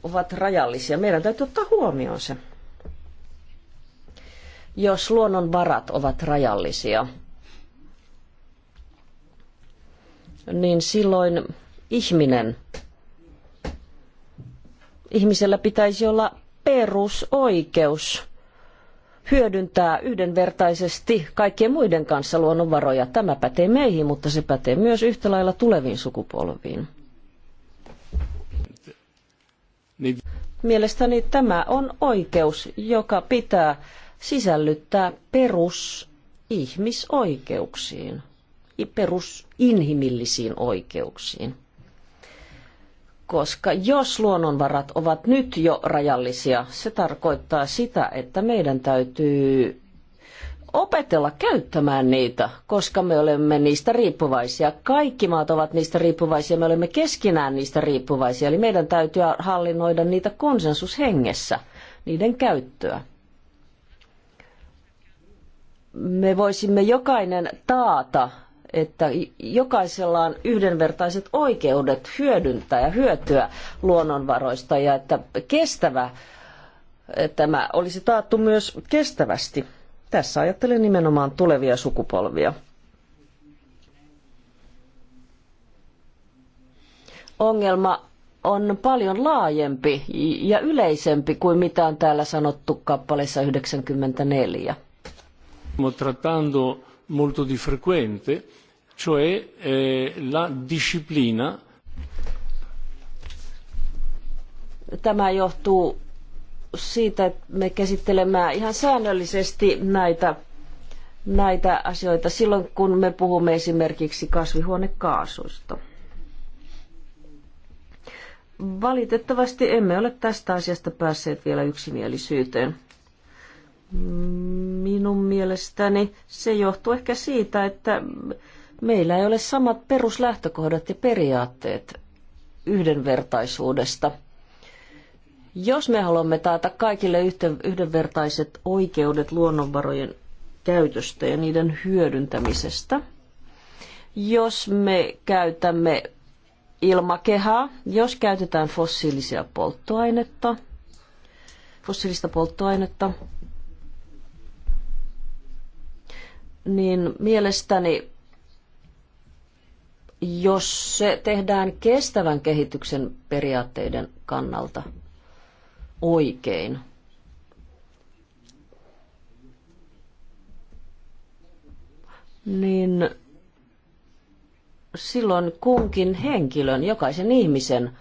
Ovat rajallisia. Meidän täytyy ottaa huomioon se. Jos luonnon varat ovat rajallisia, niin silloin ihminen. Ihmisellä pitäisi olla perusoikeus hyödyntää yhdenvertaisesti kaikkien muiden kanssa luonnonvaroja. Tämä pätee meihin, mutta se pätee myös yhtä lailla tuleviin sukupolviin. Mielestäni tämä on oikeus, joka pitää sisällyttää perusihmisoikeuksiin, perusinhimillisiin oikeuksiin koska jos luonnonvarat ovat nyt jo rajallisia, se tarkoittaa sitä, että meidän täytyy opetella käyttämään niitä, koska me olemme niistä riippuvaisia. Kaikki maat ovat niistä riippuvaisia, me olemme keskinään niistä riippuvaisia, eli meidän täytyy hallinnoida niitä konsensushengessä, niiden käyttöä. Me voisimme jokainen taata että jokaisella on yhdenvertaiset oikeudet hyödyntää ja hyötyä luonnonvaroista ja että kestävä tämä olisi taattu myös kestävästi. Tässä ajattelen nimenomaan tulevia sukupolvia. Ongelma on paljon laajempi ja yleisempi kuin mitä on täällä sanottu kappaleessa 94. Trattando molto di frequente cioè eh, la disciplina. Tämä johtuu siitä, että me käsittelemme ihan säännöllisesti näitä, näitä asioita silloin, kun me puhumme esimerkiksi kasvihuonekaasuista. Valitettavasti emme ole tästä asiasta päässeet vielä yksimielisyyteen. Minun mielestäni se johtuu ehkä siitä, että meillä ei ole samat peruslähtökohdat ja periaatteet yhdenvertaisuudesta. Jos me haluamme taata kaikille yhdenvertaiset oikeudet luonnonvarojen käytöstä ja niiden hyödyntämisestä, jos me käytämme ilmakehää, jos käytetään fossiilisia polttoainetta, fossiilista polttoainetta, niin mielestäni jos se tehdään kestävän kehityksen periaatteiden kannalta oikein. Niin silloin kunkin henkilön, jokaisen ihmisen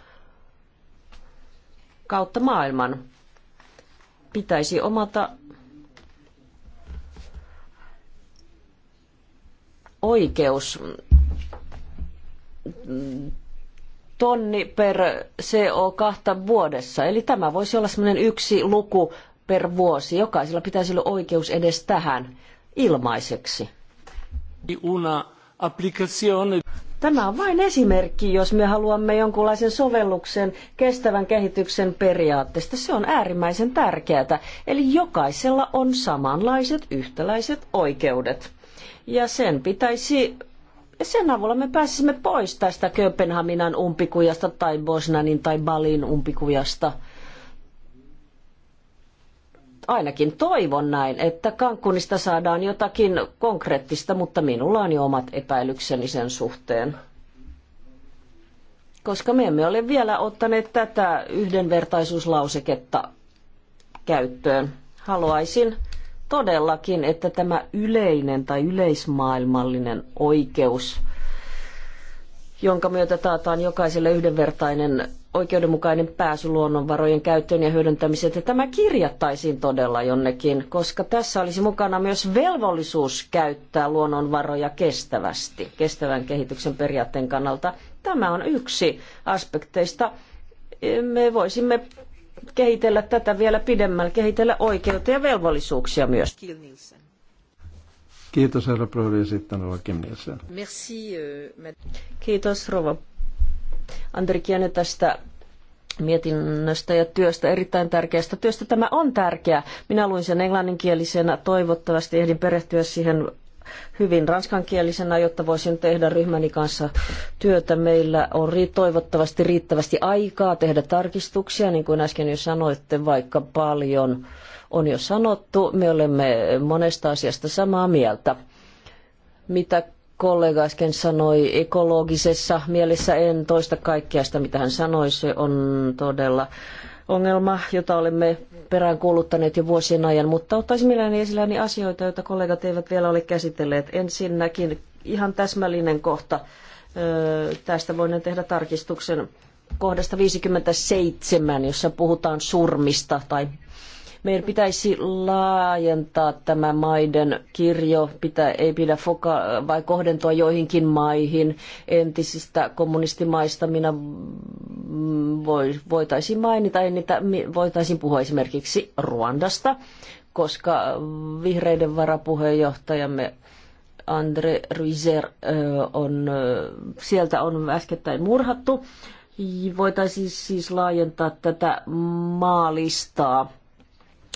kautta maailman pitäisi omata oikeus tonni per CO2 vuodessa. Eli tämä voisi olla semmoinen yksi luku per vuosi. Jokaisella pitäisi olla oikeus edes tähän ilmaiseksi. Tämä on vain esimerkki, jos me haluamme jonkunlaisen sovelluksen kestävän kehityksen periaatteesta. Se on äärimmäisen tärkeää. Eli jokaisella on samanlaiset yhtäläiset oikeudet. Ja sen pitäisi sen avulla me pääsisimme pois tästä Kööpenhaminan umpikujasta tai Bosnanin tai Balin umpikujasta. Ainakin toivon näin, että kankunista saadaan jotakin konkreettista, mutta minulla on jo omat epäilykseni sen suhteen. Koska me emme ole vielä ottaneet tätä yhdenvertaisuuslauseketta käyttöön. Haluaisin todellakin, että tämä yleinen tai yleismaailmallinen oikeus, jonka myötä taataan jokaiselle yhdenvertainen oikeudenmukainen pääsy luonnonvarojen käyttöön ja hyödyntämiseen, että tämä kirjattaisiin todella jonnekin, koska tässä olisi mukana myös velvollisuus käyttää luonnonvaroja kestävästi, kestävän kehityksen periaatteen kannalta. Tämä on yksi aspekteista. Me voisimme kehitellä tätä vielä pidemmälle, kehitellä oikeutta ja velvollisuuksia myös. Kiitos herra Brody, ja sitten Kim Nielsen. Merci, euh, Kiitos rouva Andrikiane tästä mietinnöstä ja työstä, erittäin tärkeästä työstä. Tämä on tärkeä. Minä luin sen englanninkielisenä, toivottavasti ehdin perehtyä siihen hyvin ranskankielisenä, jotta voisin tehdä ryhmäni kanssa työtä. Meillä on toivottavasti riittävästi aikaa tehdä tarkistuksia, niin kuin äsken jo sanoitte, vaikka paljon on jo sanottu. Me olemme monesta asiasta samaa mieltä. Mitä kollega äsken sanoi ekologisessa mielessä, en toista kaikkea sitä, mitä hän sanoi. Se on todella ongelma, jota olemme peräänkuuluttaneet jo vuosien ajan, mutta ottaisin mielelläni esille asioita, joita kollegat eivät vielä ole käsitelleet. Ensinnäkin ihan täsmällinen kohta. Tästä voin tehdä tarkistuksen kohdasta 57, jossa puhutaan surmista tai meidän pitäisi laajentaa tämä maiden kirjo, pitää, ei pidä foka- vai kohdentua joihinkin maihin. Entisistä kommunistimaista minä voi, voitaisiin mainita, niitä voitaisiin puhua esimerkiksi Ruandasta, koska vihreiden varapuheenjohtajamme Andre Ruizer on, sieltä on äskettäin murhattu. Voitaisiin siis laajentaa tätä maalistaa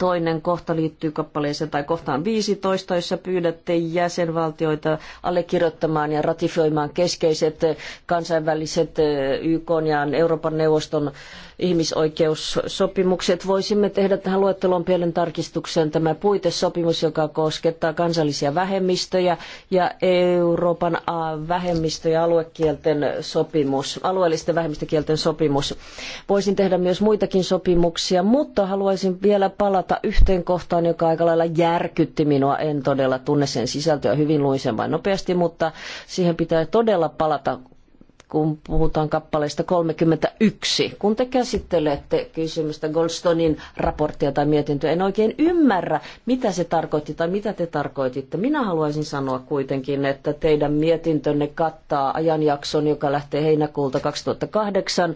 Toinen kohta liittyy kappaleeseen tai kohtaan 15, jossa pyydätte jäsenvaltioita allekirjoittamaan ja ratifioimaan keskeiset kansainväliset eh, YK ja Euroopan neuvoston ihmisoikeussopimukset. Voisimme tehdä tähän luetteloon pienen tarkistuksen tämä puitesopimus, joka koskettaa kansallisia vähemmistöjä ja Euroopan vähemmistö- ja aluekielten sopimus, alueellisten vähemmistökielten sopimus. Voisin tehdä myös muitakin sopimuksia, mutta haluaisin vielä palata viitata yhteen kohtaan, joka aika lailla järkytti minua. En todella tunne sen sisältöä hyvin, luin sen vain nopeasti, mutta siihen pitää todella palata kun puhutaan kappaleesta 31. Kun te käsittelette kysymystä Goldstonin raporttia tai mietintöä, en oikein ymmärrä, mitä se tarkoitti tai mitä te tarkoititte. Minä haluaisin sanoa kuitenkin, että teidän mietintönne kattaa ajanjakson, joka lähtee heinäkuulta 2008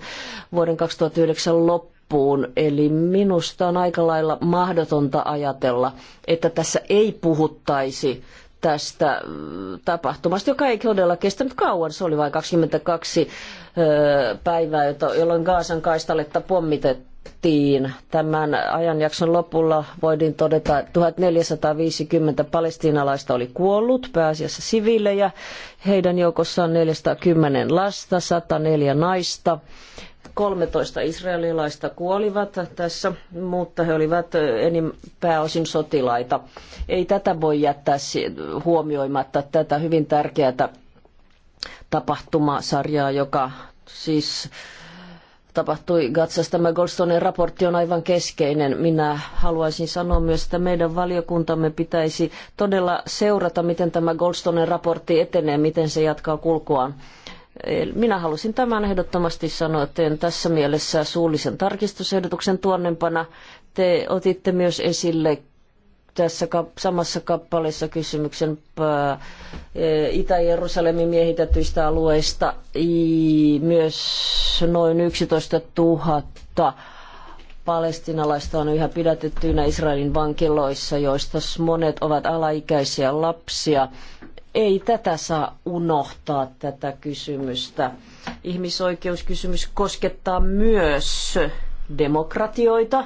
vuoden 2009 loppuun loppuun. Eli minusta on aika lailla mahdotonta ajatella, että tässä ei puhuttaisi tästä äh, tapahtumasta, joka ei todella kestänyt kauan. Se oli vain 22 äh, päivää, jolloin Gaasan kaistaletta pommitettiin. Tämän ajanjakson lopulla voidin todeta, että 1450 palestiinalaista oli kuollut, pääasiassa siviilejä. Heidän joukossaan 410 lasta, 104 naista, 13 israelilaista kuolivat tässä, mutta he olivat enim, pääosin sotilaita. Ei tätä voi jättää huomioimatta tätä hyvin tärkeää tapahtumasarjaa, joka siis tapahtui Gatsassa. Tämä Goldstonen raportti on aivan keskeinen. Minä haluaisin sanoa myös, että meidän valiokuntamme pitäisi todella seurata, miten tämä Goldstonen raportti etenee, miten se jatkaa kulkuaan. Minä halusin tämän ehdottomasti sanoa, että tässä mielessä suullisen tarkistusehdotuksen tuonnempana te otitte myös esille tässä samassa kappaleessa kysymyksen äh, Itä-Jerusalemin miehitetyistä alueista myös noin 11 000 palestinalaista on yhä pidätettyinä Israelin vankiloissa, joista monet ovat alaikäisiä lapsia ei tätä saa unohtaa, tätä kysymystä. Ihmisoikeuskysymys koskettaa myös demokratioita.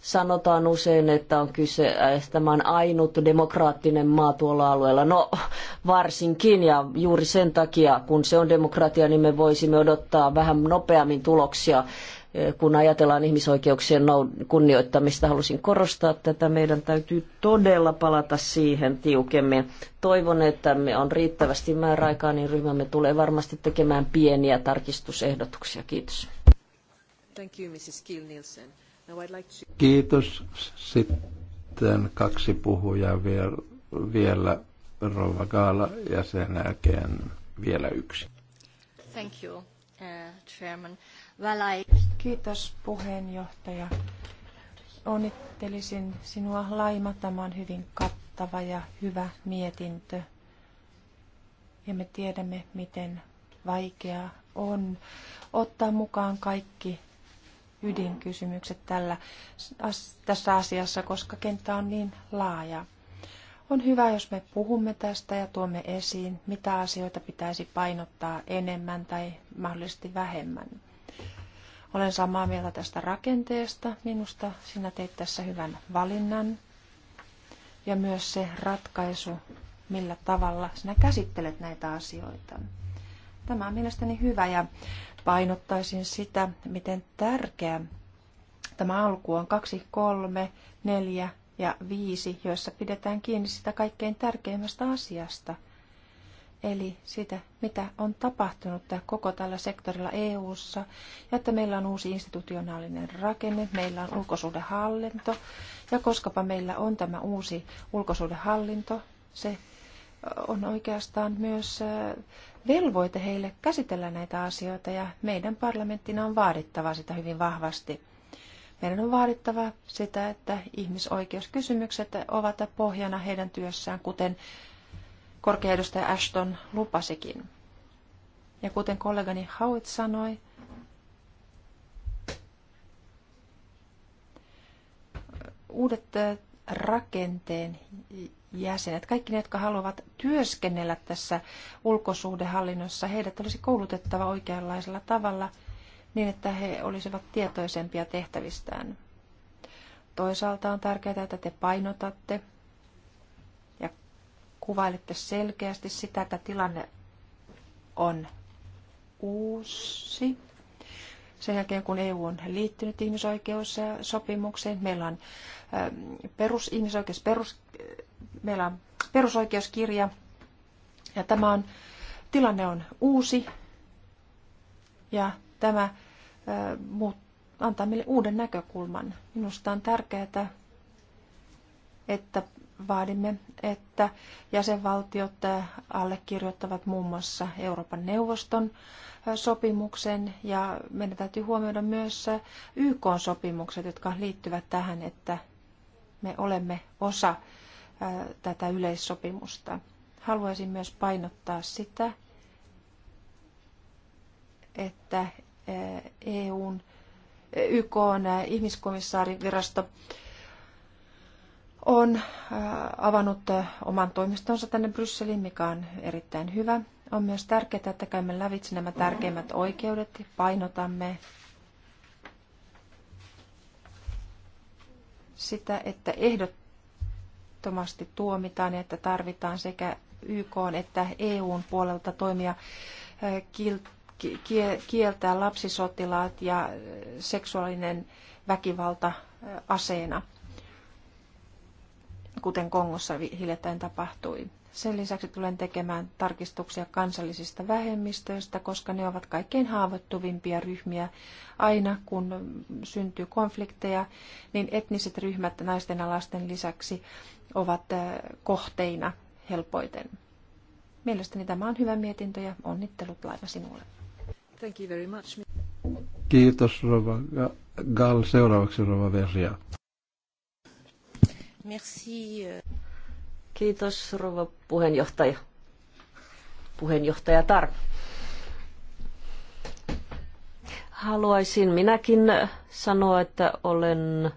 Sanotaan usein, että on kyse, äh, tämä on ainut demokraattinen maa tuolla alueella. No varsinkin ja juuri sen takia, kun se on demokratia, niin me voisimme odottaa vähän nopeammin tuloksia kun ajatellaan ihmisoikeuksien kunnioittamista. Halusin korostaa tätä. Meidän täytyy todella palata siihen tiukemmin. Toivon, että me on riittävästi määräaikaa, niin ryhmämme tulee varmasti tekemään pieniä tarkistusehdotuksia. Kiitos. Thank you, Mrs. Nielsen. Now I'd like to... Kiitos. Sitten kaksi puhujaa vielä, vielä Rova Gaala ja sen jälkeen vielä yksi. Thank you, uh, Chairman. Kiitos puheenjohtaja. Onnittelisin sinua Laima. Tämä on hyvin kattava ja hyvä mietintö. Ja me tiedämme, miten vaikeaa on ottaa mukaan kaikki ydinkysymykset tällä, tässä asiassa, koska kenttä on niin laaja. On hyvä, jos me puhumme tästä ja tuomme esiin, mitä asioita pitäisi painottaa enemmän tai mahdollisesti vähemmän. Olen samaa mieltä tästä rakenteesta. Minusta sinä teit tässä hyvän valinnan. Ja myös se ratkaisu, millä tavalla sinä käsittelet näitä asioita. Tämä on mielestäni hyvä ja painottaisin sitä, miten tärkeä tämä alku on kaksi kolme neljä ja viisi, joissa pidetään kiinni sitä kaikkein tärkeimmästä asiasta – eli sitä, mitä on tapahtunut koko tällä sektorilla EU:ssa, ja että meillä on uusi institutionaalinen rakenne, meillä on ulkosuhdehallinto, ja koskapa meillä on tämä uusi ulkosuhdehallinto, se on oikeastaan myös velvoite heille käsitellä näitä asioita, ja meidän parlamenttina on vaadittava sitä hyvin vahvasti. Meidän on vaadittava sitä, että ihmisoikeuskysymykset ovat pohjana heidän työssään, kuten korkea edustaja Ashton lupasikin. Ja kuten kollegani Howitt sanoi, uudet rakenteen jäsenet, kaikki ne, jotka haluavat työskennellä tässä ulkosuhdehallinnossa, heidät olisi koulutettava oikeanlaisella tavalla niin, että he olisivat tietoisempia tehtävistään. Toisaalta on tärkeää, että te painotatte kuvailette selkeästi sitä, että tilanne on uusi. Sen jälkeen, kun EU on liittynyt ihmisoikeussopimukseen, meillä on, ähm, perus, ihmisoikeus, perus, äh, meillä on perusoikeuskirja, ja tämä on, tilanne on uusi, ja tämä äh, antaa meille uuden näkökulman. Minusta on tärkeää, että vaadimme, että jäsenvaltiot äh, allekirjoittavat muun muassa Euroopan neuvoston äh, sopimuksen ja meidän täytyy huomioida myös äh, YK-sopimukset, jotka liittyvät tähän, että me olemme osa tätä yleissopimusta. Haluaisin myös painottaa sitä, että EUn, YK on ihmiskomissaarivirasto virasto on äh, avannut äh, oman toimistonsa tänne Brysseliin, mikä on erittäin hyvä. On myös tärkeää, että käymme lävitse nämä tärkeimmät oikeudet, painotamme sitä, että ehdottomasti tuomitaan ja että tarvitaan sekä YK että EUn puolelta toimia äh, kieltää lapsisotilaat ja seksuaalinen väkivalta aseena – kuten Kongossa hiljattain tapahtui. Sen lisäksi tulen tekemään tarkistuksia kansallisista vähemmistöistä, koska ne ovat kaikkein haavoittuvimpia ryhmiä. Aina kun syntyy konflikteja, niin etniset ryhmät naisten ja lasten lisäksi ovat eh, kohteina helpoiten. Mielestäni tämä on hyvä mietintö ja onnittelut Laiva sinulle. Thank you very much. Kiitos Rova Gal. Seuraavaksi Rova Verja. Merci. Euh. Kiitos, rouva puheenjohtaja. Puheenjohtaja Tar. Haluaisin minäkin sanoa, että olen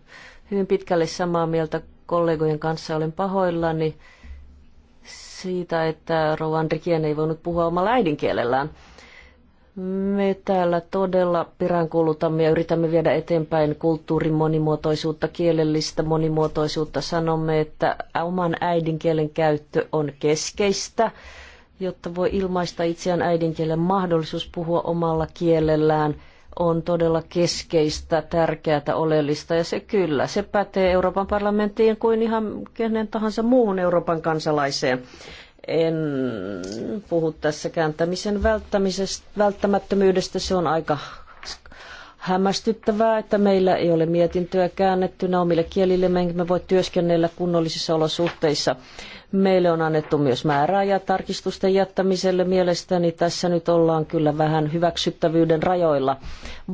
hyvin pitkälle samaa mieltä kollegojen kanssa. Olen pahoillani siitä, että rouva Andrikien ei voinut puhua omalla äidinkielellään. Me täällä todella peräänkuulutamme ja yritämme viedä eteenpäin kulttuurin monimuotoisuutta, kielellistä monimuotoisuutta. Sanomme, että oman äidinkielen käyttö on keskeistä, jotta voi ilmaista itseään äidinkielen mahdollisuus puhua omalla kielellään on todella keskeistä, tärkeää, oleellista ja se kyllä, se pätee Euroopan parlamenttiin kuin ihan kenen tahansa muuhun Euroopan kansalaiseen. En puhu tässä kääntämisen välttämättömyydestä. Se on aika hämmästyttävää, että meillä ei ole mietintöä käännettynä omille kielillemme, enkä me voi työskennellä kunnollisissa olosuhteissa. Meille on annettu myös määräaja tarkistusten jättämiselle. Mielestäni tässä nyt ollaan kyllä vähän hyväksyttävyyden rajoilla.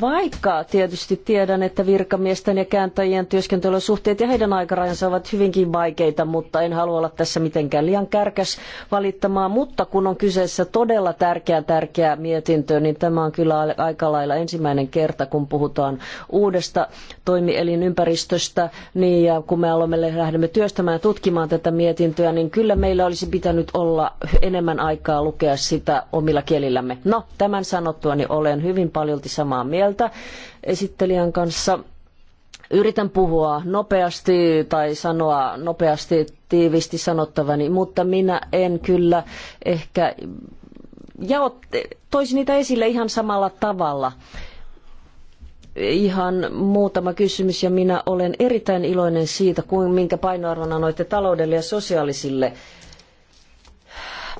Vaikka tietysti tiedän, että virkamiesten ja kääntäjien työskentelysuhteet ja heidän aikarajansa ovat hyvinkin vaikeita, mutta en halua olla tässä mitenkään liian kärkäs valittamaan. Mutta kun on kyseessä todella tärkeä, tärkeä mietintö, niin tämä on kyllä aika lailla ensimmäinen kerta, kun puhutaan uudesta toimielinympäristöstä. Niin ja kun me aloimme lähdemme työstämään ja tutkimaan tätä mietintöä, niin niin kyllä meillä olisi pitänyt olla enemmän aikaa lukea sitä omilla kielillämme. No, tämän sanottuani olen hyvin paljolti samaa mieltä esittelijän kanssa. Yritän puhua nopeasti tai sanoa nopeasti tiivisti sanottavani, mutta minä en kyllä ehkä ja toisi niitä esille ihan samalla tavalla ihan muutama kysymys ja minä olen erittäin iloinen siitä, kuin, minkä painoarvon annoitte taloudelle ja sosiaalisille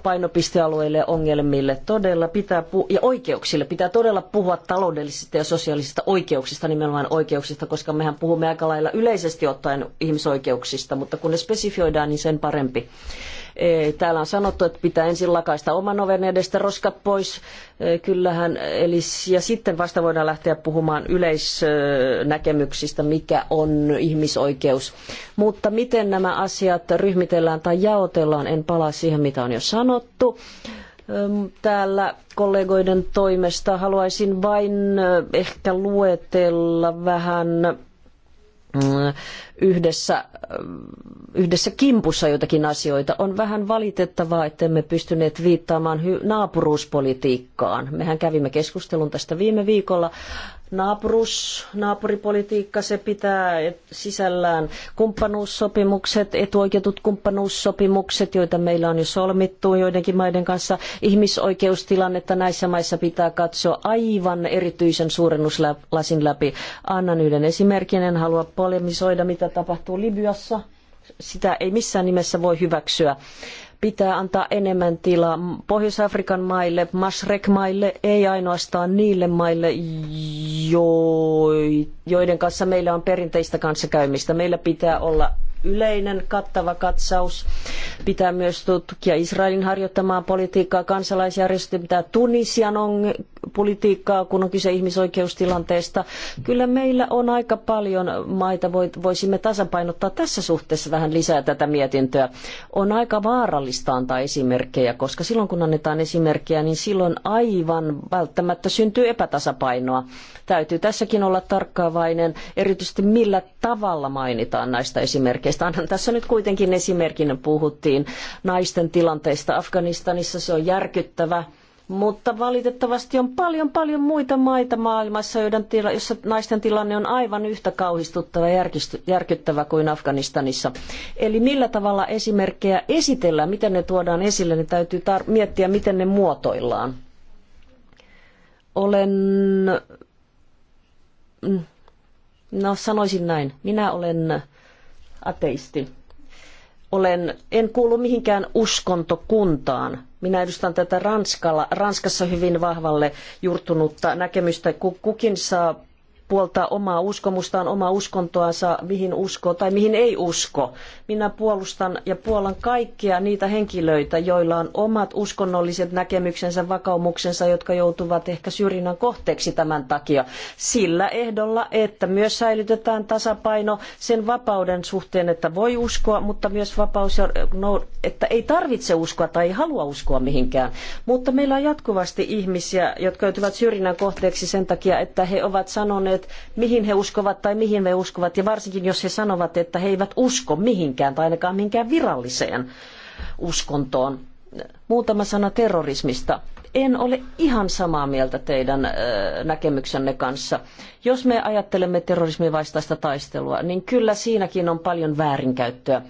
painopistealueille ja ongelmille todella pitää ja oikeuksille pitää todella puhua taloudellisista ja sosiaalisista oikeuksista, nimenomaan oikeuksista, koska mehän puhumme aika lailla yleisesti ottaen ihmisoikeuksista, mutta kun ne spesifioidaan, niin sen parempi. Eh, täällä on sanottu, että pitää ensin lakaista oman oven edestä roskat pois. Eh, kyllähän, eli, ja sitten vasta voidaan lähteä puhumaan yleisnäkemyksistä, mikä on ihmisoikeus. Mutta miten nämä asiat ryhmitellään tai jaotellaan, en palaa siihen, mitä on jo sanottu ehm, täällä kollegoiden toimesta. Haluaisin vain eh, ehkä luetella vähän mm, yhdessä, äh, yhdessä kimpussa jotakin asioita. On vähän valitettavaa, että emme pystyneet viittaamaan naapuruuspolitiikkaan. Mehän kävimme keskustelun tästä viime viikolla. Naapurus, naapuripolitiikka, se pitää sisällään kumppanuussopimukset, etuoikeutut kumppanuussopimukset, joita meillä on jo solmittu joidenkin maiden kanssa. Ihmisoikeustilannetta näissä maissa pitää katsoa aivan erityisen suurennuslasin läpi. Annan yhden esimerkin, en halua polemisoida, mitä tapahtuu Libyassa, sitä ei missään nimessä voi hyväksyä. Pitää antaa enemmän tilaa Pohjois-Afrikan maille, Masrek-maille, ei ainoastaan niille maille, joiden kanssa meillä on perinteistä kanssakäymistä. Meillä pitää olla yleinen kattava katsaus. Pitää myös tutkia Israelin harjoittamaa politiikkaa, kansalaisjärjestöjä, pitää Tunisian on politiikkaa, kun on kyse ihmisoikeustilanteesta. Kyllä meillä on aika paljon maita, voisimme tasapainottaa tässä suhteessa vähän lisää tätä mietintöä. On aika vaarallista antaa esimerkkejä, koska silloin kun annetaan esimerkkejä, niin silloin aivan välttämättä syntyy epätasapainoa. Täytyy tässäkin olla tarkkaavainen, erityisesti millä tavalla mainitaan näistä esimerkkejä hankkeesta. tässä nyt kuitenkin esimerkkinä puhuttiin naisten tilanteesta Afganistanissa, se on järkyttävä. Mutta valitettavasti on paljon paljon muita maita maailmassa, joiden tila, jossa naisten tilanne on aivan yhtä kauhistuttava ja järkyttävä kuin Afganistanissa. Eli millä tavalla esimerkkejä esitellään, miten ne tuodaan esille, niin täytyy miettiä, miten ne muotoillaan. Olen... Mm, no sanoisin näin. Minä olen ateisti. Olen, en kuulu mihinkään uskontokuntaan. Minä edustan tätä Ranskalla, Ranskassa hyvin vahvalle juurtunutta näkemystä. Kukin saa puoltaa omaa uskomustaan, omaa uskontoansa, mihin uskoo tai mihin ei usko. Minä puolustan ja puolan kaikkia niitä henkilöitä, joilla on omat uskonnolliset näkemyksensä, vakaumuksensa, jotka joutuvat ehkä syrjinnän kohteeksi tämän takia. Sillä ehdolla, että myös säilytetään tasapaino sen vapauden suhteen, että voi uskoa, mutta myös vapaus, että ei tarvitse uskoa tai ei halua uskoa mihinkään. Mutta meillä on jatkuvasti ihmisiä, jotka joutuvat syrjinnän kohteeksi sen takia, että he ovat sanoneet, puolueet, mihin he uskovat tai mihin he uskovat, ja varsinkin jos he sanovat, että he eivät usko mihinkään tai ainakaan mihinkään viralliseen uskontoon. Muutama sana terrorismista. En ole ihan samaa mieltä teidän näkemyksenne kanssa. Jos me ajattelemme terrorismin vastaista taistelua, niin kyllä siinäkin on paljon väärinkäyttöä.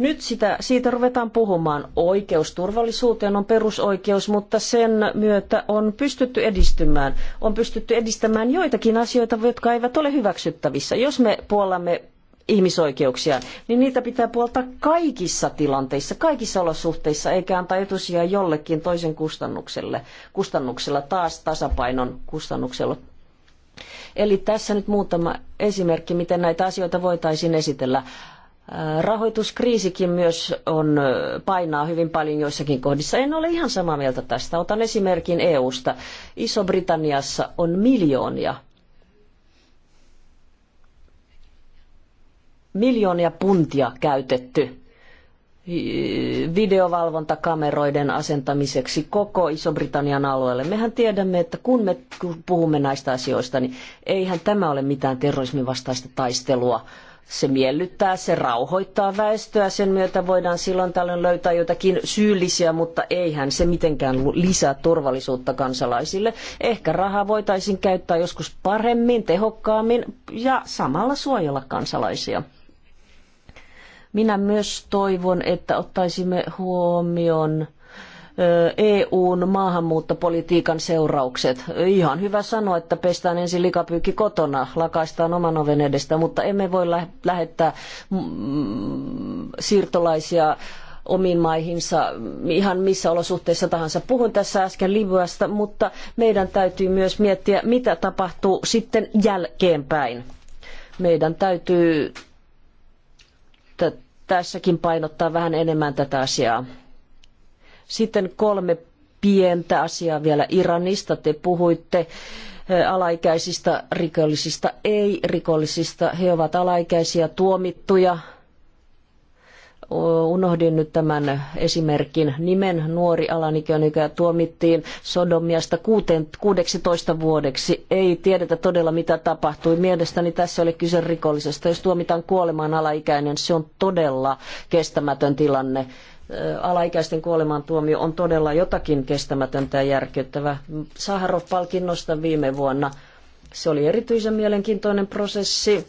Nyt sitä, siitä ruvetaan puhumaan. Oikeus turvallisuuteen on perusoikeus, mutta sen myötä on pystytty edistymään. On pystytty edistämään joitakin asioita, jotka eivät ole hyväksyttävissä. Jos me puolamme ihmisoikeuksia, niin niitä pitää puoltaa kaikissa tilanteissa, kaikissa olosuhteissa, eikä antaa etusia jollekin toisen kustannukselle, kustannuksella taas tasapainon kustannuksella. Eli tässä nyt muutama esimerkki, miten näitä asioita voitaisiin esitellä. Rahoituskriisikin myös on, painaa hyvin paljon joissakin kohdissa. En ole ihan samaa mieltä tästä. Otan esimerkin EUsta. Iso-Britanniassa on miljoonia miljoonia puntia käytetty videovalvontakameroiden asentamiseksi koko Iso-Britannian alueelle. Mehän tiedämme, että kun me puhumme näistä asioista, niin eihän tämä ole mitään terrorismin vastaista taistelua se miellyttää, se rauhoittaa väestöä, sen myötä voidaan silloin tällöin löytää jotakin syyllisiä, mutta eihän se mitenkään lisää turvallisuutta kansalaisille. Ehkä rahaa voitaisiin käyttää joskus paremmin, tehokkaammin ja samalla suojella kansalaisia. Minä myös toivon, että ottaisimme huomioon EUn maahanmuuttopolitiikan seuraukset. Ihan hyvä sanoa, että pestään ensin likapyykki kotona, lakaistaan oman oven edestä, mutta emme voi lähettää siirtolaisia omiin maihinsa ihan missä olosuhteissa tahansa. Puhun tässä äsken Libyasta, mutta meidän täytyy myös miettiä, mitä tapahtuu sitten jälkeenpäin. Meidän täytyy tässäkin painottaa vähän enemmän tätä asiaa. Sitten kolme pientä asiaa vielä Iranista. Te puhuitte eh, alaikäisistä rikollisista, ei-rikollisista. He ovat alaikäisiä tuomittuja. Unohdin nyt tämän esimerkin nimen. Nuori alanikäinen, joka tuomittiin Sodomiasta 16 vuodeksi. Ei tiedetä todella, mitä tapahtui. Mielestäni tässä oli kyse rikollisesta. Jos tuomitaan kuolemaan alaikäinen, se on todella kestämätön tilanne alaikäisten kuolemantuomio on todella jotakin kestämätöntä ja järkyttävää. Saharov-palkinnosta viime vuonna. Se oli erityisen mielenkiintoinen prosessi.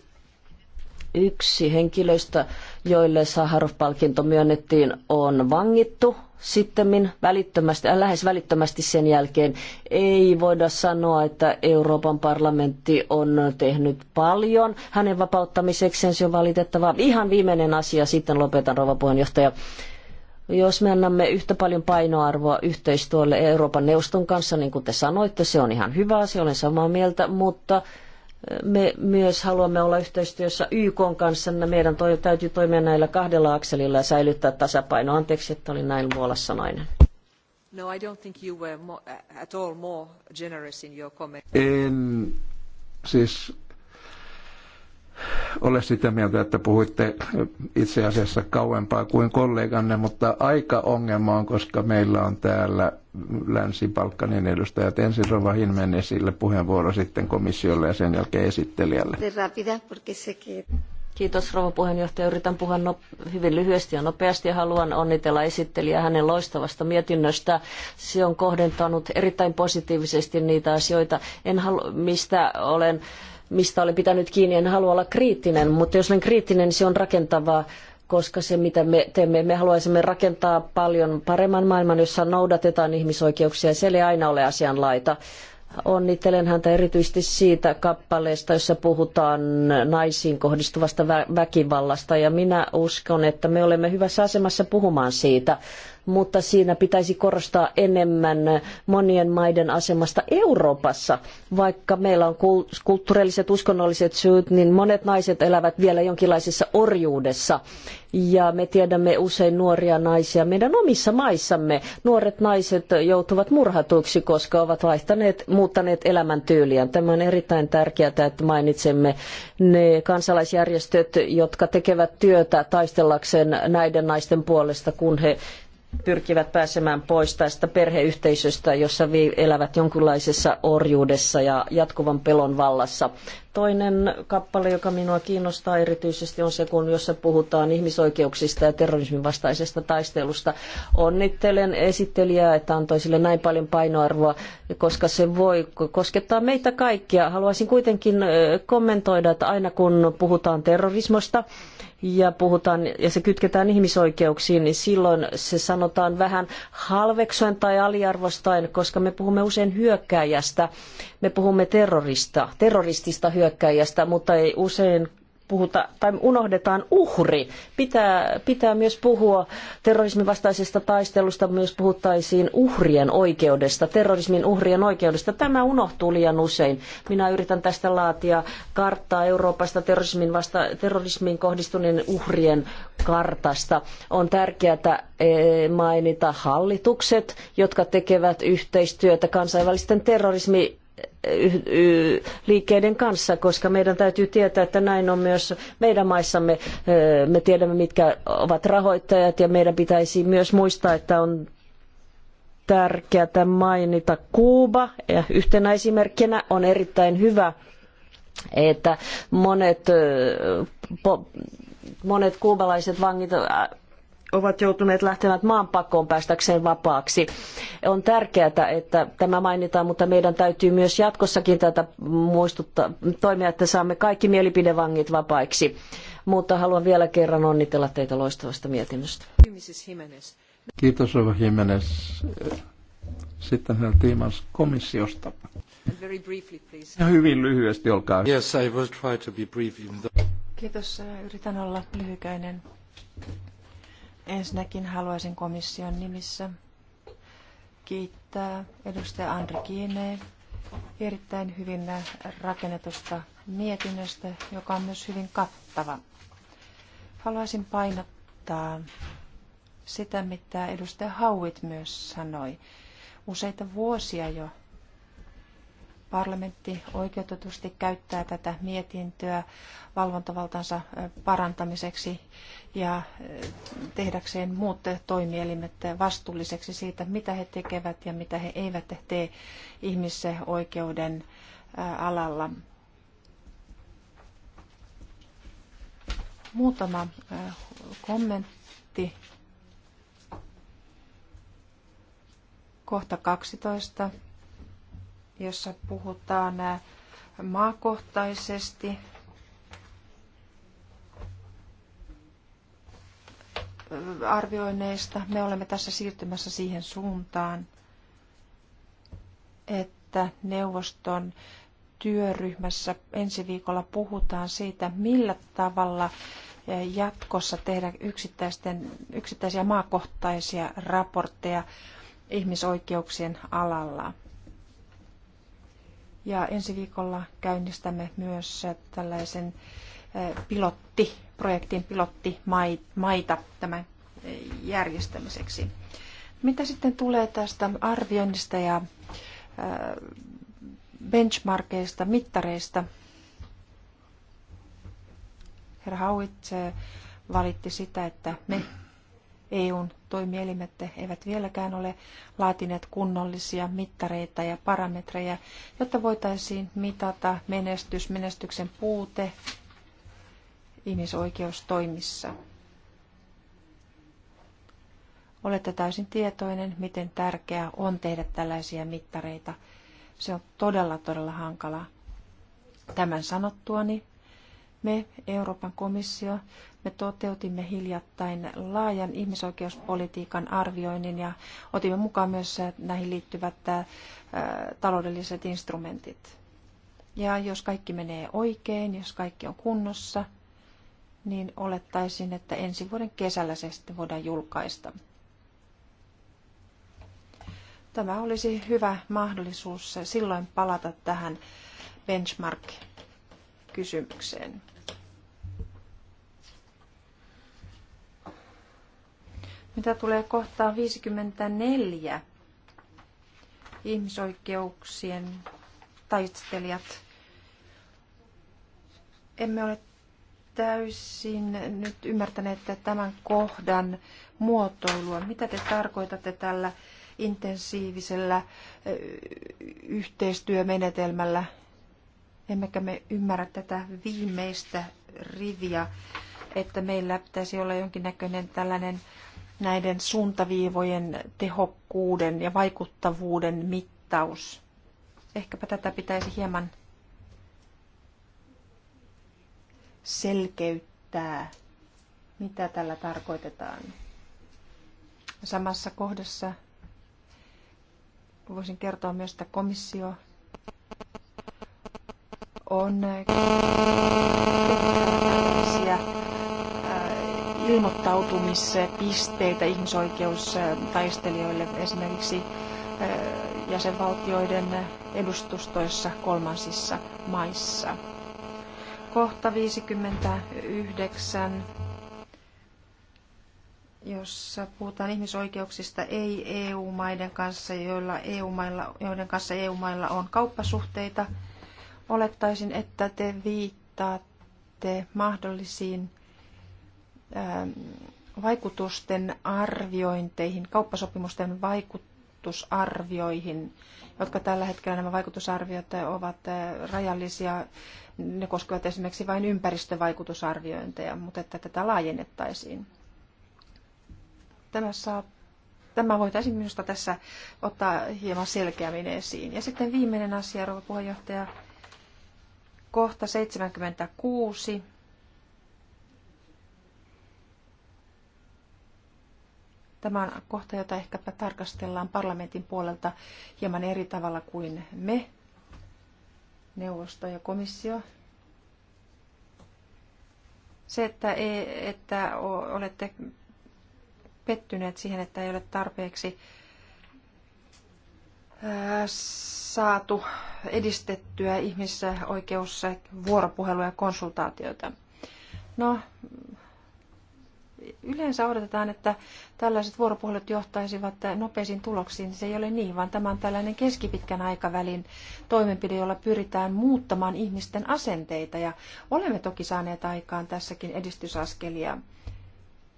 Yksi henkilöistä, joille Saharov-palkinto myönnettiin, on vangittu sittemmin välittömästi, äh, lähes välittömästi sen jälkeen. Ei voida sanoa, että Euroopan parlamentti on tehnyt paljon hänen vapauttamisekseen. Se on valitettavaa. Ihan viimeinen asia, sitten lopetan rouva puheenjohtaja. Jos me annamme yhtä paljon painoarvoa yhteistyölle Euroopan neuvoston kanssa, niin kuin te sanoitte, se on ihan hyvä asia, olen samaa mieltä, mutta eh, me myös haluamme olla yhteistyössä YK kanssa. Meidän toi, täytyy toimia näillä kahdella akselilla ja säilyttää tasapaino. Anteeksi, että olin näin luolassanainen. No, I don't think you were more, at all more generous in your comment. En siis ole sitä mieltä, että puhuitte itse asiassa kauempaa kuin kolleganne, mutta aika ongelma on, koska meillä on täällä Länsi-Balkanin edustajat. Ensin Rova Hinmen esille puheenvuoro sitten komissiolle ja sen jälkeen esittelijälle. Kiitos Rova puheenjohtaja. Yritän puhua no, hyvin lyhyesti ja nopeasti ja haluan onnitella esittelijää hänen loistavasta mietinnöstä. Se on kohdentanut erittäin positiivisesti niitä asioita, en halu, mistä olen mistä olen pitänyt kiinni. En halua olla kriittinen, mutta jos olen kriittinen, niin se on rakentavaa, koska se mitä me teemme, me haluaisimme rakentaa paljon paremman maailman, jossa noudatetaan ihmisoikeuksia. Se ei aina ole asianlaita. Onnittelen häntä erityisesti siitä kappaleesta, jossa puhutaan naisiin kohdistuvasta väkivallasta ja minä uskon, että me olemme hyvässä asemassa puhumaan siitä mutta siinä pitäisi korostaa enemmän monien maiden asemasta Euroopassa. Vaikka meillä on kulttuurilliset, uskonnolliset syyt, niin monet naiset elävät vielä jonkinlaisessa orjuudessa. Ja me tiedämme usein nuoria naisia meidän omissa maissamme. Nuoret naiset joutuvat murhatuiksi, koska ovat vaihtaneet, muuttaneet elämäntyyliään. Tämä on erittäin tärkeää, että mainitsemme ne kansalaisjärjestöt, jotka tekevät työtä taistellakseen näiden naisten puolesta, kun he pyrkivät pääsemään pois tästä perheyhteisöstä, jossa elävät jonkinlaisessa orjuudessa ja jatkuvan pelon vallassa. Toinen kappale, joka minua kiinnostaa erityisesti, on se, kun jossa puhutaan ihmisoikeuksista ja terrorismin vastaisesta taistelusta. Onnittelen esittelijää, että antoi sille näin paljon painoarvoa, koska se voi koskettaa meitä kaikkia. Haluaisin kuitenkin kommentoida, että aina kun puhutaan terrorismosta, ja, puhutaan, ja se kytketään ihmisoikeuksiin, niin silloin se sanotaan vähän halveksuen tai aliarvostaen, koska me puhumme usein hyökkääjästä, me puhumme terrorista, terroristista hyökkääjästä, mutta ei usein puhuta tai unohdetaan uhri. Pitää, pitää myös puhua terrorismin vastaisesta taistelusta, myös puhuttaisiin uhrien oikeudesta, terrorismin uhrien oikeudesta. Tämä unohtuu liian usein. Minä yritän tästä laatia karttaa Euroopasta terrorismin, vasta, terrorismin kohdistuneen uhrien kartasta. On tärkeää eh, mainita hallitukset, jotka tekevät yhteistyötä kansainvälisten terrorismi liikkeiden kanssa, koska meidän täytyy tietää, että näin on myös meidän maissamme. Me tiedämme, mitkä ovat rahoittajat ja meidän pitäisi myös muistaa, että on tärkeää mainita Kuuba. Ja yhtenä esimerkkinä on erittäin hyvä, että monet, monet kuubalaiset vangit ovat joutuneet lähtemään maanpakoon päästäkseen vapaaksi. On tärkeää, että tämä mainitaan, mutta meidän täytyy myös jatkossakin tätä muistuttaa, toimia, että saamme kaikki mielipidevangit vapaiksi. Mutta haluan vielä kerran onnitella teitä loistavasta mietinnöstä. Kiitos Rova Jimenez. Sitten herra Tiimans komissiosta. Very briefly, please. hyvin lyhyesti, olkaa Yes, I will try to be brief. Kiitos, yritän olla lyhykäinen. Ensinnäkin haluaisin komission nimissä kiittää edustaja Andri Kiine erittäin hyvin rakennetusta mietinnöstä, joka on myös hyvin kattava. Haluaisin painottaa sitä, mitä edustaja Hauit myös sanoi. Useita vuosia jo parlamentti oikeutetusti käyttää tätä mietintöä valvontavaltansa parantamiseksi ja eh, tehdäkseen muut toimielimet vastuulliseksi siitä, mitä he tekevät ja mitä he eivät tee ihmisoikeuden eh, alalla. Muutama eh, kommentti. Kohta 12, jossa puhutaan maakohtaisesti arvioinneista. Me olemme tässä siirtymässä siihen suuntaan, että neuvoston työryhmässä ensi viikolla puhutaan siitä, millä tavalla eh, jatkossa tehdä yksittäisten, yksittäisiä maakohtaisia raportteja ihmisoikeuksien alalla. Ja ensi viikolla käynnistämme myös eh, tällaisen eh, pilotti projektin pilottimaita tämän järjestämiseksi. Mitä sitten tulee tästä arvioinnista ja äh, benchmarkeista, mittareista? Herra Hauit valitti sitä, että me EUn toimielimet eivät vieläkään ole laatineet kunnollisia mittareita ja parametreja, jotta voitaisiin mitata menestys, menestyksen puute, ihmisoikeustoimissa. Olette täysin tietoinen, miten tärkeää on tehdä tällaisia mittareita. Se on todella, todella hankalaa. Tämän sanottuani me, Euroopan komissio, me toteutimme hiljattain laajan ihmisoikeuspolitiikan arvioinnin ja otimme mukaan myös näihin liittyvät taloudelliset instrumentit. Ja jos kaikki menee oikein, jos kaikki on kunnossa – niin olettaisin, että ensi vuoden kesällä se sitten voidaan julkaista. Tämä olisi hyvä mahdollisuus silloin palata tähän benchmark-kysymykseen. Mitä tulee kohtaan 54, ihmisoikeuksien taistelijat, emme ole täysin nyt ymmärtäneet tämän kohdan muotoilua. Mitä te tarkoitatte tällä intensiivisellä yhteistyömenetelmällä? Emmekä me ymmärrä tätä viimeistä riviä, että meillä pitäisi olla jonkinnäköinen tällainen näiden suuntaviivojen tehokkuuden ja vaikuttavuuden mittaus. Ehkäpä tätä pitäisi hieman selkeyttää, mitä tällä tarkoitetaan. Samassa kohdassa voisin kertoa myös, että komissio on tällaisia äh, ilmoittautumispisteitä ihmisoikeustaistelijoille esimerkiksi äh, jäsenvaltioiden edustustoissa kolmansissa maissa kohta 59, jossa puhutaan ihmisoikeuksista ei EU-maiden kanssa, joilla EU-mailla, joiden kanssa EU-mailla on kauppasuhteita. Olettaisin, että te viittaatte mahdollisiin ähm, vaikutusten arviointeihin, kauppasopimusten vaikutusarvioihin, jotka tällä hetkellä nämä vaikutusarviot ovat äh, rajallisia ne koskevat esimerkiksi vain ympäristövaikutusarviointeja, mutta että tätä laajennettaisiin. Tämä, saa, tämä voitaisiin minusta tässä ottaa hieman selkeämmin esiin. Ja sitten viimeinen asia, rouva puheenjohtaja, kohta 76. Tämä on kohta, jota ehkäpä tarkastellaan parlamentin puolelta hieman eri tavalla kuin me neuvosto ja komissio. Se, että, ei, että olette pettyneet siihen, että ei ole tarpeeksi saatu edistettyä vuoropuhelua ja konsultaatioita. No, yleensä odotetaan, että tällaiset vuoropuhelut johtaisivat nopeisiin tuloksiin. Se ei ole niin, vaan tämä on tällainen keskipitkän aikavälin toimenpide, jolla pyritään muuttamaan ihmisten asenteita. Ja olemme toki saaneet aikaan tässäkin edistysaskelia.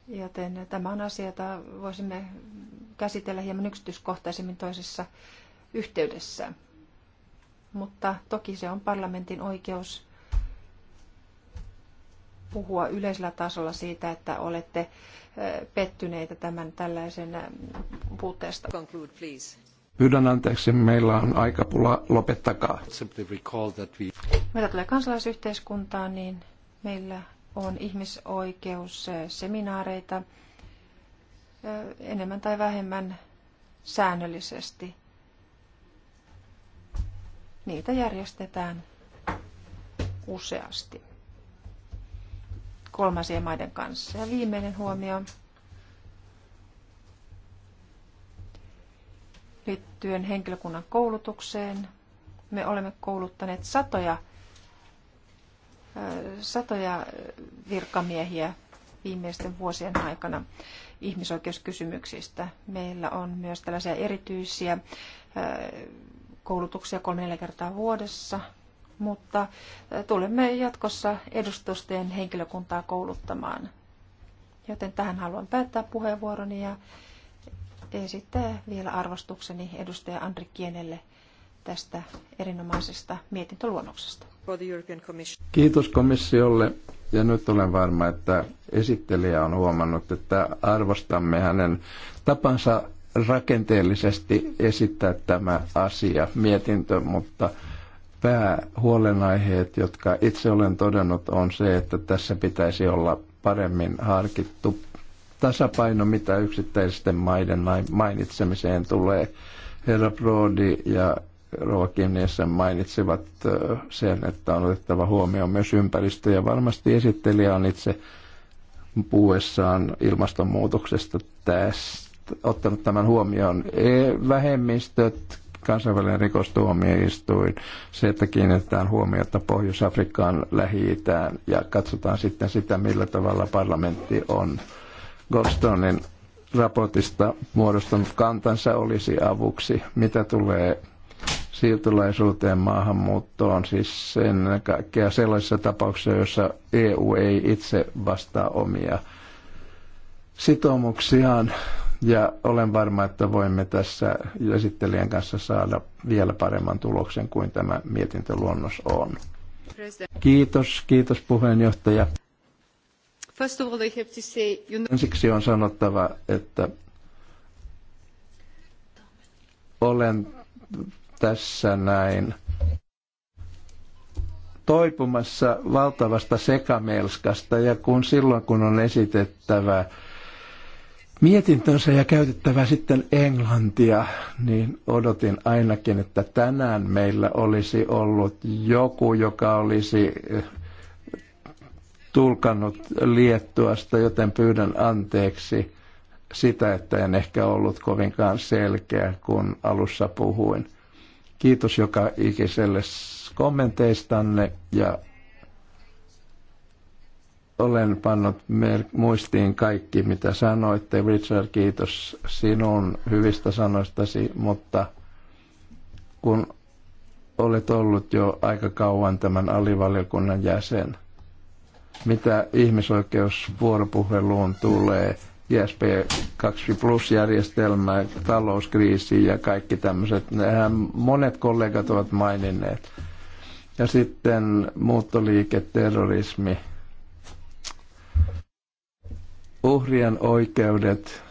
Joten tämä on asia, jota voisimme käsitellä hieman yksityiskohtaisemmin toisessa yhteydessä. Mutta toki se on parlamentin oikeus puhua yleisellä tasolla siitä, että olette pettyneitä tämän tällaisen puutteesta. Pyydän anteeksi, meillä on aika pula lopettakaa. Meillä tulee kansalaisyhteiskuntaan, niin meillä on ihmisoikeusseminaareita enemmän tai vähemmän säännöllisesti. Niitä järjestetään useasti kolmansien maiden kanssa. Ja viimeinen huomio liittyen henkilökunnan koulutukseen. Me olemme kouluttaneet satoja, satoja virkamiehiä viimeisten vuosien aikana ihmisoikeuskysymyksistä. Meillä on myös tällaisia erityisiä koulutuksia kolme neljä kertaa vuodessa mutta tulemme jatkossa edustustojen henkilökuntaa kouluttamaan. Joten tähän haluan päättää puheenvuoroni ja esittää vielä arvostukseni edustaja Andri Kienelle tästä erinomaisesta mietintöluonnoksesta. Kiitos komissiolle. Ja nyt olen varma, että esittelijä on huomannut, että arvostamme hänen tapansa rakenteellisesti esittää tämä asia mietintö, mutta päähuolenaiheet, jotka itse olen todennut, on se, että tässä pitäisi olla paremmin harkittu tasapaino, mitä yksittäisten maiden mainitsemiseen tulee. Herra Brody ja Rova Kimniessä mainitsivat sen, että on otettava huomioon myös ympäristö ja varmasti esittelijä on itse puhuessaan ilmastonmuutoksesta tästä ottanut tämän huomioon. E, vähemmistöt, kansainvälinen rikostuomioistuin, se, että kiinnitetään huomiota Pohjois-Afrikkaan, lähi ja katsotaan sitten sitä, millä tavalla parlamentti on Goldstonein raportista muodostunut kantansa olisi avuksi. Mitä tulee siirtolaisuuteen, maahanmuuttoon, siis sen kaikkea sellaisissa tapauksissa, joissa EU ei itse vastaa omia sitoumuksiaan. Ja olen varma, että voimme tässä esittelijän kanssa saada vielä paremman tuloksen kuin tämä mietintöluonnos on. Kiitos, kiitos puheenjohtaja. Ensiksi on sanottava, että olen tässä näin toipumassa valtavasta sekamelskasta ja kun silloin kun on esitettävä mietintönsä ja käytettävä sitten englantia, niin odotin ainakin, että tänään meillä olisi ollut joku, joka olisi eh, tulkannut Liettuasta, joten pyydän anteeksi sitä, että en ehkä ollut kovinkaan selkeä, kun alussa puhuin. Kiitos joka ikiselle kommenteistanne ja olen pannut muistiin kaikki, mitä sanoitte. Richard, kiitos sinun hyvistä sanoistasi, mutta kun olet ollut jo aika kauan tämän alivaliokunnan jäsen, mitä ihmisoikeusvuoropuheluun tulee, ISP 2 Plus-järjestelmä, talouskriisi ja kaikki tämmöiset, nehän monet kollegat ovat maininneet. Ja sitten muuttoliike, terrorismi – uhrien oikeudet,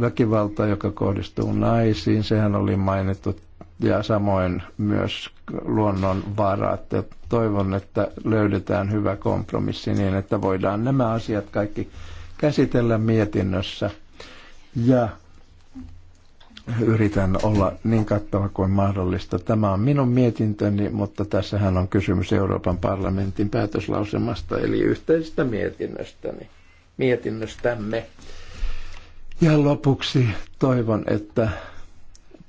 väkivalta, joka kohdistuu naisiin, sehän oli mainittu, ja samoin myös luonnonvarat. Ja toivon, että löydetään hyvä kompromissi niin, että voidaan nämä asiat kaikki käsitellä mietinnössä. Ja yritän olla niin kattava kuin mahdollista. Tämä on minun mietintöni, mutta tässähän on kysymys Euroopan parlamentin päätöslausemasta, eli yhteisestä mietinnöstäni, mietinnöstämme. Ja lopuksi toivon, että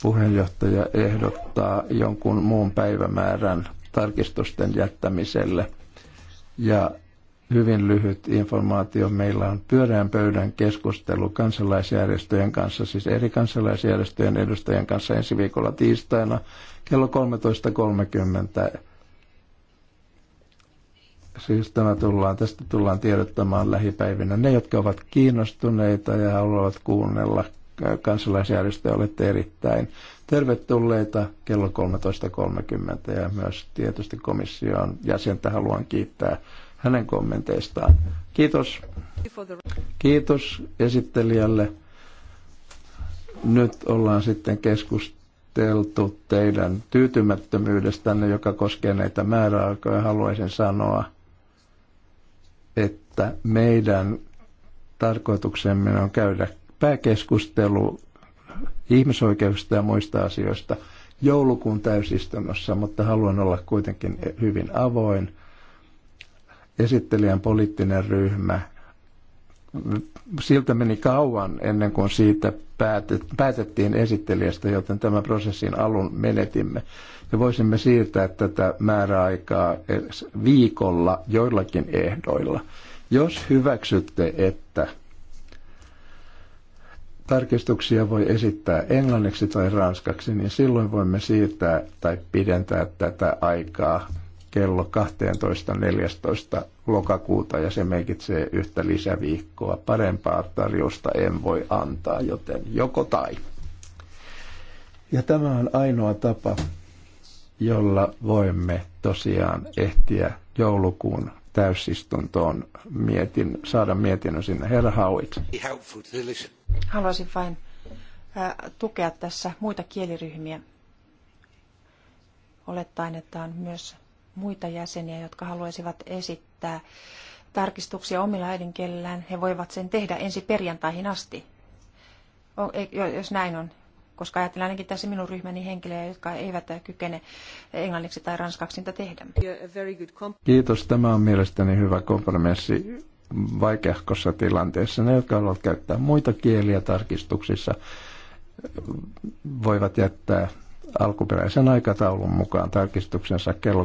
puheenjohtaja ehdottaa jonkun muun päivämäärän tarkistusten jättämiselle. Ja hyvin lyhyt informaatio. Meillä on pyöreän pöydän keskustelu kansalaisjärjestöjen kanssa, siis eri kansalaisjärjestöjen edustajien kanssa ensi viikolla tiistaina kello 13.30. Siis tämä tullaan, tästä tullaan tiedottamaan lähipäivinä. Ne, jotka ovat kiinnostuneita ja haluavat kuunnella kansalaisjärjestöjä, olette erittäin tervetulleita kello 13.30 ja myös tietysti komission jäsentä haluan kiittää hänen kommenteistaan. Kiitos. Kiitos esittelijälle. Nyt ollaan sitten keskusteltu teidän tyytymättömyydestänne, joka koskee näitä määräaikoja. Haluaisin sanoa, että meidän tarkoituksemme on käydä pääkeskustelu ihmisoikeuksista ja muista asioista joulukuun täysistunnossa, mutta haluan olla kuitenkin hyvin avoin esittelijän poliittinen ryhmä. Siltä meni kauan ennen kuin siitä päätettiin esittelijästä, joten tämän prosessin alun menetimme. Ja voisimme siirtää tätä määräaikaa viikolla joillakin ehdoilla. Jos hyväksytte, että tarkistuksia voi esittää englanniksi tai ranskaksi, niin silloin voimme siirtää tai pidentää tätä aikaa kello 12.14. lokakuuta ja se merkitsee yhtä lisäviikkoa. Parempaa tarjousta en voi antaa, joten joko tai. Ja tämä on ainoa tapa, jolla voimme tosiaan ehtiä joulukuun täysistuntoon mietin, saada mietinnön sinne. Herra Howitt. Haluaisin vain tukea tässä muita kieliryhmiä. Olettaen, että on myös muita jäseniä, jotka haluaisivat esittää tarkistuksia omilla äidinkielellään, he voivat sen tehdä ensi perjantaihin asti, jos näin on. Koska ajattelen ainakin tässä minun ryhmäni henkilöjä, jotka eivät kykene englanniksi tai ranskaksi niitä tehdä. Kiitos. Tämä on mielestäni hyvä kompromissi vaikeahkossa tilanteessa. Ne, jotka haluavat käyttää muita kieliä tarkistuksissa, voivat jättää alkuperäisen aikataulun mukaan tarkistuksensa kello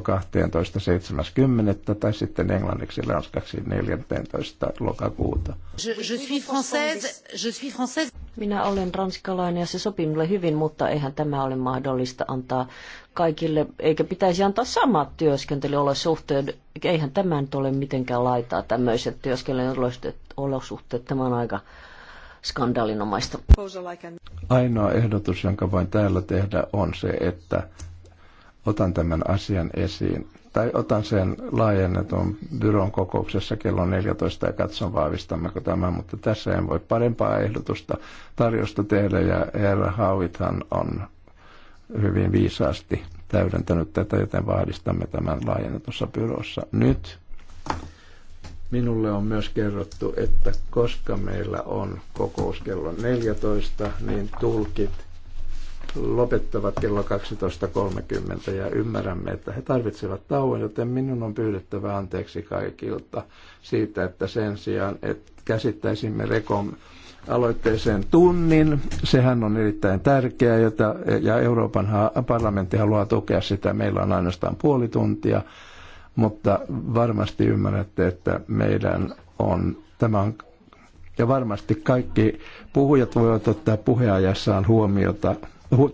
12.70 tai sitten englanniksi ranskaksi 14. lokakuuta. Minä olen ranskalainen ja se sopii minulle hyvin, mutta eihän tämä ole mahdollista antaa kaikille, eikä pitäisi antaa samat työskentelyolosuhteet. Eihän tämä nyt ole mitenkään laitaa tämmöiset työskentelyolosuhteet. Tämä on aika skandaalinomaista. Ainoa ehdotus, jonka voin täällä tehdä, on se, että otan tämän asian esiin tai otan sen laajennetun byron kokouksessa kello 14 ja katson vahvistammeko tämän, mutta tässä en voi parempaa ehdotusta tarjosta tehdä ja herra Hauithan on hyvin viisaasti täydentänyt tätä, joten vahvistamme tämän laajennetussa byrossa nyt. Minulle on myös kerrottu, että koska meillä on kokous kello 14, niin tulkit lopettavat kello 12.30 ja ymmärrämme, että he tarvitsevat tauon, joten minun on pyydettävä anteeksi kaikilta siitä, että sen sijaan, että käsittäisimme rekom aloitteeseen tunnin. Sehän on erittäin tärkeää ja Euroopan parlamentti haluaa tukea sitä. Meillä on ainoastaan puoli tuntia mutta varmasti ymmärrätte, että meidän on, tämä on, ja varmasti kaikki puhujat voivat ottaa puheajassaan huomiota,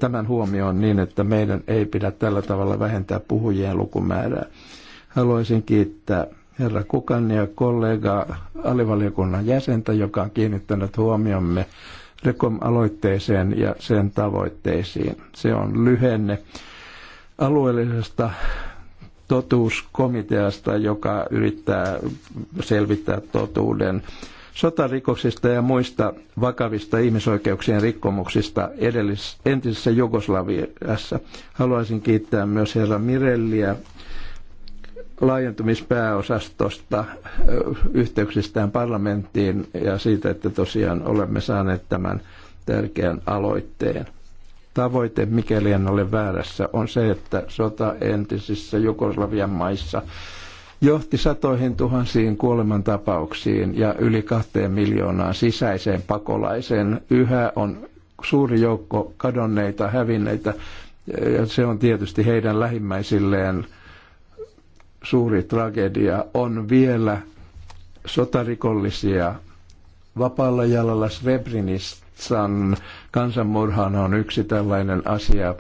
tämän huomioon niin, että meidän ei pidä tällä tavalla vähentää puhujien lukumäärää. Haluaisin kiittää herra Kukan ja kollega alivaliokunnan jäsentä, joka on kiinnittänyt huomiomme Rekom-aloitteeseen ja sen tavoitteisiin. Se on lyhenne alueellisesta totuuskomiteasta, joka yrittää selvittää totuuden sotarikoksista ja muista vakavista ihmisoikeuksien rikkomuksista edellis, entisessä Jugoslaviassa. Haluaisin kiittää myös herra Mirelliä laajentumispääosastosta yhteyksistään parlamenttiin ja siitä, että tosiaan olemme saaneet tämän tärkeän aloitteen tavoite, mikäli en ole väärässä, on se, että sota entisissä Jugoslavian maissa johti satoihin tuhansiin kuolemantapauksiin ja yli kahteen miljoonaan sisäiseen pakolaiseen. Yhä on suuri joukko kadonneita, hävinneitä, ja se on tietysti heidän lähimmäisilleen suuri tragedia. On vielä sotarikollisia vapaalla jalalla Srebrenis, Nitsan kansanmurhana on yksi tällainen asia.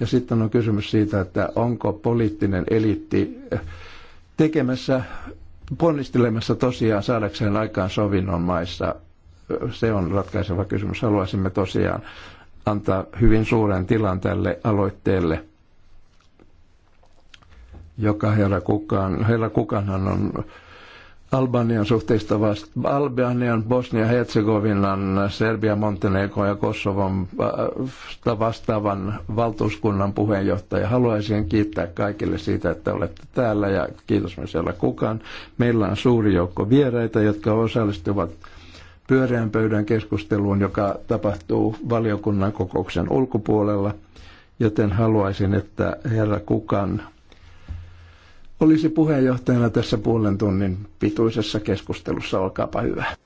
Ja sitten on kysymys siitä, että onko poliittinen eliitti eh, tekemässä, ponnistelemassa tosiaan saadakseen aikaan sovinnon maissa. Se on ratkaiseva kysymys. Haluaisimme tosiaan antaa hyvin suuren tilan tälle aloitteelle – joka herra kukaan, herra kukanhan on Albanian suhteista vasta, Albanian, Bosnia, Herzegovinan, Serbia, Montenegro ja Kosovon äh, vastaavan valtuuskunnan puheenjohtaja. Haluaisin kiittää kaikille siitä, että olette täällä ja kiitos myös siellä kukaan. Meillä on suuri joukko viereitä, jotka osallistuvat pyöreän pöydän keskusteluun, joka tapahtuu valiokunnan kokouksen ulkopuolella. Joten haluaisin, että herra kukaan olisi puheenjohtajana tässä puolen tunnin pituisessa keskustelussa. Olkaapa hyvä.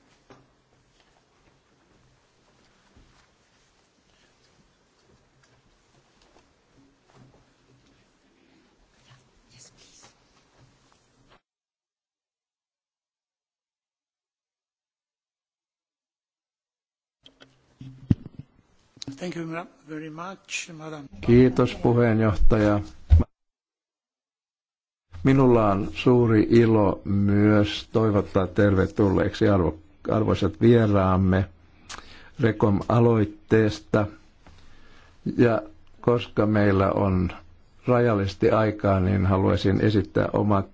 Kiitos puheenjohtaja. Minulla on suuri ilo myös toivottaa tervetulleeksi arvo, arvoisat vieraamme Rekom-aloitteesta. Ja koska meillä on rajallisesti aikaa, niin haluaisin esittää omat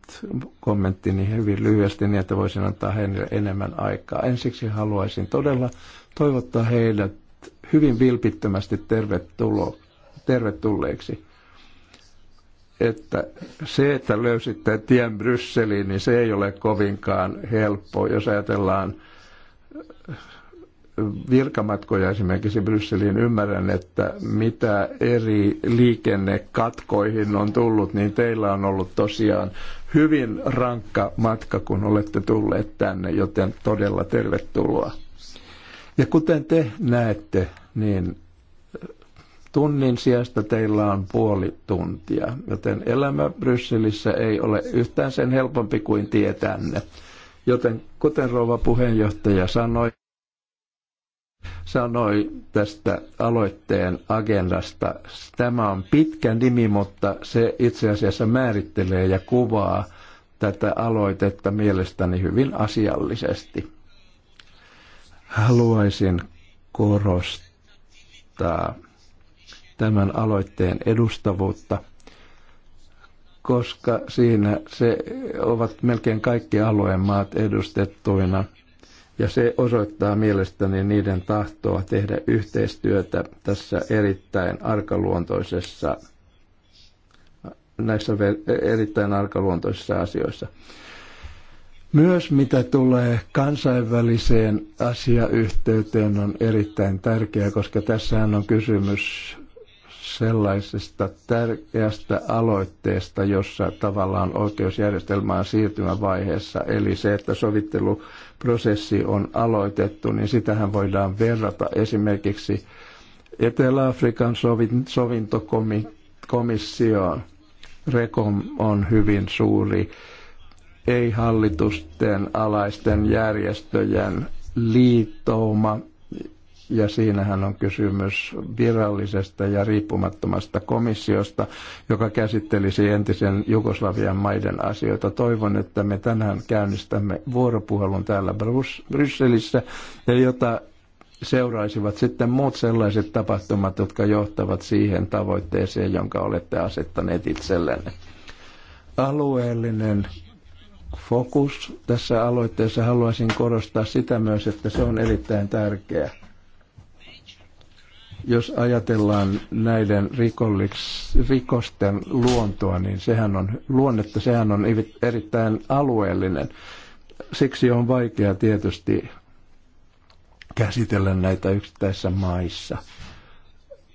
kommenttini hyvin lyhyesti niin, että voisin antaa heille enemmän aikaa. Ensiksi haluaisin todella toivottaa heidät hyvin vilpittömästi tervetulo, tervetulleeksi että se, että löysitte tien Brysseliin, niin se ei ole kovinkaan helppo, jos ajatellaan äh, virkamatkoja esimerkiksi Brysseliin ymmärrän, että mitä eri liikennekatkoihin on tullut, niin teillä on ollut tosiaan hyvin rankka matka, kun olette tulleet tänne, joten todella tervetuloa. Ja kuten te näette, niin tunnin sijasta teillä on puoli tuntia, joten elämä Brysselissä ei ole yhtään sen helpompi kuin tie tänne. Joten kuten rouva puheenjohtaja sanoi, sanoi tästä aloitteen agendasta, tämä on pitkä nimi, mutta se itse asiassa määrittelee ja kuvaa tätä aloitetta mielestäni hyvin asiallisesti. Haluaisin korostaa tämän aloitteen edustavuutta, koska siinä se ovat melkein kaikki alueen maat edustettuina. Ja se osoittaa mielestäni niiden tahtoa tehdä yhteistyötä tässä erittäin arkaluontoisessa näissä erittäin arkaluontoisissa asioissa. Myös mitä tulee kansainväliseen asiayhteyteen on erittäin tärkeää, koska tässähän on kysymys sellaisesta tärkeästä aloitteesta, jossa tavallaan oikeusjärjestelmään siirtymävaiheessa, eli se, että sovitteluprosessi on aloitettu, niin sitähän voidaan verrata esimerkiksi Etelä-Afrikan sovintokomissioon. Rekom on hyvin suuri ei-hallitusten alaisten järjestöjen liittouma, ja siinähän on kysymys virallisesta ja riippumattomasta komissiosta, joka käsittelisi entisen Jugoslavian maiden asioita. Toivon, että me tänään käynnistämme vuoropuhelun täällä Brys- Brysselissä, ja jota seuraisivat sitten muut sellaiset tapahtumat, jotka johtavat siihen tavoitteeseen, jonka olette asettaneet itsellenne. Alueellinen fokus tässä aloitteessa haluaisin korostaa sitä myös, että se on erittäin tärkeä. Jos ajatellaan näiden rikollis, rikosten luontoa, niin sehän on, luonnetta sehän on erittäin alueellinen. Siksi on vaikea tietysti käsitellä näitä yksittäisissä maissa.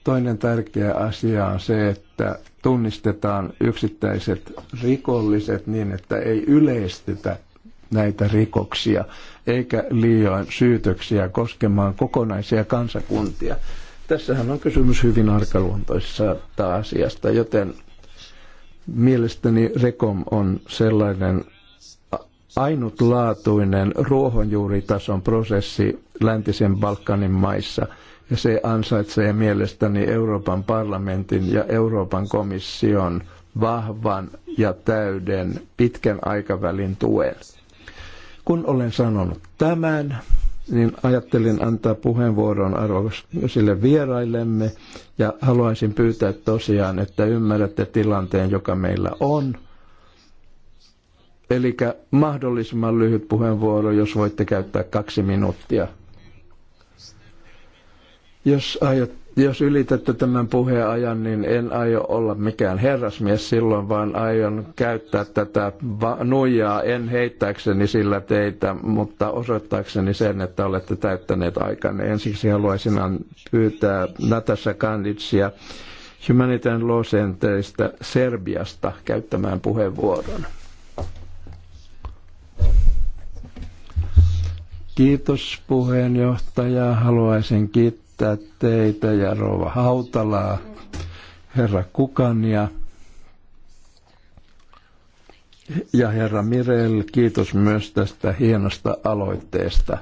Toinen tärkeä asia on se, että tunnistetaan yksittäiset rikolliset niin, että ei yleistetä näitä rikoksia, eikä liioin syytöksiä koskemaan kokonaisia kansakuntia. Tässähän on kysymys hyvin arkaluontoisesta asiasta, joten mielestäni Rekom on sellainen ainutlaatuinen ruohonjuuritason prosessi läntisen Balkanin maissa, ja se ansaitsee mielestäni Euroopan parlamentin ja Euroopan komission vahvan ja täyden pitkän aikavälin tuen. Kun olen sanonut tämän, niin ajattelin antaa puheenvuoron arvoisille vieraillemme ja haluaisin pyytää tosiaan, että ymmärrätte tilanteen, joka meillä on. Eli mahdollisimman lyhyt puheenvuoro, jos voitte käyttää kaksi minuuttia. Jos aiot jos ylitätte tämän puheajan, niin en aio olla mikään herrasmies silloin, vaan aion käyttää tätä nuijaa, en heittääkseni sillä teitä, mutta osoittaakseni sen, että olette täyttäneet aikanne. Ensiksi haluaisin pyytää Natasha Kanditsia Humanitarian Law Centerista Serbiasta käyttämään puheenvuoron. Kiitos puheenjohtaja. Haluaisin kiittää kiittää teitä ja Rova Hautalaa, herra Kukania ja herra Mirel. Kiitos myös tästä hienosta aloitteesta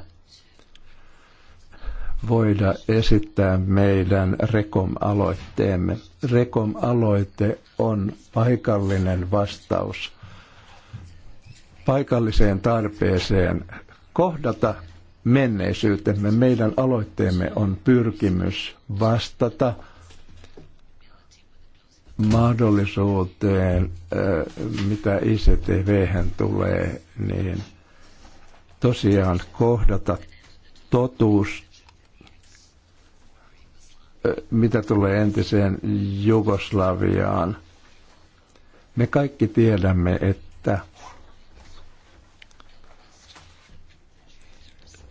voida esittää meidän Rekom-aloitteemme. Rekom-aloite on paikallinen vastaus paikalliseen tarpeeseen kohdata menneisyytemme. Meidän aloitteemme on pyrkimys vastata mahdollisuuteen, mitä ictv tulee, niin tosiaan kohdata totuus, mitä tulee entiseen Jugoslaviaan. Me kaikki tiedämme, että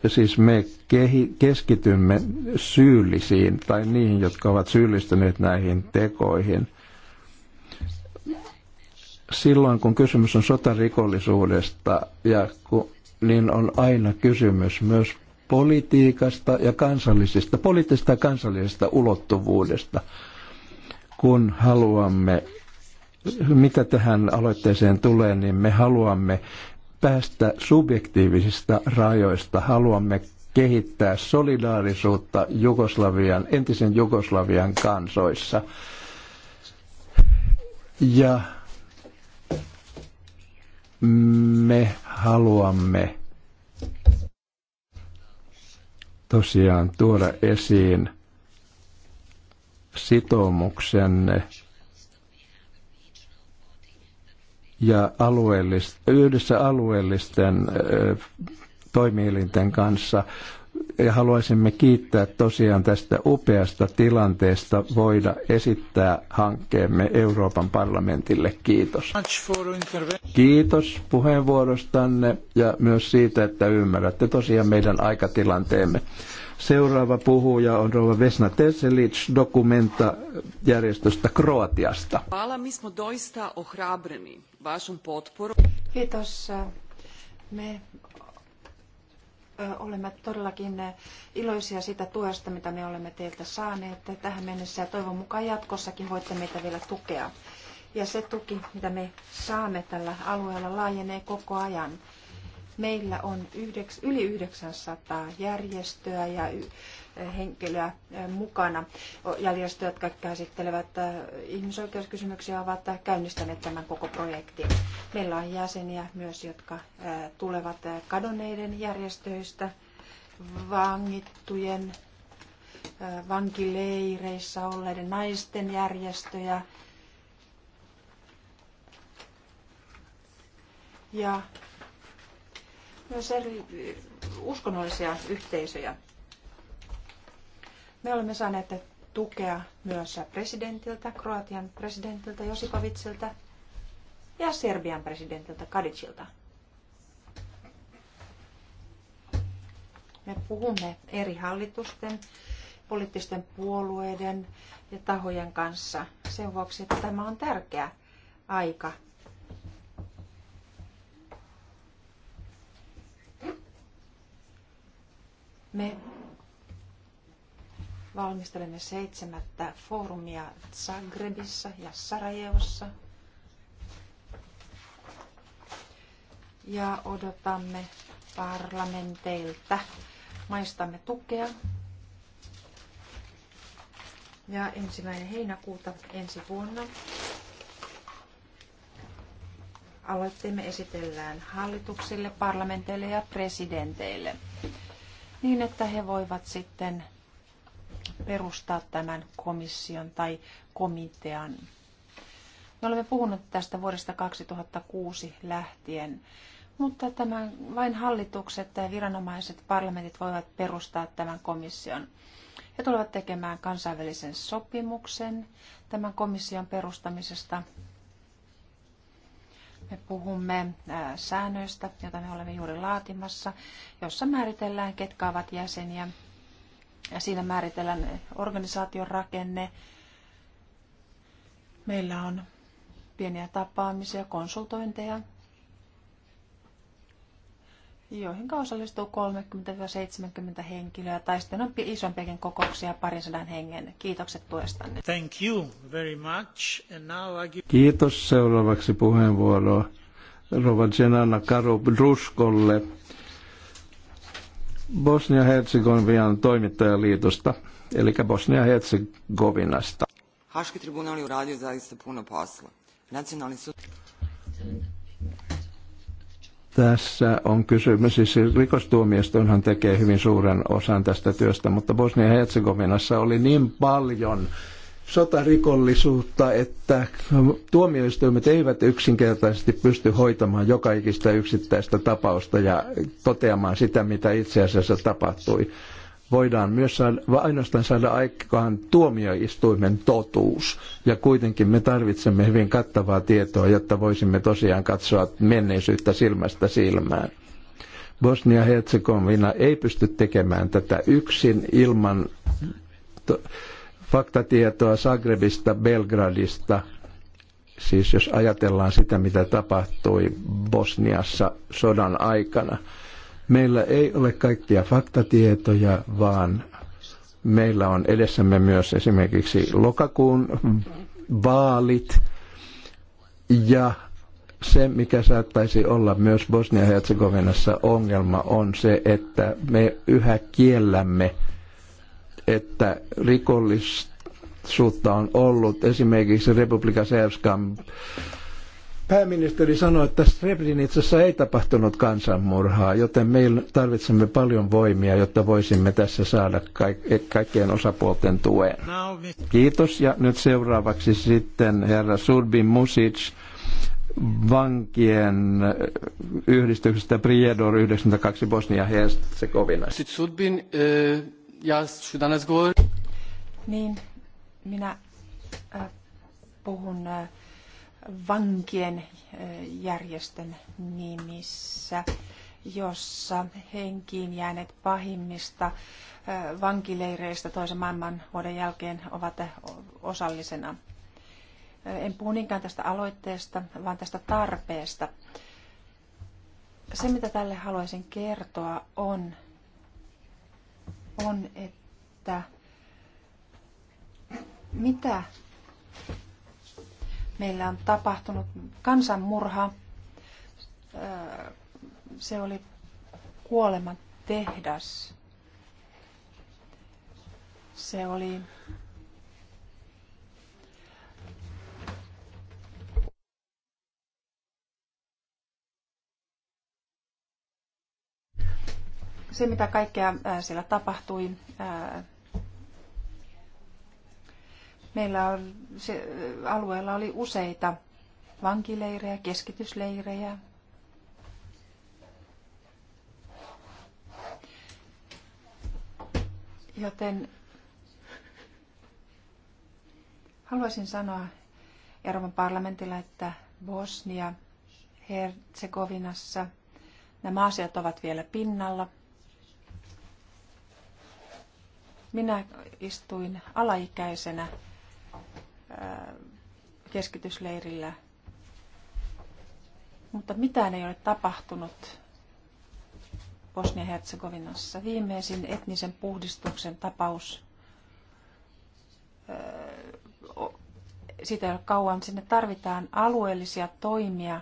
siis me keskitymme syyllisiin tai niihin, jotka ovat syyllistyneet näihin tekoihin. Silloin kun kysymys on sotarikollisuudesta, ja kun, niin on aina kysymys myös politiikasta ja kansallisista poliittisesta ja kansallisesta ulottuvuudesta, kun haluamme mitä tähän aloitteeseen tulee, niin me haluamme päästä subjektiivisista rajoista. Haluamme kehittää solidaarisuutta Jugoslavian, entisen Jugoslavian kansoissa. Ja me haluamme tosiaan tuoda esiin sitoumuksenne ja alueellist, yhdessä alueellisten toimielinten kanssa. Ja haluaisimme kiittää tosiaan tästä upeasta tilanteesta voida esittää hankkeemme Euroopan parlamentille. Kiitos. Kiitos puheenvuorostanne ja myös siitä, että ymmärrätte tosiaan meidän aikatilanteemme. Seuraava puhuja on rouva Vesna Teselic dokumenta järjestöstä Kroatiasta. Kiitos. Me olemme todellakin iloisia siitä tuesta, mitä me olemme teiltä saaneet tähän mennessä ja toivon mukaan jatkossakin voitte meitä vielä tukea. Ja se tuki, mitä me saamme tällä alueella, laajenee koko ajan. Meillä on yli 900 järjestöä ja eh, henkilöä eh, mukana. Järjestöt, jotka käsittelevät eh, ihmisoikeuskysymyksiä, ovat käynnistäneet tämän koko projektin. Meillä on jäseniä myös, jotka tulevat kadonneiden järjestöistä, vangittujen, vankileireissä olleiden naisten järjestöjä. Ja myös eri uskonnollisia yhteisöjä. Me olemme saaneet tukea myös presidentiltä, Kroatian presidentiltä Josipovitsilta ja Serbian presidentiltä Kadicilta. Me puhumme eri hallitusten, poliittisten puolueiden ja tahojen kanssa sen vuoksi, että tämä on tärkeä aika Me valmistelemme seitsemättä foorumia Zagrebissa ja Sarajevossa. Ja odotamme parlamenteilta maistamme tukea. Ja ensimmäinen heinäkuuta ensi vuonna aloitteemme esitellään hallituksille, parlamenteille ja presidenteille niin että he voivat sitten perustaa tämän komission tai komitean. Me olemme puhuneet tästä vuodesta 2006 lähtien, mutta tämän vain hallitukset ja viranomaiset parlamentit voivat perustaa tämän komission. He tulevat tekemään kansainvälisen sopimuksen tämän komission perustamisesta me puhumme säännöistä, jota me olemme juuri laatimassa, jossa määritellään, ketkä ovat jäseniä. Ja siinä määritellään organisaation rakenne. Meillä on pieniä tapaamisia, konsultointeja joihin osallistuu 30-70 henkilöä tai sitten on isompiakin kokouksia parisadan hengen. Kiitokset tuestanne. Thank you very much. And now I give... Kiitos seuraavaksi puheenvuoroa Rova Genana Karu Druskolle Bosnia-Herzegovian toimittajaliitosta, eli Bosnia-Herzegovinasta. Haški tribunal je uradio zaista puno posla. Nacionalni sud... Tässä on kysymys, siis rikostuomioistuinhan tekee hyvin suuren osan tästä työstä, mutta Bosnia-Herzegovinassa oli niin paljon sotarikollisuutta, että tuomioistuimet eivät yksinkertaisesti pysty hoitamaan joka ikistä yksittäistä tapausta ja toteamaan sitä, mitä itse asiassa tapahtui voidaan myös saada, ainoastaan saada aikaan tuomioistuimen totuus. Ja kuitenkin me tarvitsemme hyvin kattavaa tietoa, jotta voisimme tosiaan katsoa menneisyyttä silmästä silmään. Bosnia-Herzegovina ei pysty tekemään tätä yksin ilman faktatietoa Zagrebista, Belgradista, siis jos ajatellaan sitä, mitä tapahtui Bosniassa sodan aikana – Meillä ei ole kaikkia faktatietoja, vaan meillä on edessämme myös esimerkiksi lokakuun vaalit ja se, mikä saattaisi olla myös Bosnia-Herzegovinassa ongelma, on se, että me yhä kiellämme, että rikollisuutta on ollut. Esimerkiksi Republika Serskan Pääministeri sanoi, että Srebrenicassa ei tapahtunut kansanmurhaa, joten me tarvitsemme paljon voimia, jotta voisimme tässä saada kaikkien osapuolten tuen. Kiitos ja nyt seuraavaksi sitten herra Surbin Music vankien eh, yhdistyksestä Prijedor 92 Bosnia-Herzegovina. Sitten Sudbin, eh, ja Niin, minä eh, puhun vankien järjestön nimissä, jossa henkiin jääneet pahimmista vankileireistä toisen vuoden jälkeen ovat osallisena. En puhu niinkään tästä aloitteesta, vaan tästä tarpeesta. Se, mitä tälle haluaisin kertoa, on, on että mitä Meillä on tapahtunut kansanmurha. Se oli kuoleman tehdas. Se oli se, mitä kaikkea siellä tapahtui, Meillä on, se, alueella oli useita vankileirejä, keskitysleirejä. Joten haluaisin sanoa Euroopan parlamentilla, että Bosnia, Herzegovinassa nämä asiat ovat vielä pinnalla. Minä istuin alaikäisenä Äh, keskitysleirillä. Mutta mitään ei ole tapahtunut Bosnia-Herzegovinassa. Viimeisin etnisen puhdistuksen tapaus, äh, sitä ei ole kauan, sinne tarvitaan alueellisia toimia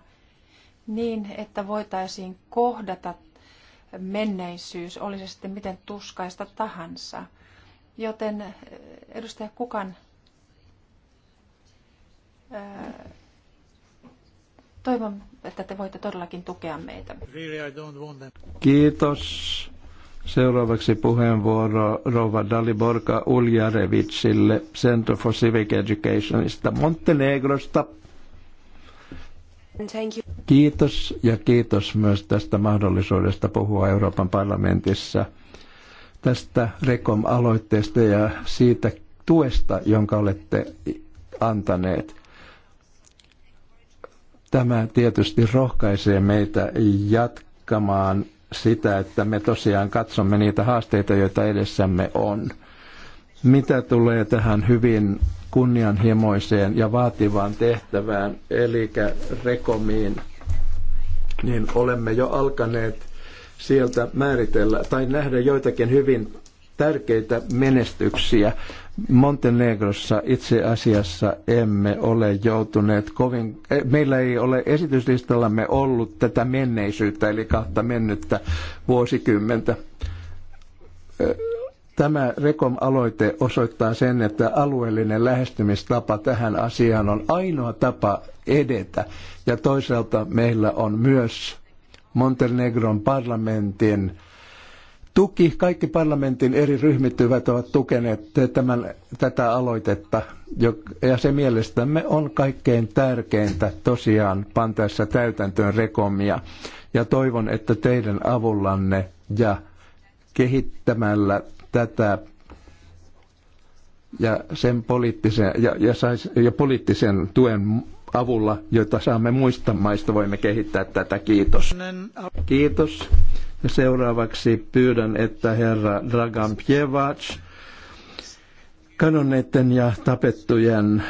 niin, että voitaisiin kohdata menneisyys, oli se sitten miten tuskaista tahansa. Joten äh, edustaja Kukan Toivon, että te voitte todellakin tukea meitä. Kiitos. Seuraavaksi puheenvuoro Rova Daliborka Uljarevitsille Center for Civic Educationista Montenegrosta. Kiitos ja kiitos myös tästä mahdollisuudesta puhua Euroopan parlamentissa tästä Rekom-aloitteesta ja siitä tuesta, jonka olette antaneet. Tämä tietysti rohkaisee meitä jatkamaan sitä, että me tosiaan katsomme niitä haasteita, joita edessämme on. Mitä tulee tähän hyvin kunnianhimoiseen ja vaativaan tehtävään, eli rekomiin, niin olemme jo alkaneet sieltä määritellä tai nähdä joitakin hyvin tärkeitä menestyksiä. Montenegrossa itse asiassa emme ole joutuneet kovin, eh, meillä ei ole esityslistallamme ollut tätä menneisyyttä, eli kahta mennyttä vuosikymmentä. Eh, tämä Rekom-aloite osoittaa sen, että alueellinen lähestymistapa tähän asiaan on ainoa tapa edetä. Ja toisaalta meillä on myös Montenegron parlamentin tuki, kaikki parlamentin eri ryhmittyvät ovat tukeneet tämän, tätä aloitetta, ja se mielestämme on kaikkein tärkeintä tosiaan pantaessa täytäntöön rekomia. Ja toivon, että teidän avullanne ja kehittämällä tätä ja sen poliittisen, ja, ja, sais, ja poliittisen tuen avulla, jota saamme muista maista, voimme kehittää tätä. Kiitos. Kiitos. Ja seuraavaksi pyydän, että herra Dragan Pjevac, kadonneiden ja tapettujen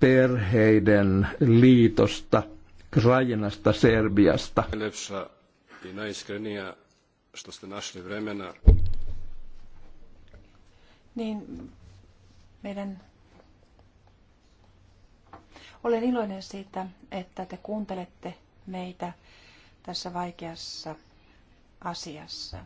perheiden liitosta, Krajinasta, Serbiasta. Niin, meidän olen iloinen siitä, että te kuuntelette meitä tässä vaikeassa asiassa.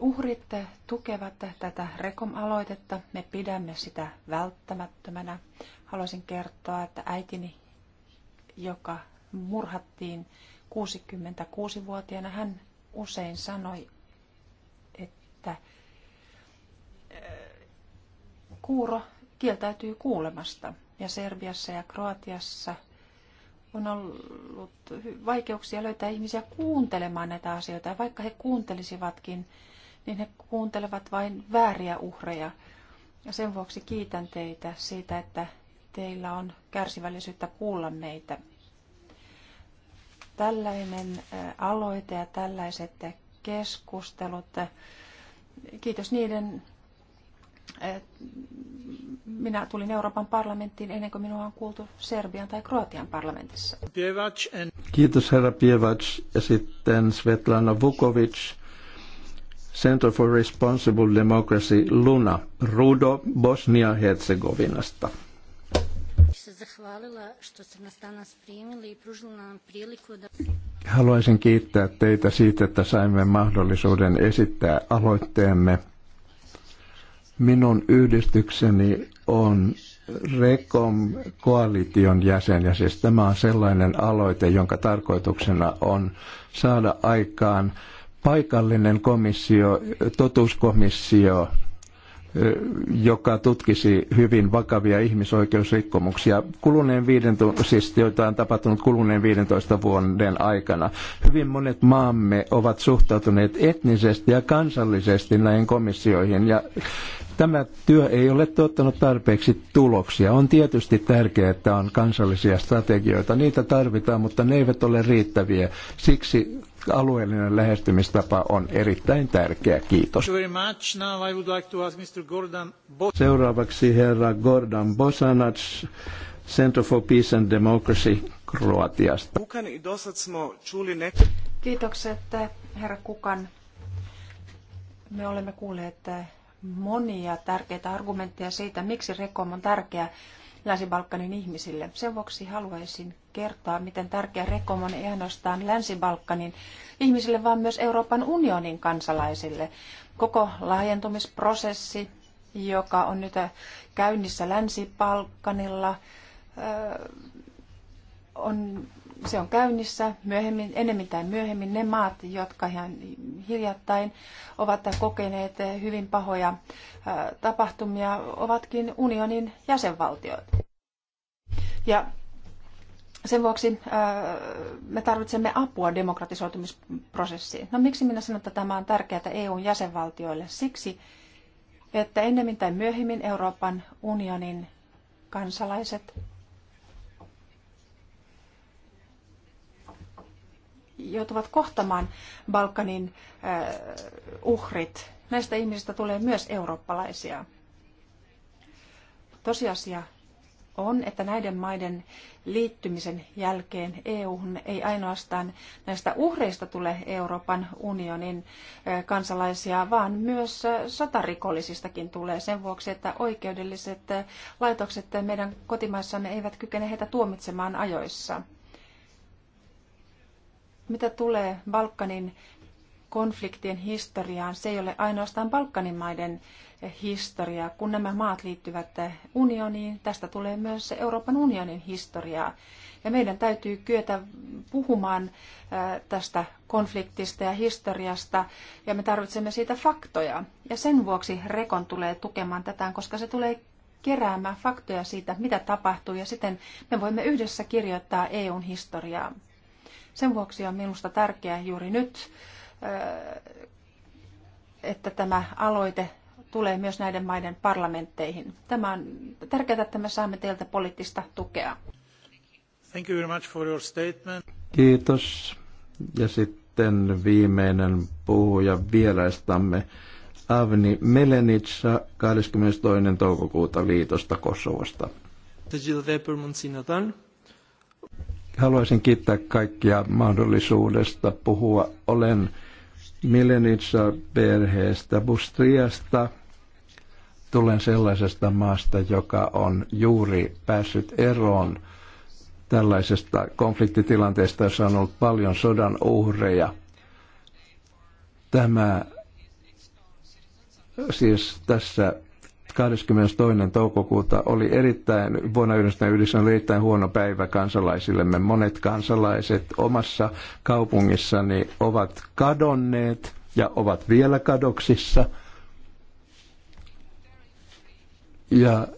Uhrit tukevat tätä Rekom-aloitetta. Me pidämme sitä välttämättömänä. Haluaisin kertoa, että äitini, joka murhattiin 66-vuotiaana, hän usein sanoi, että kuuro kieltäytyy kuulemasta. Ja Serbiassa ja Kroatiassa on ollut vaikeuksia löytää ihmisiä kuuntelemaan näitä asioita. Ja vaikka he kuuntelisivatkin, niin he kuuntelevat vain vääriä uhreja. Ja sen vuoksi kiitän teitä siitä, että teillä on kärsivällisyyttä kuulla meitä. Tällainen aloite ja tällaiset keskustelut, kiitos niiden Eh, minä tulin Euroopan parlamenttiin ennen kuin minua on kuultu Serbian tai Kroatian parlamentissa. Kiitos herra Pievac ja sitten Svetlana Vukovic, Center for Responsible Democracy Luna, Rudo Bosnia-Herzegovinasta. Haluaisin kiittää teitä siitä, että saimme mahdollisuuden esittää aloitteemme – Minun yhdistykseni on Rekom-koalition jäsen, ja siis tämä on sellainen aloite, jonka tarkoituksena on saada aikaan paikallinen komissio, totuuskomissio joka tutkisi hyvin vakavia ihmisoikeusrikkomuksia, kuluneen viidento, siis joita on tapahtunut kuluneen 15 vuoden aikana. Hyvin monet maamme ovat suhtautuneet etnisesti ja kansallisesti näihin komissioihin ja Tämä työ ei ole tuottanut tarpeeksi tuloksia. On tietysti tärkeää, että on kansallisia strategioita. Niitä tarvitaan, mutta ne eivät ole riittäviä. Siksi alueellinen lähestymistapa on erittäin tärkeä. Kiitos. Seuraavaksi herra Gordon Bosanac, Center for Peace and Democracy Kroatiasta. Kiitokset, herra Kukan. Me olemme kuulleet monia tärkeitä argumentteja siitä, miksi Rekom on tärkeä Länsi-Balkanin ihmisille. Sen vuoksi haluaisin kertoa, miten tärkeä Rekom on ei ainoastaan Länsi-Balkanin ihmisille, vaan myös Euroopan unionin kansalaisille. Koko laajentumisprosessi, joka on nyt käynnissä Länsi-Balkanilla, on se on käynnissä myöhemmin, enemmän tai myöhemmin ne maat, jotka ihan hiljattain ovat kokeneet hyvin pahoja äh, tapahtumia, ovatkin unionin jäsenvaltiot. Ja sen vuoksi äh, me tarvitsemme apua demokratisoitumisprosessiin. No miksi minä sanon, että tämä on tärkeää EUn jäsenvaltioille? Siksi, että ennemmin tai myöhemmin Euroopan unionin kansalaiset joutuvat kohtamaan Balkanin eh, uhrit. Näistä ihmisistä tulee myös eurooppalaisia. Tosiasia on, että näiden maiden liittymisen jälkeen eu ei ainoastaan näistä uhreista tule Euroopan unionin eh, kansalaisia, vaan myös eh, sotarikollisistakin tulee sen vuoksi, että oikeudelliset laitokset meidän kotimaissamme eivät kykene heitä tuomitsemaan ajoissa. Mitä tulee Balkanin konfliktien historiaan, se ei ole ainoastaan Balkanin maiden historiaa. Kun nämä maat liittyvät unioniin, tästä tulee myös Euroopan unionin historiaa. Ja meidän täytyy kyetä puhumaan tästä konfliktista ja historiasta, ja me tarvitsemme siitä faktoja. Ja sen vuoksi Rekon tulee tukemaan tätä, koska se tulee keräämään faktoja siitä, mitä tapahtuu, ja sitten me voimme yhdessä kirjoittaa EUn historiaa. Sen vuoksi on minusta tärkeää juuri nyt, että tämä aloite tulee myös näiden maiden parlamentteihin. Tämä on tärkeää, että me saamme teiltä poliittista tukea. Thank you very much for your statement. Kiitos. Ja sitten viimeinen puhuja vieraistamme Avni Melenitsa 22. toukokuuta liitosta Kosovosta. Haluaisin kiittää kaikkia mahdollisuudesta puhua. Olen Milenitsa perheestä Bustriasta. Tulen sellaisesta maasta, joka on juuri päässyt eroon tällaisesta konfliktitilanteesta, jossa on ollut paljon sodan uhreja. Tämä, siis tässä 22. toukokuuta oli erittäin, vuonna 1999 oli erittäin huono päivä kansalaisillemme. Monet kansalaiset omassa kaupungissani ovat kadonneet ja ovat vielä kadoksissa. Ja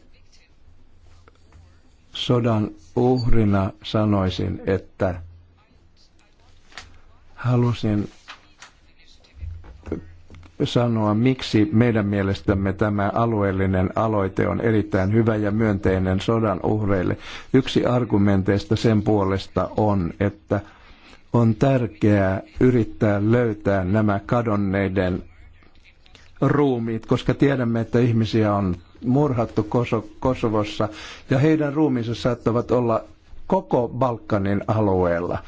sodan uhrina sanoisin, että halusin sanoa, miksi meidän mielestämme tämä alueellinen aloite on erittäin hyvä ja myönteinen sodan uhreille. Yksi argumenteista sen puolesta on, että on tärkeää yrittää löytää nämä kadonneiden ruumiit, koska tiedämme, että ihmisiä on murhattu Kosovossa ja heidän ruumiinsa saattavat olla koko Balkanin alueella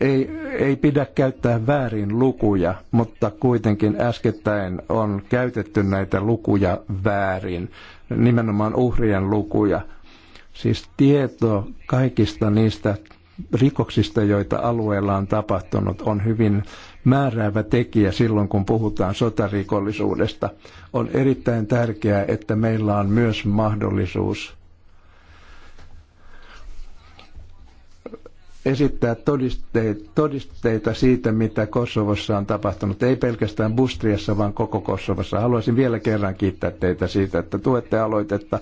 ei, ei pidä käyttää väärin lukuja, mutta kuitenkin äskettäin on käytetty näitä lukuja väärin, nimenomaan uhrien lukuja. Siis tieto kaikista niistä rikoksista, joita alueella on tapahtunut, on hyvin määräävä tekijä silloin, kun puhutaan sotarikollisuudesta. On erittäin tärkeää, että meillä on myös mahdollisuus esittää todisteita, todisteita siitä, mitä Kosovossa on tapahtunut. Ei pelkästään Bustriassa, vaan koko Kosovossa. Haluaisin vielä kerran kiittää teitä siitä, että tuette aloitetta.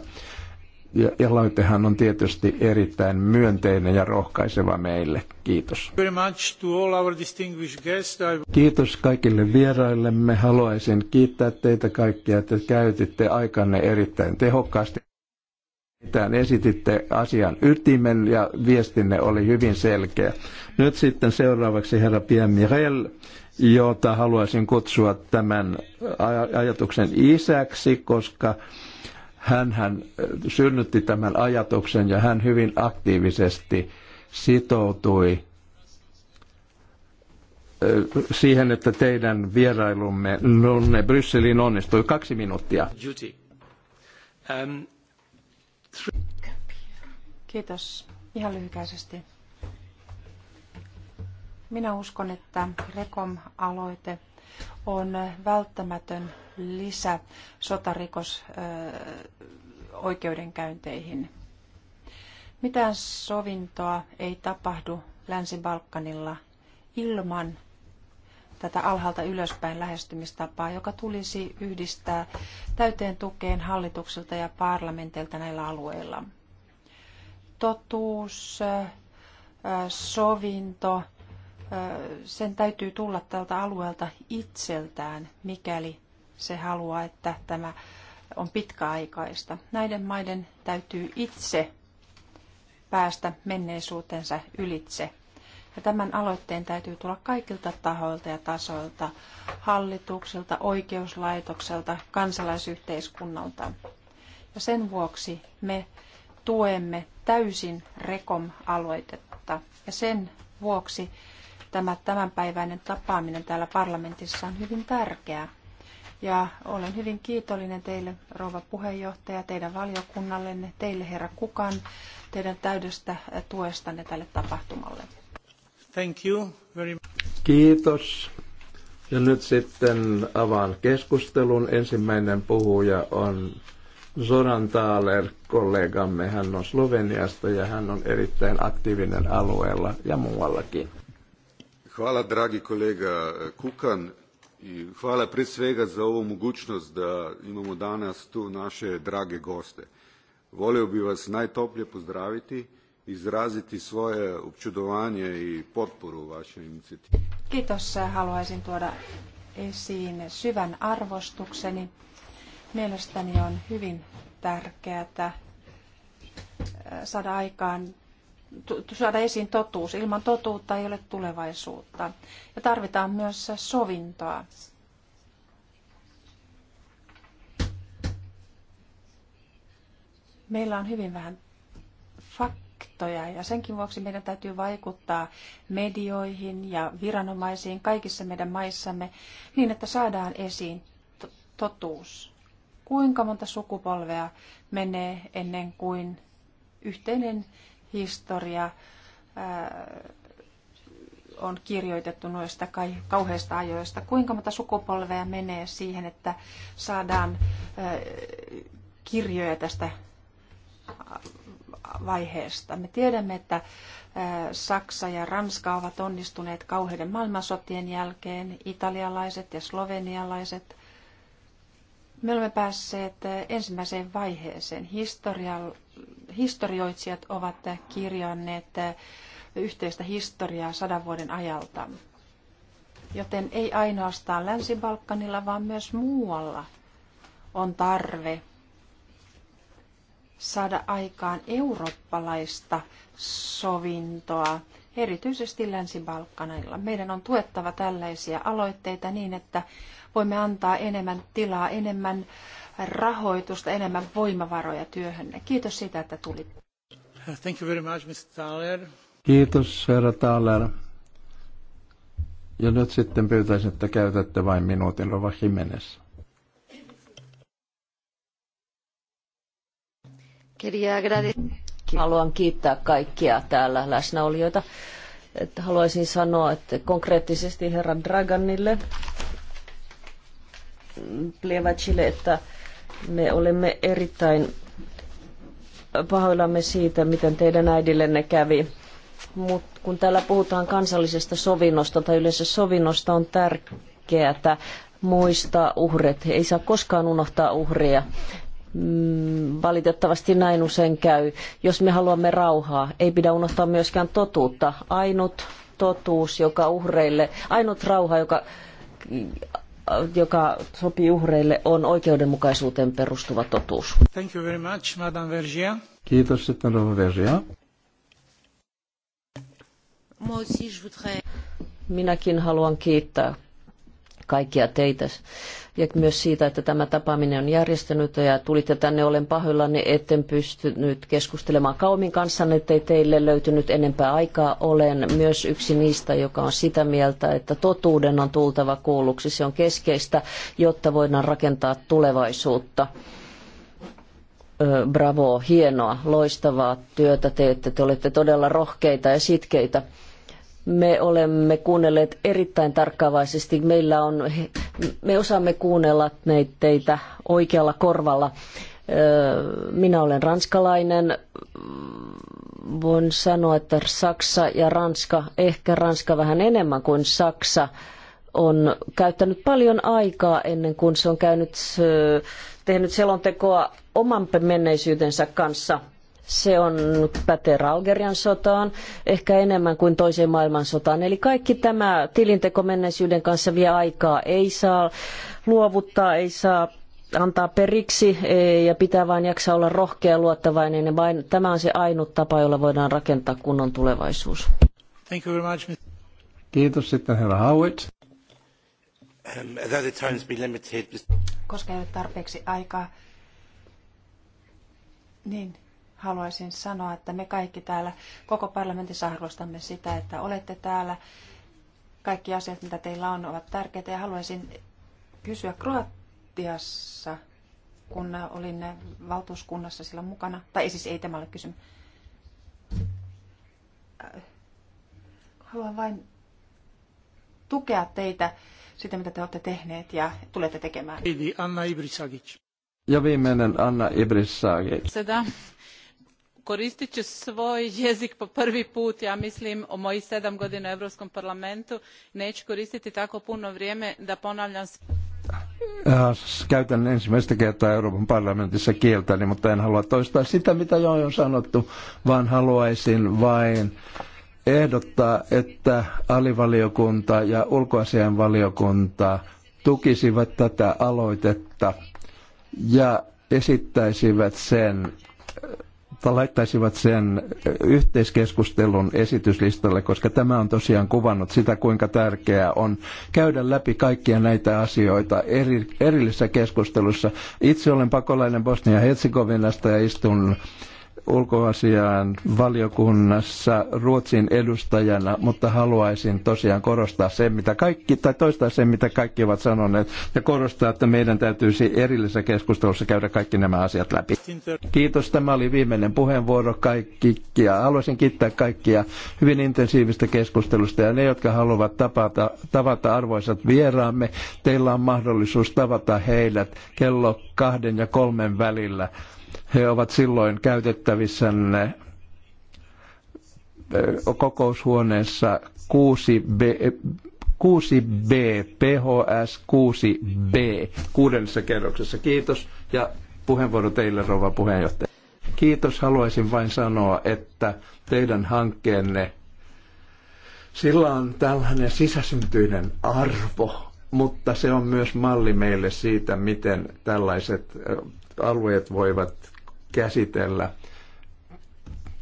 Ja, ja aloitehan on tietysti erittäin myönteinen ja rohkaiseva meille. Kiitos. Kiitos kaikille vieraillemme. Haluaisin kiittää teitä kaikkia, että käytitte aikanne erittäin tehokkaasti mitään. Esititte asian ytimen ja viestinne oli hyvin selkeä. Nyt sitten seuraavaksi herra Pierre Mirel, jota haluaisin kutsua tämän aj- ajatuksen isäksi, koska hän äh, synnytti tämän ajatuksen ja hän hyvin aktiivisesti sitoutui äh, siihen, että teidän vierailumme Brysseliin onnistui. Kaksi minuuttia. Um, Kiitos. Ihan lyhykäisesti. Minä uskon, että Rekom-aloite on välttämätön lisä sotarikosoikeudenkäynteihin. Mitään sovintoa ei tapahdu Länsi-Balkanilla ilman, tätä alhaalta ylöspäin lähestymistapaa, joka tulisi yhdistää täyteen tukeen hallitukselta ja parlamentilta näillä alueilla. Totuus, sovinto, sen täytyy tulla tältä alueelta itseltään, mikäli se haluaa, että tämä on pitkäaikaista. Näiden maiden täytyy itse päästä menneisuutensa ylitse ja tämän aloitteen täytyy tulla kaikilta tahoilta ja tasoilta, hallituksilta, oikeuslaitokselta, kansalaisyhteiskunnalta. Ja sen vuoksi me tuemme täysin Rekom-aloitetta. Ja sen vuoksi tämä tämänpäiväinen tapaaminen täällä parlamentissa on hyvin tärkeää. Ja olen hyvin kiitollinen teille, rouva puheenjohtaja, teidän valiokunnallenne, teille herra Kukan, teidän täydestä tuestanne tälle tapahtumalle. Thank you very much. Kiitos. Ja nyt sitten avaan keskustelun. Ensimmäinen puhuja on Zoran Thaler, kollegamme. Hän on Sloveniasta ja hän on erittäin aktiivinen alueella ja muuallakin. Hvala, dragi kollega Kukan. I hvala pred svega za ovu mogućnost da imamo danas tu naše drage goste. Volio bi vas najtoplje pozdraviti izraziti svoje občudovanje i potporu vašoj inicijatiivi. Kiitos. Haluaisin tuoda esiin syvän arvostukseni. Mielestäni on hyvin tärkeää äh, saada aikaan saada esiin totuus. Ilman totuutta ei ole tulevaisuutta. Ja tarvitaan myös sovintoa. Meillä on hyvin vähän faktoja haittoja ja senkin vuoksi meidän täytyy vaikuttaa medioihin ja viranomaisiin kaikissa meidän maissamme niin, että saadaan esiin totuus. Kuinka monta sukupolvea menee ennen kuin yhteinen historia on kirjoitettu noista kauheista ajoista. Kuinka monta sukupolvea menee siihen, että saadaan kirjoja tästä vaiheesta. Me tiedämme, että Saksa ja Ranska ovat onnistuneet kauheiden maailmansotien jälkeen, italialaiset ja slovenialaiset. Me olemme päässeet ensimmäiseen vaiheeseen. Historia, historioitsijat ovat kirjanneet yhteistä historiaa sadan vuoden ajalta. Joten ei ainoastaan Länsi-Balkanilla, vaan myös muualla on tarve saada aikaan eurooppalaista sovintoa, erityisesti Länsi-Balkanilla. Meidän on tuettava tällaisia aloitteita niin, että voimme antaa enemmän tilaa, enemmän rahoitusta, enemmän voimavaroja työhönne. Kiitos siitä, että tulit. Thank you very much, Mr. Thaler. Kiitos, herra Thaler. Ja nyt sitten pyytäisin, että käytätte vain minuutin, Rova Jimenez. Haluan kiittää kaikkia täällä läsnäolijoita. Että haluaisin sanoa, että konkreettisesti herra Draganille, Plevacille, että me olemme erittäin pahoillamme siitä, miten teidän äidillenne kävi. Mutta kun täällä puhutaan kansallisesta sovinnosta tai yleensä sovinnosta, on tärkeää muistaa uhret. Ei saa koskaan unohtaa uhreja. Mm, valitettavasti näin usein käy. Jos me haluamme rauhaa, ei pidä unohtaa myöskään totuutta. Ainut totuus, joka uhreille, ainut rauha, joka, joka sopii uhreille, on oikeudenmukaisuuteen perustuva totuus. Thank you very much, Madame Vergia. Kiitos, sitten Rova Vergia. Minäkin haluan kiittää kaikkia teitä ja myös siitä, että tämä tapaaminen on järjestänyt ja tulitte tänne, olen pahoillani, etten pystynyt keskustelemaan kaumin kanssanne, ettei teille löytynyt enempää aikaa. Olen myös yksi niistä, joka on sitä mieltä, että totuuden on tultava kuulluksi. Se on keskeistä, jotta voidaan rakentaa tulevaisuutta bravo, hienoa, loistavaa työtä teette. Te olette todella rohkeita ja sitkeitä. Me olemme kuunnelleet erittäin tarkkaavaisesti. Meillä on, me osaamme kuunnella teitä oikealla korvalla. Minä olen ranskalainen. Voin sanoa, että Saksa ja Ranska, ehkä Ranska vähän enemmän kuin Saksa, on käyttänyt paljon aikaa ennen kuin se on käynyt, tehnyt selontekoa oman menneisyytensä kanssa – se on pätee Raugerian sotaan, ehkä enemmän kuin toiseen maailmansotaan. Eli kaikki tämä tilinteko menneisyyden kanssa vie aikaa. Ei saa luovuttaa, ei saa antaa periksi eh, ja pitää vain jaksaa olla rohkea ja luottavainen. Vain, tämä on se ainut tapa, jolla voidaan rakentaa kunnon tulevaisuus. Thank you very much. Kiitos sitten herra Howitt. Um, Koska ei ole tarpeeksi aikaa, niin haluaisin sanoa, että me kaikki täällä koko parlamentissa arvostamme sitä, että olette täällä. Kaikki asiat, mitä teillä on, ovat tärkeitä ja haluaisin kysyä Kroatiassa, kun olin valtuuskunnassa sillä mukana, tai siis ei tämä ole kysymys. Haluan vain tukea teitä sitä, mitä te olette tehneet ja tulette tekemään. Anna Ibrisagic. Ja viimeinen Anna Ibrisagic. Seda, koristit u svoj jezik po prvi put ja mislim u mojih sedam godina u europskom parlamentu neu koristiti tako puno vrijeme da ponavljam äh, Käytän ensimmäistä kertaa Euroopan parlamentissa kieltäni, mutta en halua toistaa sitä, mitä jo on sanottu, vaan haluaisin vain ehdottaa, että alivaliokunta ja ulkoasianvaliokunta tukisivat tätä aloitetta ja esittäisivät sen äh, laittaisivat sen yhteiskeskustelun esityslistalle, koska tämä on tosiaan kuvannut sitä, kuinka tärkeää on käydä läpi kaikkia näitä asioita eri, erillisessä keskustelussa. Itse olen pakolainen Bosnia-Herzegovinasta ja istun ulkoasiaan valiokunnassa Ruotsin edustajana, mutta haluaisin tosiaan korostaa sen, mitä kaikki, tai toistaa sen, mitä kaikki ovat sanoneet, ja korostaa, että meidän täytyisi erillisessä keskustelussa käydä kaikki nämä asiat läpi. Kiitos, tämä oli viimeinen puheenvuoro ja Haluaisin kiittää kaikkia hyvin intensiivistä keskustelusta, ja ne, jotka haluavat tapata, tavata arvoisat vieraamme, teillä on mahdollisuus tavata heidät kello kahden ja kolmen välillä he ovat silloin käytettävissänne kokoushuoneessa 6B, 6B, PHS 6B, kuudennessa kerroksessa. Kiitos ja puheenvuoro teille, rouva puheenjohtaja. Kiitos, haluaisin vain sanoa, että teidän hankkeenne, sillä on tällainen sisäsyntyinen arvo, mutta se on myös malli meille siitä, miten tällaiset alueet voivat käsitellä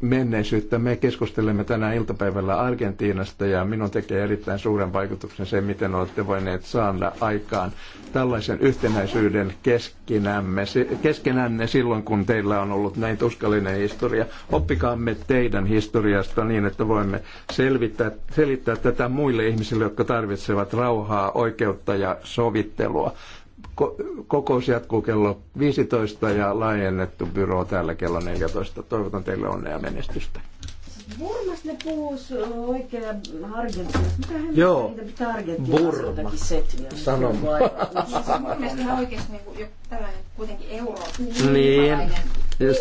menneisyyttä. Me keskustelemme tänään iltapäivällä Argentiinasta ja minun tekee erittäin suuren vaikutuksen se, miten olette voineet saada aikaan tällaisen yhtenäisyyden keskenämme, keskenänne silloin, kun teillä on ollut näin tuskallinen historia. Oppikaamme teidän historiasta niin, että voimme selvittää, selittää tätä muille ihmisille, jotka tarvitsevat rauhaa, oikeutta ja sovittelua kokous jatkuu kello 15 ja laajennettu byro täällä kello 14. Toivotan teille onnea ja menestystä. Burmas ne puhuis oikein argentinassa. Mitä hän Joo. niitä pitää argentinassa setviä? Sano. mun mielestä ihan oikeasti niin kuin, jo, tällainen kuitenkin euro. Niin. niin. Just.